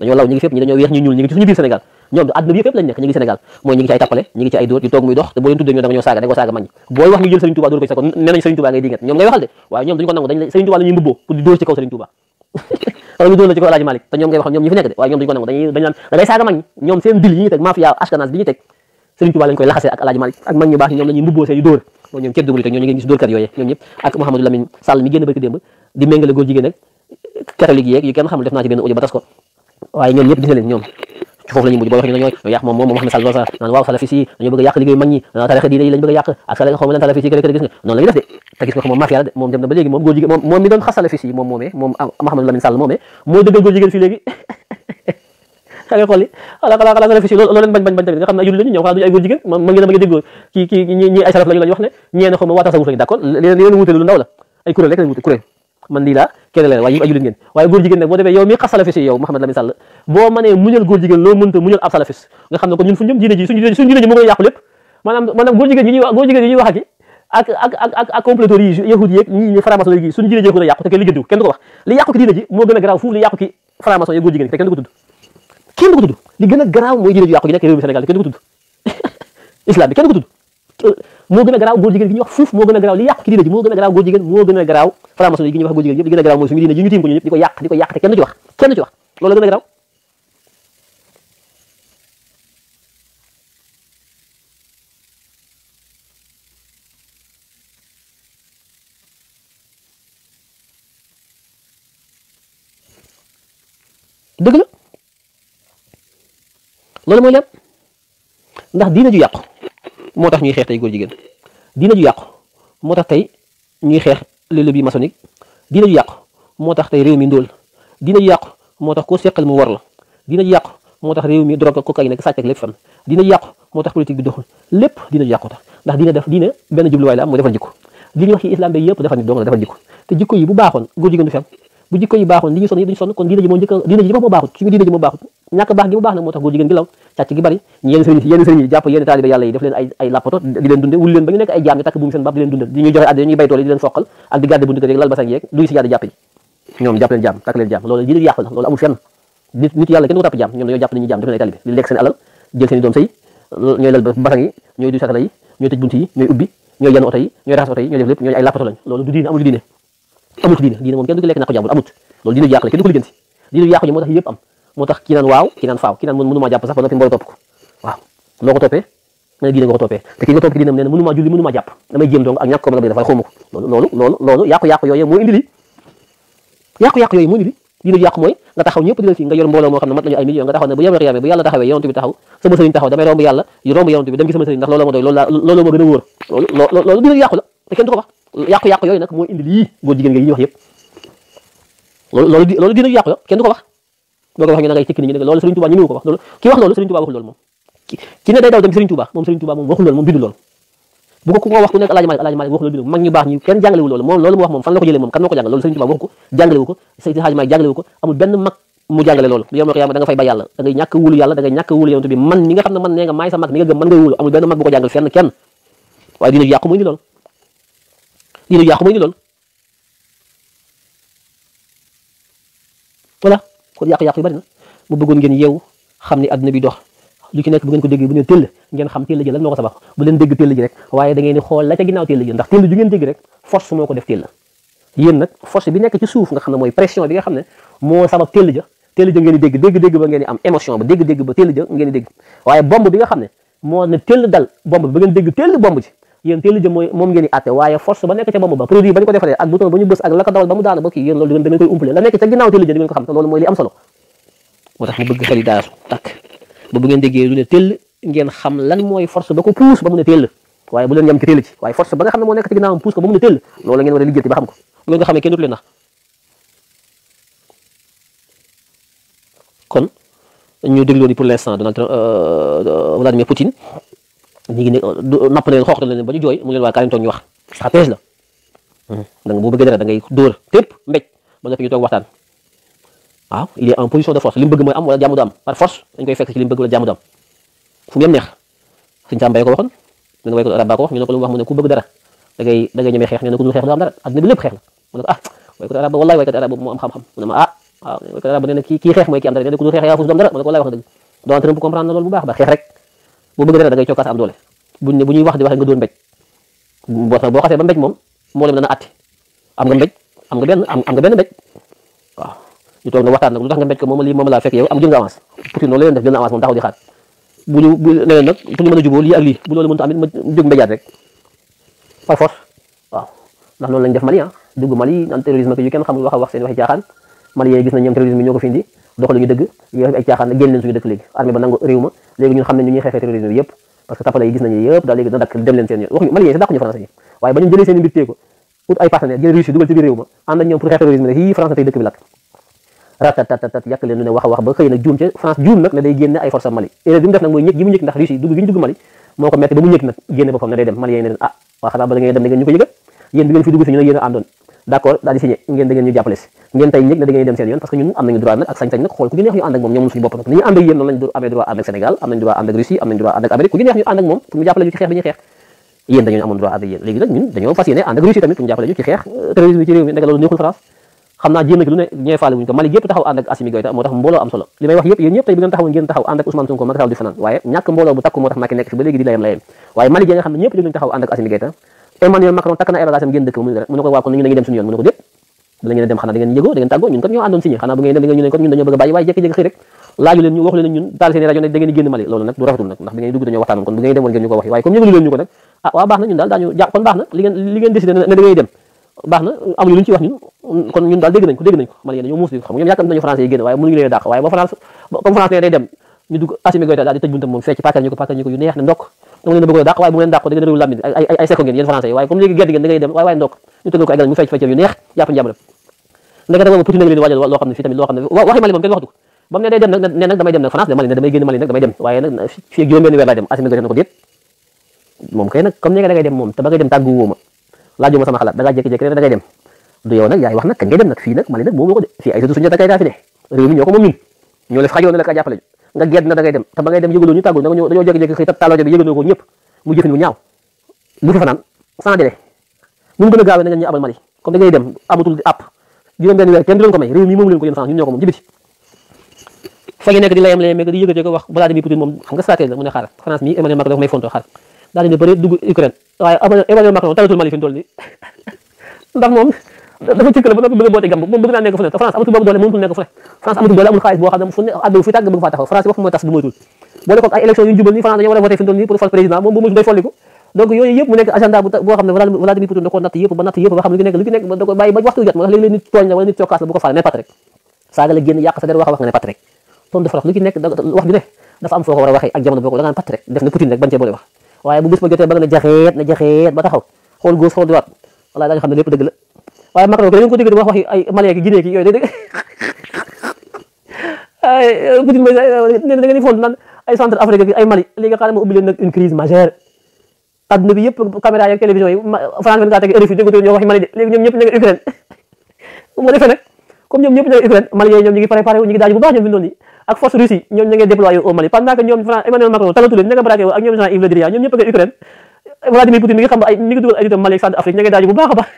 [SPEAKER 1] law ñu ngi fépp ñi ñoom àdduna bi saaga da ñoom ngay waxal de waaye ñoom duñ ko nangu dañ la ñi fi seen dil yi teg mafia ashkanaz bi ñuy ñoom la ñuy mbubboo seen di mi génn barki démb di méngale góor jigéen ak catholique yeeg yu kenn def naa ci benn audio ba waaye ñoom ñëpp gis na ñoom foofu lañu mujj bo wax ñu ne ñooy mom moom moom Mouhamed Sall lool waaw salafi si dañoo bëgg yaax yàq liggéeyu mag ñi tarixa diine yi lañu bëgg yaax ak sala xaw ma lan salafi si gëlë gis nga non la ñu def de ta gis ko moom mafia la de moom dem na ba légui mom goor jigéen moom mi doon xass salafi si moom moomee moom Mouhamed Lamine Sall momé mooy dëggal goor jigéen fi légui da nga xoli ala ala ala salafi si loolu loolu bañ bañ bañ tamit nga xamna ne ay jullit lañu ñoom xanaa ay goor jigéen ma ngi a bëgg a déggoo ki ki ñi ay salaf lañu lañu wax ne ñeena ne xaw ma waa tasawuf lañu d'accord li leen wuute lu ndaw la ay kurel rek lañu wuute kurel man lii laa waaye yëpp ay boo demee yow mi xas salafis yi yow Mouhamed Lamine Sall boo mënee muñal góor loo mënta muñal ab salafis nga xam ne kon ñun fu ñu jëm ji suñu diine ji moo koy yàqu lépp maanaam maanaam góor jigéen yi ñuy wax góor yi ñuy wax ji ko yàqu te kenn liggéeyu kenn li yàqu ki diine ji moo gën a garaaw fuuf li yàqu ki franc-maçon yi góor jigéen te kenn du ko li gën a garaaw mooy diine ji yàqu moo gën a garaaw góor jigéen gi ñuy wax moo gën a garaaw li yàq ci diine moo gën a garaaw góor jigéen moo gën a garaaw franc-maçonnerie ji ñu tiim ko ñu ñëpp di gën a garaaw dëgg la loolu mooy ndax diine ju moo tax ñuy xeex tey góor jigéen diina ju yàqu moo tax tey ñuy xeex le lobby maçonnique diina ju yàqu moo tax tey réew mi ndóol diina ju yàqu moo tax koo seqal mu war la diina ju yàqu moo tax réew mi drogue ak cocaïne ak sàcc ak lépp fan diina ju yàqu moo tax politique bi doxul lépp diina ju yàqu tax ndax diina def diina benn jubluwaay la am mooy defal jikko li ñuy wax ci islam bi yëpp defal nit dong la defal jikko te jikko yi bu baaxoon góor jigéen du fi am bu jikko yi baxul li ñu son yi duñu son kon diina ji mo jikko diina ji mo baxul suñu diina ji mo baxul ñàkk bax gi mo bax na motax tax jigen gi law ciati gi bari yenn sëriñ yeen sëriñ yi jàpp yenn taalibe yàlla yi def leen ay ay lapato di leen dundé wul leen ba ñu nek ay jamm tak takk buum seen bab di leen dundal di ñu joxe ad ñuy bay tole di leen foqal ak di garder bu kër rek lal basang yek duy ci yàlla japp yi ñom japp leen jamm tak leen jamm loolu diina ji yàqu la loolu amul fenn nit nit yàlla kenn ko tap jamm ñom dañoo japp ni ñu jaam def leen ay taalibe di lek seen alal jël seen doom sey ñoy lal basang yi ñoy duy satala yi ñoy tej bunti yi ñoy ubbi ñoy yan auto yi ñoy raxas oto yi ñoy def lepp ñoy ay lapato lañ loolu du diine amul diine amut diine diine moom kenn du lekk naqo jàmbur amut ji moo tax yëpp am moo tax ki waaw ki faaw ki naan mën mënumaa jàpp noppi mbooloo topp ko waaw nga ne diine nga ko toppee te ki nga topp ki diinam nee julli mënumaa jàpp damay jéem donc ak ñàkk a bëgg ko loolu loolu loolu di la ci nga yor loolu loolu moo gën a wóor loolu loolu yàqu-yàqu yooyu nag moo indi lii góor jigéen nga yi ñuy wax yëpp loolu loolu loolu diina yàqu kenn du wax ki wax loolu Serigne Touba waxul loolu moom ki day daw dem Serigne Touba moom Serigne Touba moom waxul loolu moom bindu loolu bu ku ko wax ku nekk Alaaji Maalik Alaaji loolu moom loolu mu wax moom fan la ko moom kan moo ko loolu Serigne Touba waxu ko jàngalewu ko Seydi Alaaji Maalik man mi maay sa mag ni nga man ngay wóolu amul diine ju yàqu mooy ni loolu voilà kon yàq-yàq yu bari na mu bëggoon ngeen yeewu xam ni àdduna bi dox lu ci nekk bu ngeen ko déggee bu ne tëll ngeen xam tëll ji lan moo ko sabab bu leen dégg tëll ji rek waaye da ngeen di xool la ca ginnaaw tëll ji ndax tëll ju ngeen dégg rek force moo ko def tëll yéen nag force bi nekk ci suuf nga xam ne mooy pression bi nga xam ne moo sabab tëll ja tëll ja ngeen di dégg dégg-dégg ba ngeen di am émotion ba dégg-dégg ba tëll ja ngeen di dégg waaye bomb bi nga xam ne moo ne tëll dal bomb bi ba ngeen dégg tëll bomb ji yéen teel a moom ngeen di atte waaye force ba nekk ca ba produit bës ak la dawal ba mu daana ba kii yéen loolu da koy umpale la nekk ca ginnaaw teel a ko xam bu ngeen ne ngeen xam lan mooy force ba ko puus ba mu ne teel waaye moo nekk ca ginnaawam puus ko ba mu ne teel loolu ngeen war a lijjanti ba xam ko loolu nga xamee kenn du leen kon ñu déglu ni pour l'instant Donald euh, Vladimir Poutine ñu ngi ne napp leen xoox leen ba ñu jooy mu leen waa kaay toog ñu wax stratégie la hmm. da nga boo bëggee dara da ngay dóor tépp mbéj ba noppi ñu toog waxtaan waaw il est en position de force li mu bëgg mooy am wala jaamu du am par force dañ koy fekk ci li bëgg wala jaamu du fu mu neex suñ càmbaay ko waxoon ñu ne way ko arab ko wax ñu ne ko lu wax mu ne ku bëgg dara da ngay da ngay ñemee xeex ñu ne ko dul xeex du am dara àddina bi lépp xeex la mu ne ah way ko arab wallahi way ko arab mu am xam-xam mu ne ma ah waaw way ko arab nee na kii kii xeex mooy kii am dara nee na ku dul xeex yaa fu du am dara mu ne ko wallahi wax dëgg doo entraîne bu comprendre loolu bu baax ba xeex rek boo bëgg dara da cokkaas am doole bu ñuy wax di waxe nga doon mbéj boo xasee ba mbéj moom moo leen dana atti am nga mbéj am nga benn am nga benn mbéj waaw ñu toog na waxtaan nag lu tax nga mbéj ko moom lii moom laa fekk yow am jël nga avance Poutine noonu la leen def jël na avance moom taxaw di xaar bu ñu bu leneen nag pour ñu a jubóo lii bu loolu mënut am ma jóg mbéjaat rek par force waaw ndax lañ def Mali ah. dugg Mali naan terrorisme ak yu kenn xamul wax a wax seen waxi caaxaan Mali yee gis nañ ñoom terrorisme ñoo ko fi indi doxaluñu dëgg yéen ay caaxaan génn ba nangu réew ma léegi ñun xam nañ ñu xeexee terrorisme yëpp daal léegi na dakk dem leen seen yoon waxuñu malien seen France na ne wax a ne ay force Mali erreur mu def nag mooy ñëkk ba mu ne day dem malien yi ne ah waa xanaa ba da dem da ñu ko yëgal yéen bi ngeen fi dugg fi ñu ne yéen d'accord daal di signé ngeen da ngeen ñu jàppale si ngeen tey ñëg ne da ngeen dem seen yoon parce que ñun am nañu droit nag ak sañ-sañ nag xool ku ñu neex ñu ànd ak moom ñoom suñu bopp nag ni ñu ànd ak yéen noonu lañu amee droit ànd ak Sénégal am nañu droit ànd ak Russie am nañu droit ànd ak Amérique ku ñu neex ñu ànd ak moom pour mu jàppale ñu ci xeex bi ñuy xeex yéen dañoo amoon droit ànd ak yéen léegi nag ñun dañoo fas yéene ànd ak Russie tamit pour mu ñu ci xeex terrorisme ci réew mi ndeke loolu neexul France xam naa ci lu ne ñee faale wuñ ko Mali yépp taxaw ànd ak Assimi Goïta moo tax am solo li wax yépp yéen ñëpp tey bi ngeen taxaw ngeen taxaw ànd ak Ousmane Sonko Macky Sall di fanaan waaye ñàkk mbooloo bu takku moo tax Macky nekk fi ba léegi di layam layam waaye Mali gi nga xam ne ñëpp jóg taxaw ànd ak Assimi Goïta Emmanuel eh, Macron takk na ay bagages am génn dëkk ba mu ne ko waa kon ñun dañuy dem suñu yoon mu ne ko déet bala ngeen dem xanaa da ngeen yëgoo da ngeen tàggoo ñun kat ñoo àndoon signé xanaa bu ngeen dem da ngeen ñu ne kat ñun dañoo bëgg a bàyyi waaye jékki-jékki xëy rek laaju leen ñu waxu leen ñun taal seen rajo ne da ngeen di génn Mali loolu nag du rafetul nag ndax bi ngeen dugg dañoo waxtaanoon kon bu ngeen dem woon ngeen ñu ko waxi waaye comme yëgalu leen ñu ko nag ah waa baax na ñun daal daañu ja kon baax na li ngeen li ngeen décidé ne da ngeen dem baax na amuñu lu ñu ci wax ñun kon ñun daal dégg nañ ko dégg nañ ko Mali dañoo muus di xam ñoom yàkkam nañu français yi génn waaye mënuñu leen dàq waaye ba France comme France ne day dem ñu dugg Assimi Goïta daal di tëj buntam moom fecc paakar ñu ko paakar ñu ko yu neex ne ndokk dama a a a moom kenn waxatu ne day dem moom kay dem moom te ba sama xalaat da ngaa jékki dem du yow nag yaay wax nag kañ dem nag fii nag Mali nag moom moo ko de fii ay suñu da kay daa fi mi ñoo ko moom ñun ñoo la xajoon ne la ka jàppale nga gedd na da ngay dem te ba ngay dem yëgaloo ñu tàggoo da nga ñëw dañoo jékki-jékki xëy tab tàlloo bi yëgaloo ko ñëpp mu jëfin bu ñaaw lu fi fanaan sans délai ñu mu gën a gaawee na ngeen ñu abal Mali comme da ngay dem amatul app juróom benn weer kenn du leen ko may réew mi moomu leen ko yéen France ñun ñoo ko moom jibiti fa ñu nekk di layam layam di yëgatee ko wax Vladimir Poutine moom xam nga stratégie la mu ne xaaral France mi Emmanuel Macron dafa may fontoo xaar daal di ne bëri dugg Ukraine waaye Emmanuel Macron talatul Mali fi mu toll nii ndax moom dafa circulé moom bëgg naa nekk fu ne France amatul boobu doole mënatul nekk fu ne France amatul doole amul xaalis boo bu wax nga ne pat def na Poutine rek bañ boole wax waaye bu bés ba jotee ba ne jaxeet na jaxeet ba taxaw xool gauche xool droite wala da nga xam ne lépp dëgg waaye Macron keneen ko dégg di wax ay Mali ak Guinée ki yooyu dégg ay Poutine mooy nee na da ngeen di font naan ay centre Afrique ak ay Mali léegi xaaral ma ubbi leen nag une crise majeure adduna bi yëpp caméra yeeg télévision yi France 24 ak RFI dégg ñoo waxi Mali de léegi ñoom ñëpp Ukraine bu ma defee nag comme ñoom ñëpp ñu Ukraine Mali yooyu ñoom ñu ngi préparé wu ñu ngi daaj bu baax ñoom fi noonu ak force Russie ñoom ñu ngi au Mali pendant que ñoom France Emmanuel Macron talatu leen ña nga braqué ak ñoom Jean-Yves Le Drian ñoom ñëpp a ngi Ukraine Vladimir Poutine mi nga xam ay mi ngi dugal ay nitam Mali centre Afrique ña ngi daaj bu baax baax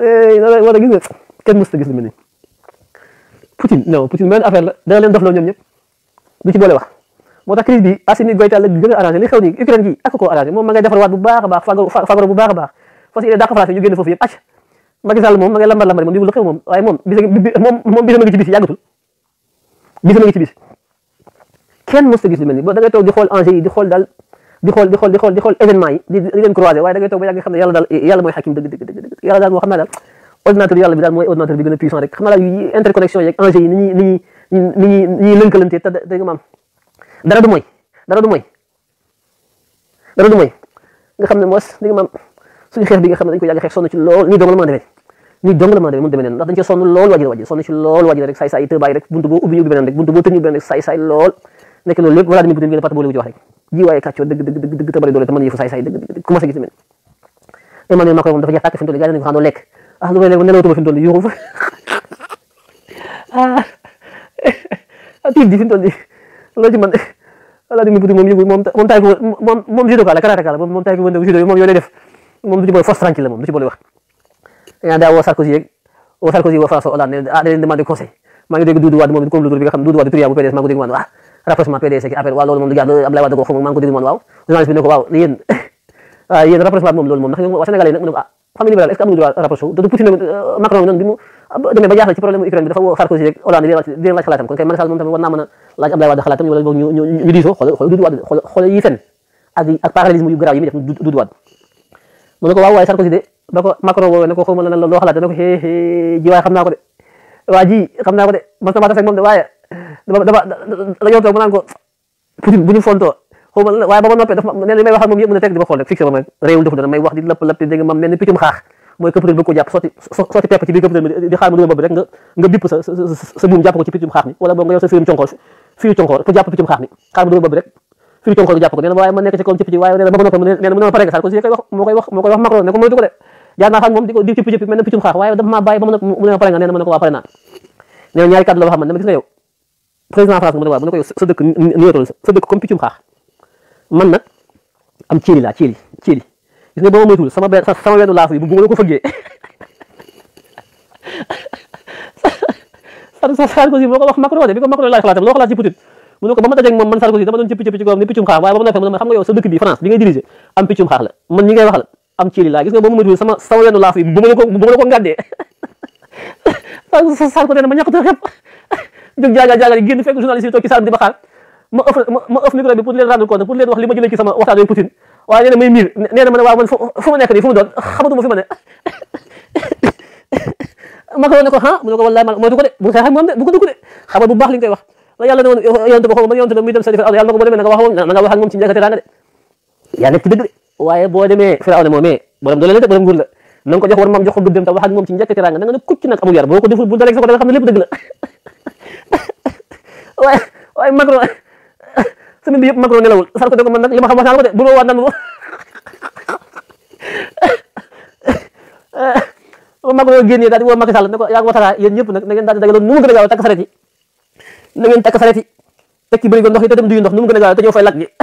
[SPEAKER 1] Euh, war gis nga kenn mësta gis lu mel ni Poutine non Poutine benn affaire la dana leen dof loo ñoom ñëpp du boole wax moo tax crise bi Assimi Goïta la gën a arrangé ni Ukraine defar waat bu baax baax fagaro bu baax a baax fas yéene dàq France ñu génn foofu yëpp acc Macky moom ma lambar lambar moom di lu xew moom moom moom moom bisa ma ngi ci bis bisa ma ngi ci bis kenn gis lu mel ni boo da toog di xool enjeu di xool daal di xool di xool di xool di xool événement yi di leen croiser waaye da ngay toog ba yàgg xam ne yàlla daal yàlla mooy xakim dëgg dëgg dëgg yàlla daal moo xam naa daal ordinateur yàlla bi daal mooy ordinateur bi gën a puissant rek xam naa daal interconnexion yeeg enjeu yi ni ñuy ni ñuy ni ñuy ni ñuy lënkalantee te da nga maam dara du mooy dara du mooy dara du mooy nga xam ne moos da nga maam suñu xeex bi nga xam ne dañ ko yàgg xeex sonn ci lool nii dong la mën a demee nii dong la mën a demee mën demee neen ndax dañ ci sonn lool wàjji wàjji sonn ci lool wàjji rek saay saay tëbaay rek buntu boo ubbi ubbi beneen rek buntu boo tëj beneen rek saay saay lool nekk loolu lépp Vladimir Poutine bi parti boo léegi ci wax rek ji waaye kàccoo dëgg dëgg dëgg dëgg te bëri doole te mën yëfu saay saay dëgg dëgg commencé gis mel Emmanuel Macron moom dafa jeex tàkk fi mu toll gaa yi nañu ko xaandoo lekk ah lu may lekk nelawatuma fi mu toll yuuxu fa ah, ah tiit di fi mu toll loo ci man Vladimir Poutine moom yëngu moom moom taay ko moom moom judoka la karaateka la moom taay ko wënde judo moom yooyu lay def moom du ci boole force tranquille la moom du ci boole wax yaa daa woo Sarkozy yeeg woo Sarkozy woo François Hollande ne ah da leen demandé conseil maa ngi dégg Doudou Wade moom it comme Doudou bi nga xam Doudou Wade priya bu PDS maa ngi ko dégg waan ah rapprochement PDS ak affaire waaw loolu moom du jaadu Abdoulaye Wade ko wax maa ngi ko déglu moom waaw journaliste bi ne ko waaw yéen waaw yéen rapprochement bi moom loolu moom ndax waa Sénégal yi nag mu ne ah famille libérale est-ce que amuñu droit rapproché wu Poutine euh, Macron noonu bi mu ah, demee ba jaaxle ci problème Ukraine bi dafa woo Sarkozy rek Hollande di leen laaj xalaatam kon kay Macky Sall moom tamit war naa mën a laaj Abdoulaye Wade xalaatam wala boog ñu diisoo xool xool Doudou Wade xool xool yi fen ak ak parallélisme yu garaaw yi muy def Doudou Wade mu ne ko waaw waaye Sarkozy de ba ko Macron woowee ne ko xawma lan loo xalaat ne ko xee xee ji waaye xam naa ko de waa ji xam naa ko de man sama tas ak moom de waaye dama dama dañoo ma naan ko Poutine ne teg di ma xool rek fixé ma ma dugal bopp rek nga bipp sa buum jàpp ko ci piccum na mu ne ma pare nga sax mu ne ma pare nga ne ma gis nga yow président France mu nag am ceeli laa ceeli ceeli gis nga ba ma moytuwul sama benn ci Poutine mu ne ci picc picc goo xam ne sa dëkk bi France bi ngay diriger am piccum xaax la la am ceeli laa gis nga bu ma la ko bu ma la ko ngàddee na ma ñàkk xepp jóg jaaga jaaga génn fekk journaliste yi toog ci salle bi di ma xaar ma ëff ma ëff micro bi pour leen rendre compte pour leen wax li ma jëlee ci sama waxtaan Poutine waaye nee na may miir nee na ma ne waaw man fu ma nekk nii fu ma doon xamatuma fi ma ne Macron ne ko ah mu ne ko wallaay man moytu ko de bu xeexee moom de bu ko dugg de xamal bu baax li nga koy wax la yàlla ne woon yonte ba xaw ma yonte ba muy dem sa defar yàlla na ko boo demee na nga wax moom na nga wax ak moom ci njëkk teraanga de yaa nekk ci dëgg de waaye boo demee firaaw ne moomee borom doole la de borom nguur la na nga ko jox war moom jox ko gëddëm tam wax ak moom ci njëkk teraanga na nga ne kucc nag amul yar boo ko deful bu dalee sa ko da nga xam ne lépp dëgg la waaye waaye Macron semaine bi yëpp Macron nelawul Sarko ne ko man nag li ma xam wax naa ko de bu ma waat naan ma Macron génnee daal di woo yéen ñëpp nag na ngeen a gaaw takk sareet yi na takk sareet yi tekki bëri ko ndox yi te dem duyu ndox nu gën a gaaw te ñëw fay lakk gi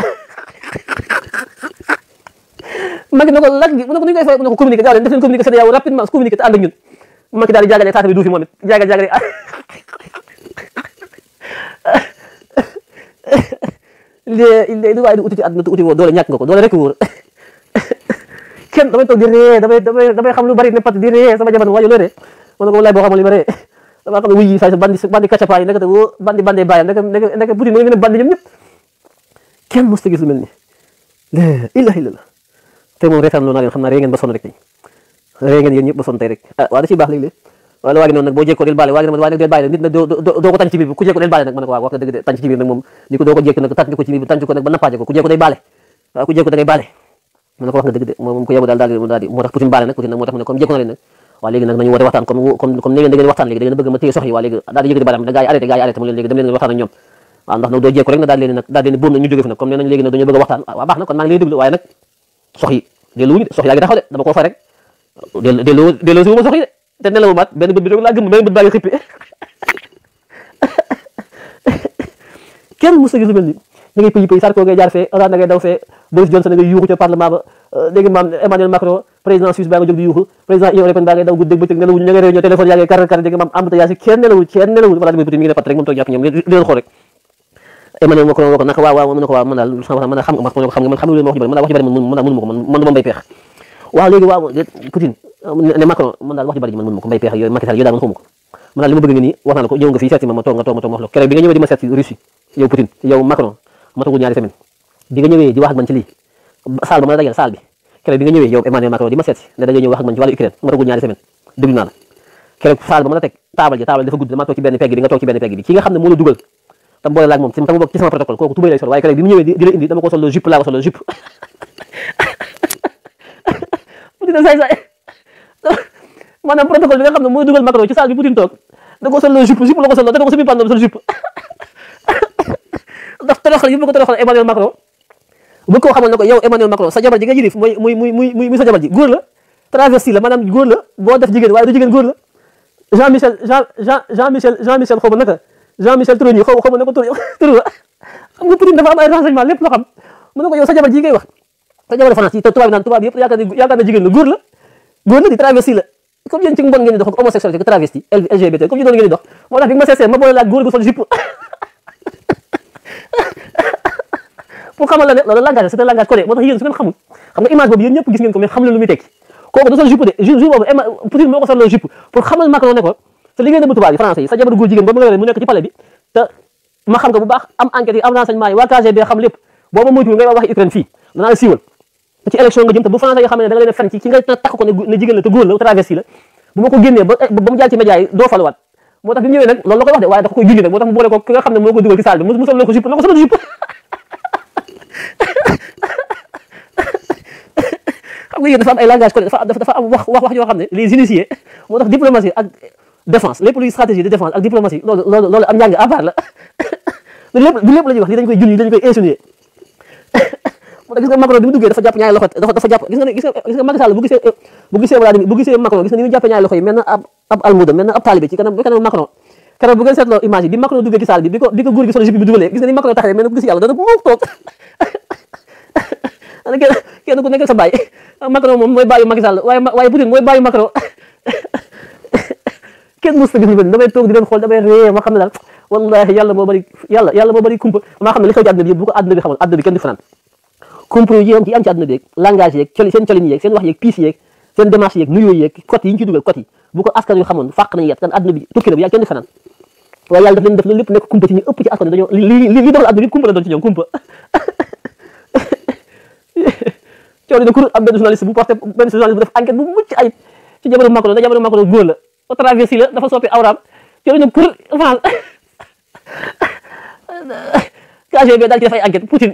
[SPEAKER 1] Macky ne ko lakk gi mu ne ko nu ñu koy fay mu ne ko communiqué gaaw leen def leen communiqué seen yow rapidement communiqué te ànd ak ñun Macky daal di jaagale saaka bi duufi moom it jaagal li li waaye di uti ci àdduna te uti woo doole ñàkk nga ko doole rek wóor kenn damay toog di ree damay damay xam lu bari ne pat di ree sama jabar waajo loo ree ma ne ko wallaay boo xamal li ma ree damaa xam ne wuy yi saay sa bandi bandi kacapaa yi nekk te woo bandi bandee bàyyi nekk nekk Poutine mu ngi bandi ñoom kenn mosut a gis lu mel ni la ilaha illallah te moom reetaan loo naa leen xam naa ree ngeen ba sonn rek ree ngeen yéen ñëpp ba sonn tey waa da ciy baax léeg-léeg wala waagi nag boo jékkoo del baale waagi nag nag ma ne ko waaw wax nga dëgg de nag moom ni nañu woote nag doo jékko rek nag daal leen nag daal leen bóom nag ñu jóge fi nag comme ne nañ léegi nag dañoo a waxtaan waaw de dama koo fa rek delloo delloo si wu ma de te nelawu maag benn bët bi doog laa gëm benn bët baa ngi xippi kenn mos a lu mel ni da parlement ba Emmanuel Macron président Suisse baa nga ko naka waaw waaw na ko waaw mën daal mën a xam man xam peex waaw léegi waaw Poutine ne Macron man daal wax ji bari ji man mënuma ko ma bëgg wax naa ko ñëw nga fii seet ma ma toog ma toog ma bi nga ñëwee di ma seet si Russie yow Poutine yow Macron ma toogul ñaari semaine bi nga ñëwee di wax ak man ci lii saal ba ma teg taabal ji taabal dafa gudd dama toog toog ci benn pegg bi ki nga xam ne moo dugal tam boole laag moom tam bokk ci sama protocole kooku tubay lay sol waaye keroog bi mu ñëwee di la indi dama ko sol jupe laa maanaam protocole bi nga xam ne dugal Macron ci salle bi Poutine toog da ko sollo jupe jupe la ko sollo te da ko sumi pantalon sol jupe daf toroxal yi bu ko toroxal Emmanuel Macron bu ko xamal sa jabar ji nga jilif mooy muy muy sa jabar ji góor la travesti la maanaam góor la boo jigéen waaye du jigéen góor la Jean Michel Jean Jean Jean Michel Jean Michel xaw ma naka Jean Michel Touré sa jabar ji ngay sa jabar France yi naan tubaab yëpp yaakaar ne góor di travesti la comme yéen ci mbon ngeen di dox ak homosexualité ak travesti LGBT comme yéen doon ngeen di dox moo tax bi ma seesee ma boole la ne gis ngeen ko mais xam lu muy tekki kooku du sol jupe de jour boobu moo ko sol jupe pour xamal Macron ne ko te li ngeen dama tubaab yi français yi sa jabar góor jigéen boobu nga yore mu nekk ci palais bi te ma xam ko bu am enquête yi am renseignement yi waa KGB xam lépp booba moytuwul siiwal te ci élection nga jëm te bu français yoo xam ne da nga leen jigéen la te góor la traversé la bu ma ko génnee ba eh, ba mu jàll ci média doo faluwaat moo tax bi ñëwee nag loolu koy wax de waaye dafa koy julli nag moo tax mu boole ko ki nga xam ne moo ko dugal ci salle bi mu sol ko ko solal jupp xam nga dafa am ay langage codé dafa am wax wax wax yoo xam ne les initiés moo tax diplomatie ak défense lépp luy stratégie de défense ak diplomatie loolu loolu am njàng à part la du lépp du wax li dañ koy julli dañ gis nga Macron bi mu duggee dafa jàpp ñaari loxo dafa jàpp gis nga gis nga Macky Sall bu gisee bu gisee Wladimir bu gisee Macron gis nga ni mu jàppee ñaari loxo yi mel na ab ab almuda mel na ab taalibe ci kanam kanam Macron keroog bu ngeen seetloo image yi bi Macron duggee ci salle bi bi ko bi ko góor gi solo jupe bi dugalee gis nga ni Macron taxawee mel na ku gis yàlla dana muuf toog kenn ku nekk sa bàyyi Macron moom mooy bàyyi Macky Sall waaye waaye Poutine mooy bàyyi Macron kenn mos ta gis ñu bëri damay toog di leen xool damay ree ma xam ne daal wallahi yàlla moo bari yàlla yàlla moo bari kumpa maa xam ne li xew ci àdduna bi yëpp bu ko àdduna bi xamal àdduna bi kenn du fanaan compromis yi am ci am ci àdduna beeg langage yeeg coli seen colin yeeg ko askan bu yàgg kenn di fanaan waaye yàlla daf leen def loolu lépp nekk kumpa bi doon ci ñoom kumpa coow dina kur am benn journaliste bu porté benn bu def enquête bu mucc ayib ci jamono Macron da jamono Macron góor la a traversé la dafa soppi awraam coow kur France KGB daal ci def ay enquête Poutine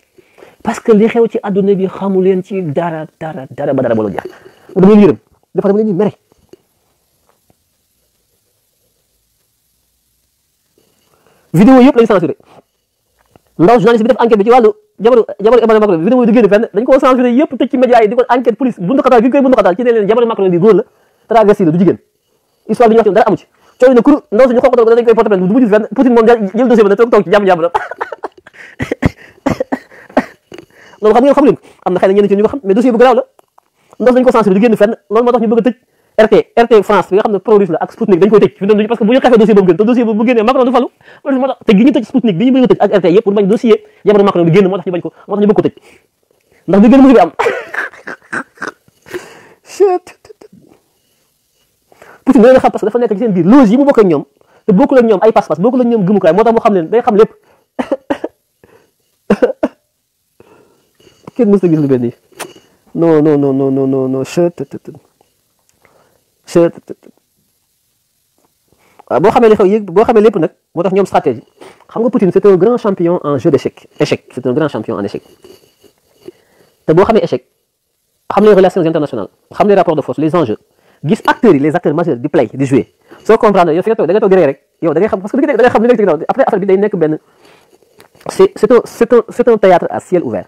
[SPEAKER 1] parce que li xew ci àdduna bi xamu leen ci dara dara dara ba dara ba la jeex mu dama yërëm dafa dama leen di mere vidéo yëpp lañu censuré ndaw journaliste bi def enquête bi ci wàllu jabaru jabaru Emmanuel Macron bi yi du génn fenn yi di ko enquête police bundu xataal gi ñu na kuru ndaw suñu xooxatal ko dañ koy porté plainte du mujj loolu xam ngeen xam leen am na xëy na ñenn ci ñu ko xam mais dossier bu la ndox dañu ko sensibiliser du génn fenn loolu moo tax ñu bëgg a tëj RT RT France bi nga la te dossier te Sputnik bi ñu bëgg a tëj ak RT yëpp xam parce dafa nekk seen biir loge mu bokk ak ñoom te bokkul ak ñoom ay pas-pas bokkul ak ñoom gëmukaay moo tax mu xam leen day xam lépp Non, non, non, non, non, non non non non non non chut chut non, non, non, non, non, non, non, non, non, stratégie xam Poutine c'est un grand champion en jeu d'échec échec c'est un grand champion en échec non, non, non, échec xam les relations internationales xam les rapports de force les enjeux gis acteurs non, les acteurs majeurs non, play non, non, So, comprendre non, non, non, non, non, non, non, rek non, non, après c'est un théâtre à ciel ouvert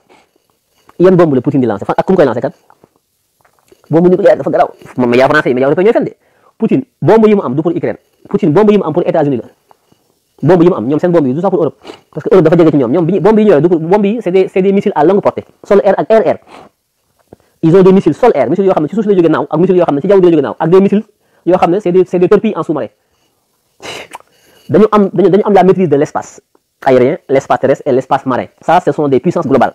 [SPEAKER 1] yan bomb la Poutine di lancer fan ak ku mu koy lancé kat bomb nucléaire dafa garaaw moom ya français yi mais yaa européen ñoy fen de Poutine bomb yi mu am du pour Ukraine Poutine bomb yi mu am pour États-Unis la bomb yi mu am ñom sen bomb yi du sax pour Europe parce que Europe dafa jege ci ñom ñom bi bomb yi ñoy du pour bomb yi c'est des c'est des missiles à longue portée sol air ak air air ils ont des missiles sol air missiles yo xamne ci suuf la jógee naaw ak missiles yo xamne ci jaww la jógee naaw ak des missiles yo xamne c'est des c'est des torpilles en sous-marin dañu am dañu am la maîtrise de l'espace aérien l'espace terrestre et l'espace marin ça ce sont des puissances globales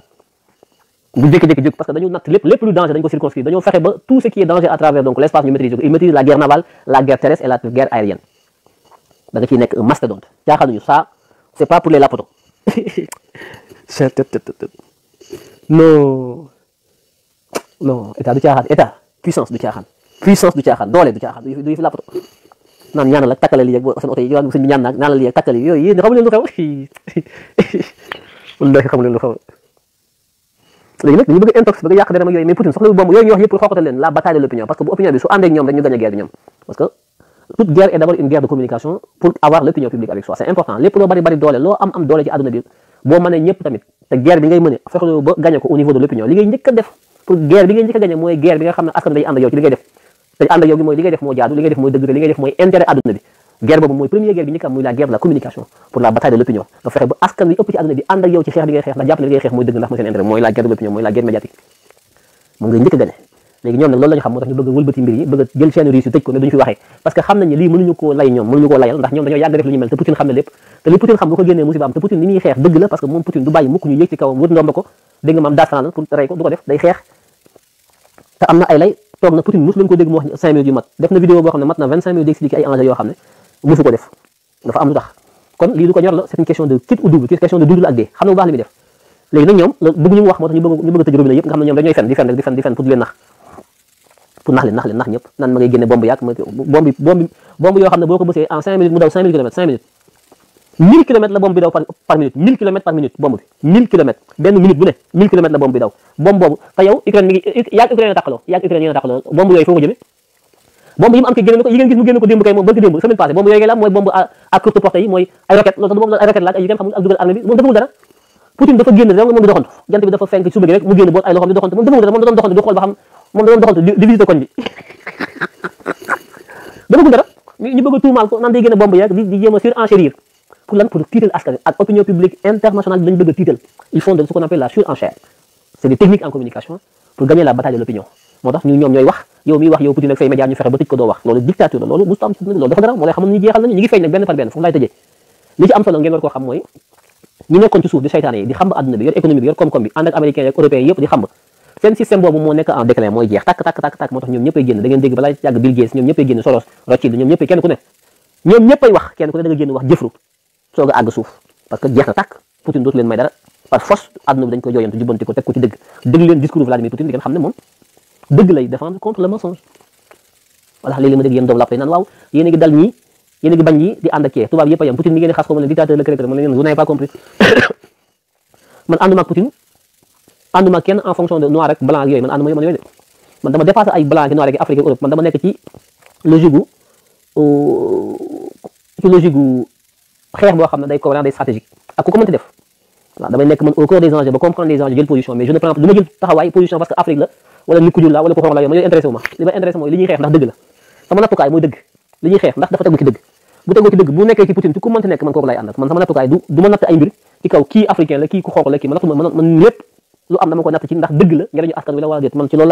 [SPEAKER 1] mu jékki-jékki jóg parce que dañu natt lépp lépp lu danger dañ ko circonscrire dañoo fexe ba tout ce qui est danger à travers donc l' espace ñu maîtrise ko il maîtrise la guerre navale la guerre terrestre et la guerre aérienne da nga ciy nekk un mastodonte caaxal nañu ça c' est pas pour les lapoto non non état du caaxaan état puissance du caaxaan puissance du caaxaan doole du caaxaan du yëf lapoto naan ñaanal ak takkale li ak seen oto yi yow seen bi ñaan naag ñaanal li ak takkale yooyu yéen xamu leen lu xew wallahi xamu leen lu xew léegi nag dañu bëgg intox bëgg yàq deram ak yooyu mais Poutine soxlawul bomb yooyu ñu wax yëpp pour xookatal la bataille de l'opinion parce que bu opinion bi su ànd ak ñoom dañu gagné bi ñoom parce que toute guerre est d'abord une guerre de communication pour avoir l'opinion publique avec soi c'est important lépp loo bari bari doole loo am am doole ci àdduna bi boo mënee ñëpp tamit te guerre bi ngay mëne fexe ko au bi ngay njëkk a mooy guerre bi nga xam ne guerre boobu mooy première guerre bi ñu ko am muy la guerre de la communication pour la bataille de l'opinion nga fexe ba askan wi ëpp ci àdduna bi ànd ak yow ci xeex bi ngay xeex nga jàpp ne li ngay xeex mooy dëgg ndax mooy seen intérêt mooy la guerre de l'opinion mooy la guerre médiatique moom ngay njëkk a gagné léegi ñoom nag loolu la ñu xam moo tax ñu bëgg a wëlbati mbir yi bëgg a jël chaîne russe yi tëj ko ne duñu fi waxee parce que xam nañ ne lii mënuñu koo lay ñoom mënuñu koo layal ndax ñoom dañoo yàgg def lu ñu mel te Poutine xam ne lépp te li Poutine xam bu ko génnee musiba am te Poutine li ñuy xeex dëgg la parce que moom Poutine du bàyyi mukk ñu yëg ci kawam wër ndomba ko dégg nga maam daasaan la pour rey ko du ko def day xeex te am na ay lay toog na Poutine mos lañu ko dégg mu wax 5 minutes yu mat def na vidéo boo xam ne mat na 25 minutes d'expliquer ay enjeux yoo xam ne musu ko def dafa am lu tax kon lii du ko ñor la c'est une question de quitte ou double question de double ak dee xam na bu baax li muy def léegi nag ñoom la bëgg ñu wax moo tax ñu bëgg ñu bëgg a tëj robinet yëpp nga xam ne ñoom dañooy fen di fen rek di fen di fen pour di leen nax pour nax leen nax leen nax ñëpp naan ma ngay génne bomb yàq ma bomb bomb bomb yoo xam ne boo ko bësee en 5 minutes mu daw 5000 kilomètres 5 minutes 1000 kilomètres la bomb bi daw par minute 1000 kilomètres par minute bomb bi 1000 kilomètres benn minute bu ne 1000 kilomètres la bomb bi daw bomb boobu te yow Ukraine mi ngi yaag Ukraine a tàqaloo yaag Ukraine yéen a tàqaloo bomb yooyu foo ko jëmee bomb yi mu am kii génne na ko yi ngeen gis mu génne ko démb kay moom barki démb semaine passée bomb yooyu ngay laam mooy bomb à courte portée yi mooy ay roquette loolu moom ay roquette laaj ay yi kenn xamul ak dugal armée bi moom defagul dara Poutine dafa génn moom di doxantu jant bi dafa fenk suba gi rek mu génn boot ay loxoom di doxantu moom defagul dara moom da doon doxantu di xool ba xam moom da doon doxantu di visiter koñ bi defagul dara ñu bëgg a tuumaal ko nan day génne bomb yi rek di jéem a surenchérir pour lan pour tiital askan ak opinion publique internationale bi lañ bëgg a tiital ils font de ce qu'on appelle la surenchère c'est des techniques en communication pour gagner la bataille de l'opinion moo tax ñoom ñooy wax kenn ku ne ñoom génn wax jëfru soog a àgg suuf parce que jeex na tàkk Poutine dootu leen may dara par force àdduna bi dañ ko jooyantu jubbanti teg ko ci dëgg dégg leen discours Vladimir Poutine di ngeen xam ne moom dëgg lay défendre contre le mensonge voilà léeg-léeg ma dégg yéen doomu làpp yi naan waaw yéen a ngi dal ñii yéen a ngi bañ ñi di ànd ak kee tubaab yëpp a yem Poutine mi ngeen di xas ko ma ne dictateur la crée ma ne leen vous n'avez pas compris man ànduma ak Poutine ànduma ak kenn en fonction de noir ak blanc ak yooyu man ànduma man yooyu de man dama dépassé ay blanc ak noir ak Afrique Europe man dama nekk ci logique gu euh, ci logique gu xeex boo xam ne day cohérent day stratégique ak ku ko mënti def waaw damay nekk man au cœur des enjeux ba comprendre les enjeux jël position mais je ne prends du ma jël taxawaay position parce que Afrique la wala nit ku ñuul laa ko xonq laa yooyu ma li ma mooy li ñuy xeex ndax dëgg la sama nattukaay mooy dëgg bu tegu ci dëgg bu nekkee ci Poutine nekk man kooku laay àndal sama nattukaay du du ma natt ay mbir ci kaw kii africain la kii ku xonq la kii man lépp lu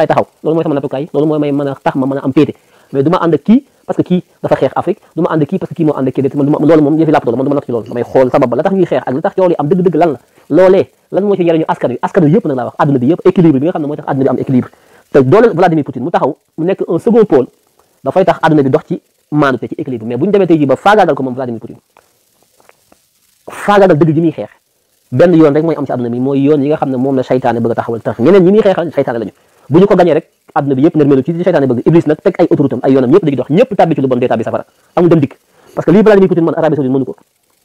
[SPEAKER 1] taxaw loolu mooy sama nattukaay loolu mooy man du ma loolu moom loolu man xool sabab ba la tax ñuy xeex ak la tax coow am dëgg-dëgg lan la loolee lan moo ci jëriñu askan wi askan nag laa wax adduna bi yëpp équilibre bi nga xam ne moo tax adduna bi am équilibre te doole Vladimir Poutine mu taxaw mu nekk un second pôle dafay tax adduna bi dox ci maandu tax ñeneen yoonam yëpp di safara amul dem dikk parce que lii Vladimir Poutine man Arabie Saoudite mënu ko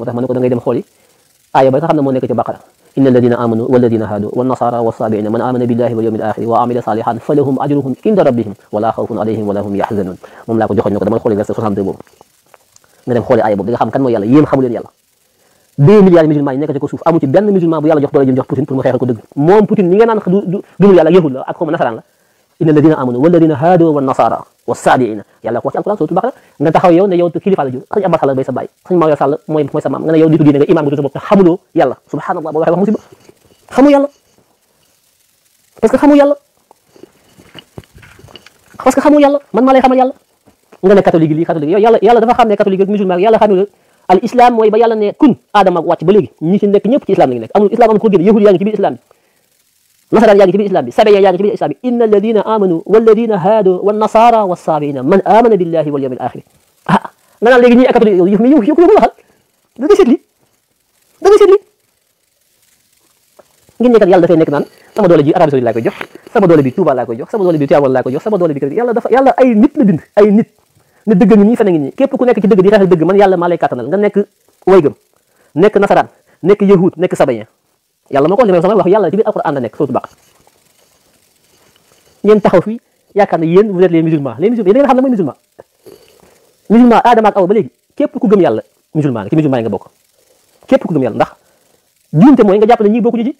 [SPEAKER 1] motax tax ko da ngay dem xoli aya ba nga xamne mo nek ci baqara إن الذين آمنوا والذين هادوا والنصارى والصابئين من آمن بالله واليوم الآخر وعمل صالحا فلهم أجرهم عند ربهم ولا خوف عليهم ولا هم يحزنون moom laa ko joxoon ne ko dama xooli verset 62 boobu nga dem xoli aya bob di nga xam kan mo yàlla yéen xamulen yàlla 2 milliards musulman yi nekk ci ko souf amu ci ben musulman bu yàlla jox doole jëm jox Poutine pour mu xexal ko deug mom Poutine ñi nga nan naan du yàlla yahud la ak xaw ma nasaraan la إن الذين آمنوا والذين هادوا والنصارى wa saadiina yàlla ko wax ci alquran suratul baqara nga taxaw yow ne yow kilifa la jur sëñ Abbas Sall bay sa baay sëñ Maodo Sall mooy mooy sa maam nga ne yow nitu diine nga imaam nga tudd sa bopp te xamuloo yàlla subhanallah boo waxee wax musiba xamu yàlla parce que xamu yàlla parce que xamu man maa lay xamal nga ne catholique lii catholique yow dafa xam ne catholique ak mooy ba yàlla ne kun aadama wàcc ba léegi ñi ci nekk ñëpp ci islam la ñu nekk amul islam amul ko génn yahud yaa ngi ci biir islam مثلا يا كتب الإسلام سبع يا كتب الإسلام إن الذين آمنوا والذين هادوا والنصارى والصابئين من آمن بالله واليوم الآخر أنا لقي ني أكتر يوم يوم يوم الله ده ده شدلي ده ده شدلي ngeen nekkal yàlla dafay nekk naan sama doole ji arabi saudi laa koy jox sama doole bi tuuba laa koy jox sama doole bi tiyaawal laa koy jox sama doole bi kër yàlla dafa yàlla ay nit la bind ay nit ne dëgg ngi nii fene ngi nii képp ku nekk ci dëgg di rafet dëgg man yàlla maa lay kàttanal nga nekk way gëm nekk nasaraan nekk yahud nekk sabayen yàlla moo ko ndemee sama wax yàlla ci biir alquran la nekk sootu baax ngeen taxaw fii yaakaar ne yéen vous êtes les musulmans les musulmans yéen a xam ne mooy musulman Adama ak Awa ba léegi képp ku gëm yàlla musulman nga ci musulman yi nga bokk képp ku gëm yàlla ndax diinte mooy nga jàpp ne bokk bokkuñu ci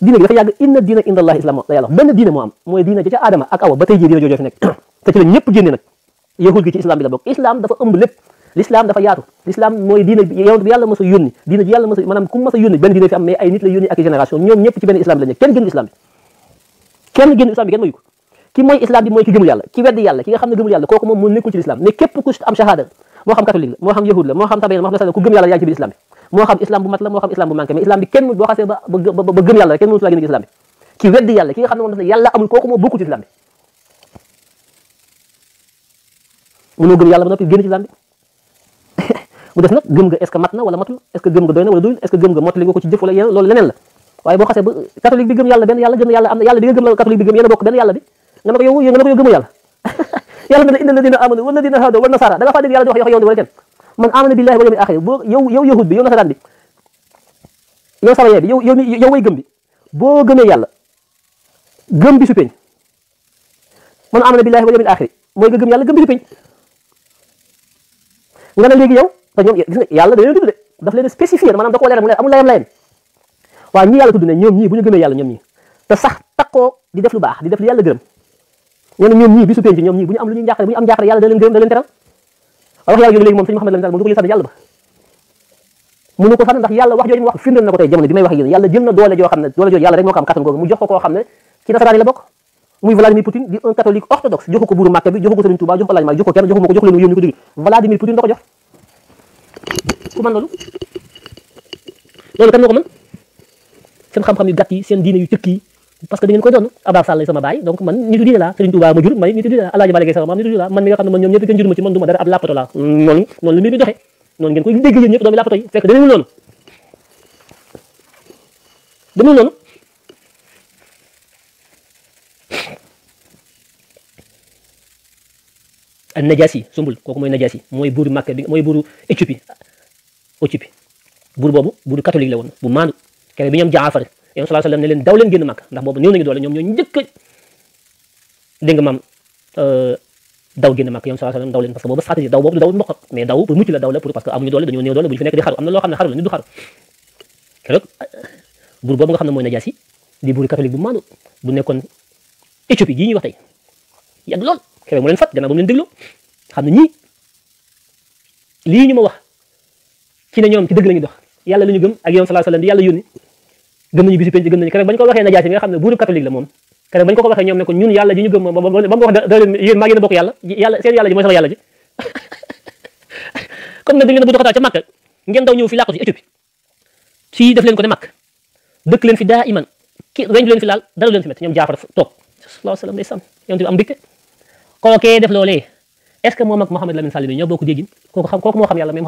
[SPEAKER 1] diine gi dafa yàgg inna diina inda allahi islam la yàlla benn diine moo am mooy diine ca Adama ak Awa ba tey jii diine joojoo fi nekk te ci la ñëpp génne nag yahud gi ci islam dafa ëmb lépp l'islam dafa yaatu l'islam mooy diina yonent bi yàlla diina bi yàlla mos a maanaam ku mos benn diina fi am mais ay nit la yónni ak génération ñoom la ñu kenn génn islam bi bi kenn mayu ko ki bi moo nekkul ci la moo xam yahud la moo xam tabayan moo xam nasara ku gëm yàlla bu mat la moo xam islam bu manqué mais islam bi kenn boo xasee ba ba gëm yàlla kenn mënut laa génn ci islam bi mu des gëm nga est ce que mat na wala matul est ce que gëm nga doy na wala doyul est ce que gëm nga mottali nga ko ci jëf wala yeneen loolu leneen la waaye boo xasee ba catholique bi gëm yàlla benn yàlla gëm yàlla am na yàlla bi nga gëm bi gëm yéen a bokk bi nga ne bi yow nasaraan bi yow sarayen bi yow way gëm bi boo gëmee yàlla gëm bi su peñ man amana billahi wal yawmil akhir mooy nga gëm yàlla gëm bi su peñ nga ne léegi yow te ñoom gis nga yàlla de daf leen spécifié maanaam da ko leeral mu ne amul layam layam waaw ñii yàlla tudd ne ñoom ñii bu ñu gëmee yàlla ñoom ñii te sax takkoo di def lu baax di def lu yàlla gërëm ñoom ñii bi su ñoom ñii bu ñu am lu ñuy njàqare bu ñu am njàqare yàlla da gërëm da leen teral waaw ko ñu sant yàlla ndax yàlla wax jooju wax firndal na ko tey jamono bi may wax ak yéen yàlla jël na doole joo xam ne doole jooju yàlla rek moo ko am kattan mu di un catholique orthodoxe ku mën loolu loolu kan moo ko mën seen xam-xam yu gàtt yi seen diine yu cëkk parce que da ngeen koy doon Abass Sall sama baay donc man nitu diine laa Serigne Touba ma jur may nitu diine laa Alaaji Malick sama man mi nga xam ne ma dara ab làppato laa noonu noonu la mbir mi doxee noonu ngeen koy dégg yéen ñëpp doomi làppato yi fekk demewul noonu demewul noonu najaas yi sumbul kooku mooy najaas yi mooy buuru Màkka bi mooy buuru Éthiopie Éthiopie buur boobu buuru catholique la woon bu maandu kene bi ñoom Jaafar yoon sallallahu alayhi wa sallam ne leen daw leen génn Màkka ndax boobu ñëw nañu doole ñoom ñoo njëkk a dégg nga maam euh, daw génn Màkka yoon sallallahu alayhi wa sallam daw leen parce que boobu stratégie daw boobu daw mboq mais daw pour mucc la daw la pour parce que amuñu doole dañoo néew doole bu ñu fi nekk di xaru am na loo xam ne xaru la nit du xaru keroog buur boobu nga xam ne mooy najaas yi di buuru catholique bu maandu bu nekkoon Éthiopie gii ñuy wax tey yàgg lool xel mu len fat gannaaw bu len leen déglu xam ne ñii lii wax ci na ñom ci dëgg lañu dox yalla lañu gëm ak yoon salaa salaam di yàlla yónni gëm nañu bisu penc gëm nañu keroog bañ ko waxé na bi nga xamna buru catholique la mom keroog bañ ko ko waxee ñoom ne ko ñun yalla ji ñu gëm ba mu wax da leen yéen maa ngi bokk yalla yalla seen yalla ji moy sama yalla ji comme na dañ leen bu doxata ci makka ngeen daw ñew fi làqatu ci ci def leen ko ne makka dëkk leen fi daiman ki reñ leen fi laal dara leen fi met ñom jaafar tok sallallahu salaam wasallam sàmm yonte bi am dikke kookee def loolee est-ce que moom ak Mouhamed Lamine Sall bi ñoo bokk déggin kooku xam kooku moo xam yàlla mais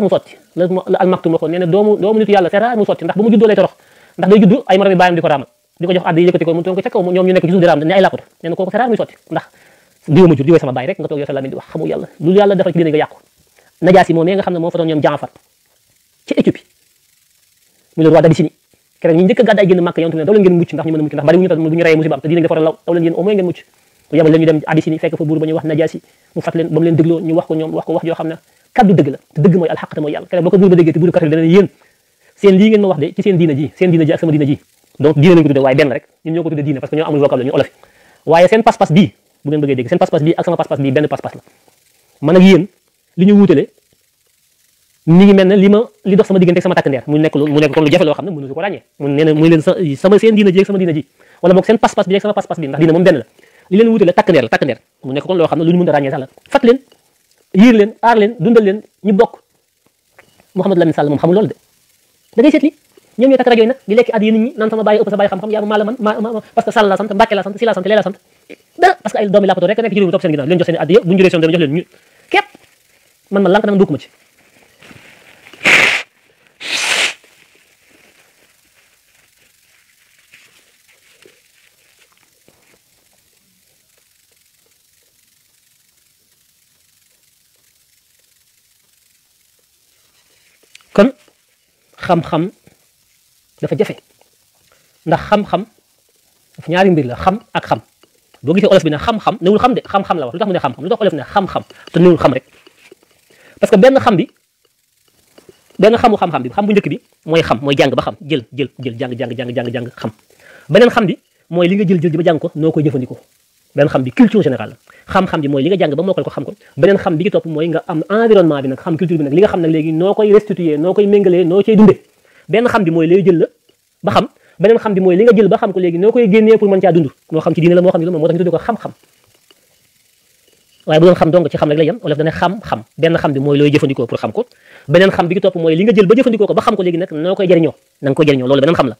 [SPEAKER 1] mu sotti la almaktum waxoon nee na doomu ko raamal di ko jox àdd yi yëkkati mu toog ko ca kaw ñoom ñu nekk ne nga toog yow sa làmmiñ di wax xamu ci diine nga yàqu najaasi moom nga xam ne moo kere ñi njëkk gàddaay génn màkk yonte ne daw la ngeen mucc ndax ñu mëna mucc ndax bari ñu tax duñu ray musiba am te diine nga faral taw la ngeen o moy ngeen mucc ko yamal lañu dem dem ni fekk fa buru bañu wax najasi mu fat leen bam leen dégloo ñu wax ko ñom wax ko wax joo xamna kaddu dëgg la te dëgg mooy alxaq te moy yalla kere boko buru ba déggee te buru kafir dana yeen seen li ngeen ma wax de ci seen diina ji seen diina ji ak sama diina ji donc diina lañu tudde way ben rek ñun ñoko tudde diina parce que ñoo amul vocabulaire ñu olaf waye seen pass pass bi bu ngeen bëggee dégg seen pass pass bi ak sama pass pass bi ben pass pass la man ak yeen li ñu wuutale mi ngi mel ne li ma li dox sama diggante sama takk ndeer mu nekk mu nekk kon lu jafe loo xam ne mënu ko ràññee mu nee na muy leen sama seen diina ji ak sama diina ji wala boog seen pas-pas bi ak sama pas-pas bi ndax diina moom benn la li leen wutale takk ndeer la takk ndeer mu nekk kon loo xam ne lu ñu mën a ràññee sax la fat leen yiir leen aar leen dundal leen ñu bokk Mouhamadou Lamine Sall moom xamul loolu de da ngay seetli ñoom ñooy takk rajo yi nag di lekk at yéen nit ñi naan sama bàyyi ëpp sa bàyyi xam-xam yaa maa la man ma parce que Sall la sant Mbàkke la sant si la sant lee la sant dara parce que ay doomi làppatoo rek nekk ci réew mi topp seen ginnaaw leen jox seen addiya bu ñu juree seen doom jox leen ñu képp man ma lank na man bokkuma ci kon xam-xam dafa jafe ndax xam-xam dafa ñaari mbir la xam ak xam boo gisee olof bi ne xam-xam newul xam de xam-xam la wax lu tax mu ne xam-xam lu tax olof ne xam-xam te newul xam rek parce que benn xam bi benn xamu xam-xam bi xam bu njëkk bi mooy xam mooy jàng ba xam jël jël jël jàng xam beneen xam bi mooy li nga jël jël di ba jàng ko noo koy jëfandikoo beneen xam bi culture générale la xam-xam bi mooy li nga jàng ba xam ko beneen xam bi mooy am environnement bi nag xam culture bi nag li nga xam nag léegi noo koy restituer noo koy méngalee noo cay dundee benn xam bi mooy lay jël la ba xam beneen xam bi mooy li nga jël ba xam ko léegi noo koy génnee pour mën caa dund xam ci diine la moo xam ci moo tax ñu tuddee ko xam-xam waaye bu doon xam dong ci xam rek la yam wala dana xam xam benn xam bi mooy looy jëfandikoo pour xam ko beneen xam bi ci topp mooy li nga jël ba jëfandikoo ko ba xam ko léegi nag noo koy jëriñoo na nga koy jëriñoo loolu beneen xam la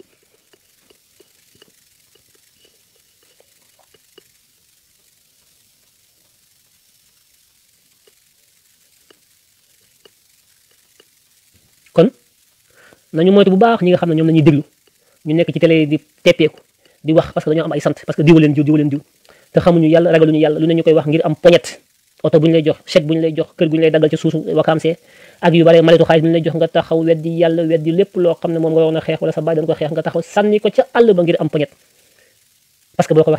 [SPEAKER 1] kon nañu moytu bu baax ñi nga xam ne ñoom la ñuy déglu ñu nekk ci télé di teppeeku di wax parce que dañoo am ay sant parce que diwu leen diw diw leen diw te xamuñu yàlla ragaluñu yàlla lu ne ñu koy wax ngir am poñet oto bu lay jox chèque bu lay jox kër gu lay daggal ci suusu wakaamsee ak yu bare maletu xaalis bu ñu lay jox nga taxaw weddi lépp loo xam ne moom nga waroon a xeex wala sa baay doon ko xeex nga taxaw ngir am poñet parce boo ko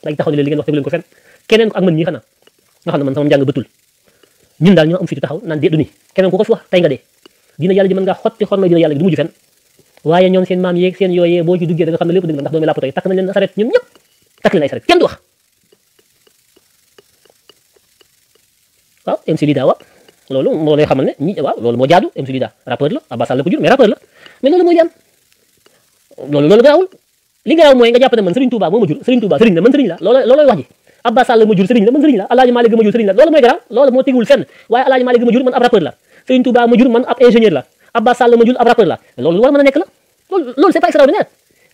[SPEAKER 1] waxee keneen ak man ñii xanaa nga xam ne man sama njàng bëtul ñun daal ñoo am fitu taxaw naan dee du ni keneen ku ko fi wax tey nga dee dina yàlla ji mën ngaa xotti xormay dina yàlla gi du mujj fen waaye ñoom seen maam yeeg seen yooyee boo ci duggee da nga xam ne lépp dëgg la ndax doomi làppatoo yi takk nañ leen saret ñoom ñëpp takk leen ay saret kenn du wax waaw MC Lida waaw loolu moo lay xamal ne ñi waaw loolu moo jaadu MC Lida rappeur la Abba Sall la ko jur mais rappeur la mais loolu moo jaam loolu loolu garaawul li garaaw mooy nga jàpp ne man Serigne Touba moo ma jur Serigne Touba Serigne la man Serigne la looloo loolooy wax ji Abba Sall ma jur sëriñ la man sëriñ la Alaaji Maalik ma jur sëriñ la loolu mooy garaaw loolu moo tegul fenn waaye Alaaji Maalik ma jur man ab rappeur la Sëriñ Tuubaa ma jur man ab ingénieur la Abba Sall ma jur ab rappeur la loolu lu war a mën a nekk la loolu loolu c'est pas extraordinaire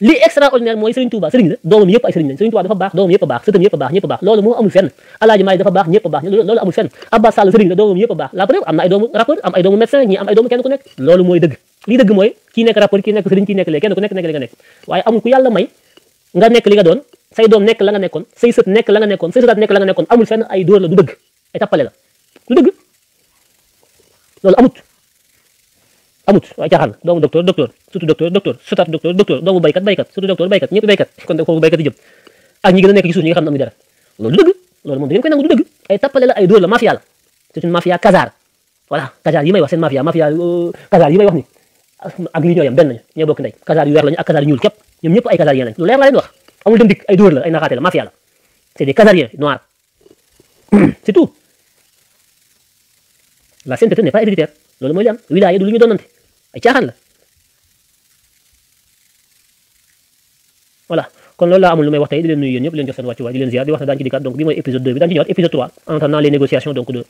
[SPEAKER 1] li extraordinaire mooy Sëriñ Tuubaa sëriñ la doomam yëpp ay sëriñ lañ Sëriñ Tuubaa dafa baax doomam yëpp a baax sëtam yëpp a baax ñëpp a baax loolu moo amul fenn Alaaji Maalik dafa baax ñëpp a baax loolu amul fenn Abba Sall sëriñ la doomam yëpp a baax la preuve am na ay doomu rappeur am ay doomu médecin ñi am ay doomu kenn ku nekk loolu mooy dëgg li dëgg mooy kii nekk rappeur kii nekk sëriñ kii nekk lee kenn ku nekk nekk li nga nekk waaye amul ku yàlla may nga nekk li nga doon say doom nekk la nga nekkoon say sët nekk la nga nekkoon say sëtaat nekk la nga nekkoon amul fenn ay dóor la du dëgg ay tappale la du dëgg loolu amut amut waaye caaxaan la doomu docteur docteur surtout docteur docteur sëtaat docteur docteur doomu baykat baykat surtout docteur baykat ñëpp baykat kon kooku baykat yi jëm ak ñi gën a nekk ci suuf ñi nga xam ne amuñu dara loolu du dëgg loolu moom da ngeen koy nangu du dëgg ay tappale la ay dóor la mafia la c'est une mafia casar voilà casar yi may wax seen mafia mafia euh, casar yi may wax ni ak li ñoo yem benn lañu ñoo bokk ndey casar yu weer lañu ak casar yu ñuul képp ñoom ñëpp ay casar yeen lañ lu leer laa leen wax amul dem dik ay dóor la ay naxaate la mafia la c'est des casariens noirs c'est tout la sainteté n'est pas héréditaire loolu mooy li am wilaaya e du lu ñu doonante ay caaxaan la voilà kon loolu laa amul lu may wax tey di leen nuyu yéen ñëpp di leen jox seen wàccuwaay di leen ziar di wax ne daañu ci dikkaat donc bi mooy épisode 2 bi daañu ci ñëwaat épisode 3 en attendant les négociations donc de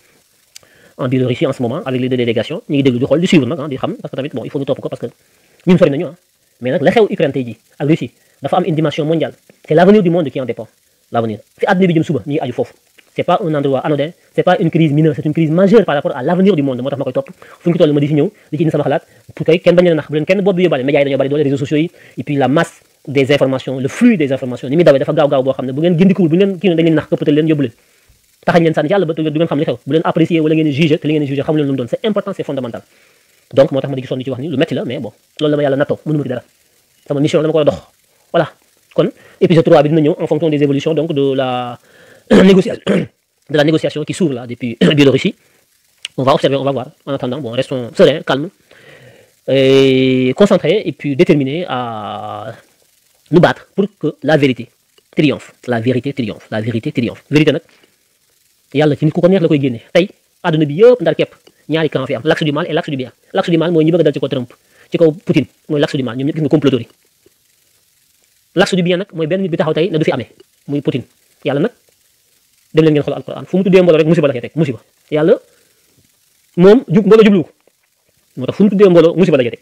[SPEAKER 1] en Biélorussie en ce moment avec les deux délégations ñu ngi déglu di xool di suivre nag ah di xam parce que tamit bon il faut ñu topp ko parce que ñun sori nañu ah mais nag la xew Ukraine tey ji ak Russie dafa am une dimension mondiale c'est l'avenir du monde qui en dépend l'avenir fi àdduna bi jëm suba ñu aju foofu c'est pas un endroit anodin c'est pas une crise mineure c'est une crise majeure par rapport à l'avenir du monde moo tax ma koy ko toll ma di si ñëw di ci indi sama xalaat pour que ken bañ leen nax bu len ken bobu yobale media yi dañoo bari doole réseaux sociaux yi et puis la masse des informations le flux des informations ni muy dawee dafa gaaw gaaw bo xamne ne bu ngeen gindikuwul bu ngeen kii dañ leen nax ko leen yóbbu leen taxañ leen sànni yalla ba du ngeen xam li xew bu leen apprécier wala ngeen juger te li ngeen juger xam leen lu doon c'est important c'est fondamental donc motax ma di ci sonn ci wax ni lu metti la mais bon loolu la ma yàlla nattoo mënuma ci dara sama mission dama ko dox voilà kon épisode 3 bi dina en fonction des évolutions donc de la négociation de la négociation qui s'ouvre là depuis Biélorussie on va observer on va voir en attendant bon restons sereins calmes et concentrés et puis déterminés à nous battre pour que la vérité triomphe la vérité triomphe la vérité triomphe vérité y Yalla ci film ku ko neex la koy génne tay aduna bi yépp ndar képp ñaari camp fi am l'axe du mal et l'axe du bien l'axe du mal moy ñi bëgg dal ci kaw Trump ci ko Poutine moy l'axe du mal ñom ñëpp gis nga complotori l'axe du bien nak moy benn nit bi taxaw tay na du fi amé muy putin yalla nak dem len ngeen xol alquran fu mu tuddé mbolo rek musiba la cay teg musiba yalla mom juk mbolo jublu motax fu mu tuddé mbolo musiba la cay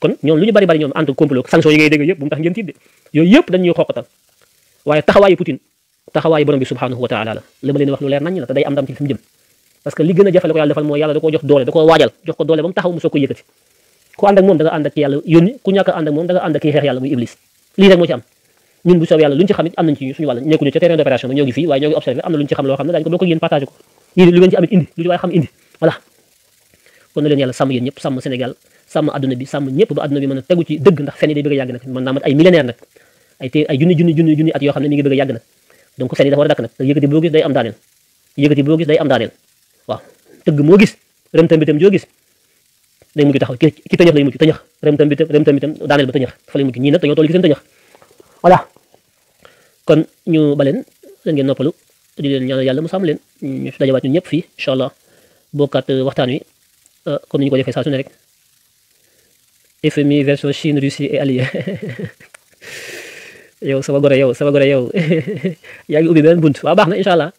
[SPEAKER 1] kon ñoom luñu bari bari ñoom entre complot sanction yi ngay dégg yépp bu mu tax ngeen tiit yoy yépp yëpp dañuy xoqatal waye taxaway putin taxaway borom bi subhanahu wa taala la ma leen wax lu leer nañ la te day am dam ci fimu jëm parce que li gëna a ko yalla defal mooy yalla da koo jox doole da koo waajal jox ko doole bam taxaw mu soko yëkëti ku and ak mom da nga and ak yalla yoni ku ñaka and ak mom da nga and ak xex yalla muy iblis lii rek moo ci am ñun bu soobee yàlla luñ ci xam ci suñu am na luñ ci xam loo xam ne dañ ko lu ngeen ci amit indi lu ci waaye xam indi voilà kon na leen yàlla sàmm yéen ñëpp sàmm Sénégal sàmm adduna bi sàmm ba adduna bi mën a tegu ci dëgg ndax fen yi day bëgg a yàgg nag mën naa mat ay millénaire nag ay te ay junni junni junni junni at yoo xam fen yi dafa war dakk nag yëkkati boo day am daaneel yëkkati boo day am daaneel tëgg moo gis rëmtam bitam joo day mujj taxaw ki ki tëñax lay mujj tëñax rem tam bi rem tam bi tam ba tëñax fa lay mujj ñii nag dañoo toll ci seen tëñax kon ñu baleen leen ngeen noppalu di leen ñaanal yàlla mu sàmm leen ñu fi dajawaat ñun ñëpp fii incha allah bokkaat euh, waxtaan wi kon euh, ni ñu ko defee saa ne rek FMI version Chine Russie et alliés yow sama gore yow sama gore yow yaa ngi ubbi beneen bunt waaw baax na incha allah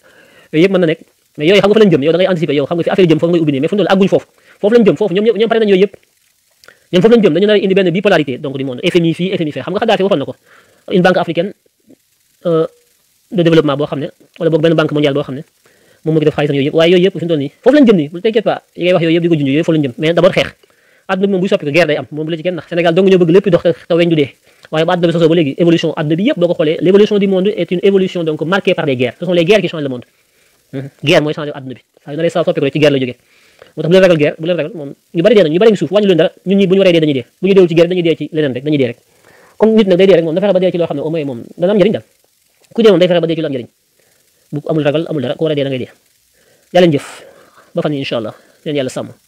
[SPEAKER 1] yooyu yëpp na nekk mais yooyu xam nga fa jëm yow da ngay anticiper yow nga fi jëm foofu ngay ubbi nii mais fu ñu toll àgguñ foofu foofu lañ jëm foofu ñom ñom paré nañu yooyu ñom ñoom foofu lañ jëm dañu nar a indi benn bipolarité donc du monde FMI fi FMI fee xam nga Kadhafi waxoon na ko une banque africaine euh de développement boo xam ne wala boog benn banque mondiale boo xam ne moom mo ngi def xaalisam yooyu yëpp waaye yooyu yëpp fi mu toll nii foofu lañ jëm nii bu t'inquiète pas yi ngay wax yooyu yëpp di ko junj yooyu foofu lañ jëm mais d'abord xeex àdduna bi moom buy soppi ko guerre day am moom bu la ci kenn ndax Sénégal dong ñoo bëgg lépp dox te weñ du dee waaye ba àdduna bi sosoo ba léegi évolution àdduna bi yëpp boo ko xoolee l'évolution du monde est une évolution donc marquée par des guerres ce sont les guerres qui changent le monde guerre mooy changer àdduna bi saa yu na lay saa soppi ko ci guerre la jógee moo tax bu leen ragal guerre bu leen ragal moom ñu bari dee nañ ñu bari ngi suuf wàññi leen dara bu ñu waree dee dañuy dee bu ñu deewul ci guerre dañuy dee ci leneen rek dañuy dee rek comme nit nag day dee rek moom na fexe ba dee ci loo moom dana am njëriñ daal ku dee moom day fexe ba dee ci lu am njëriñ bu amul a ba fan yi incha allah leen yàlla sàmm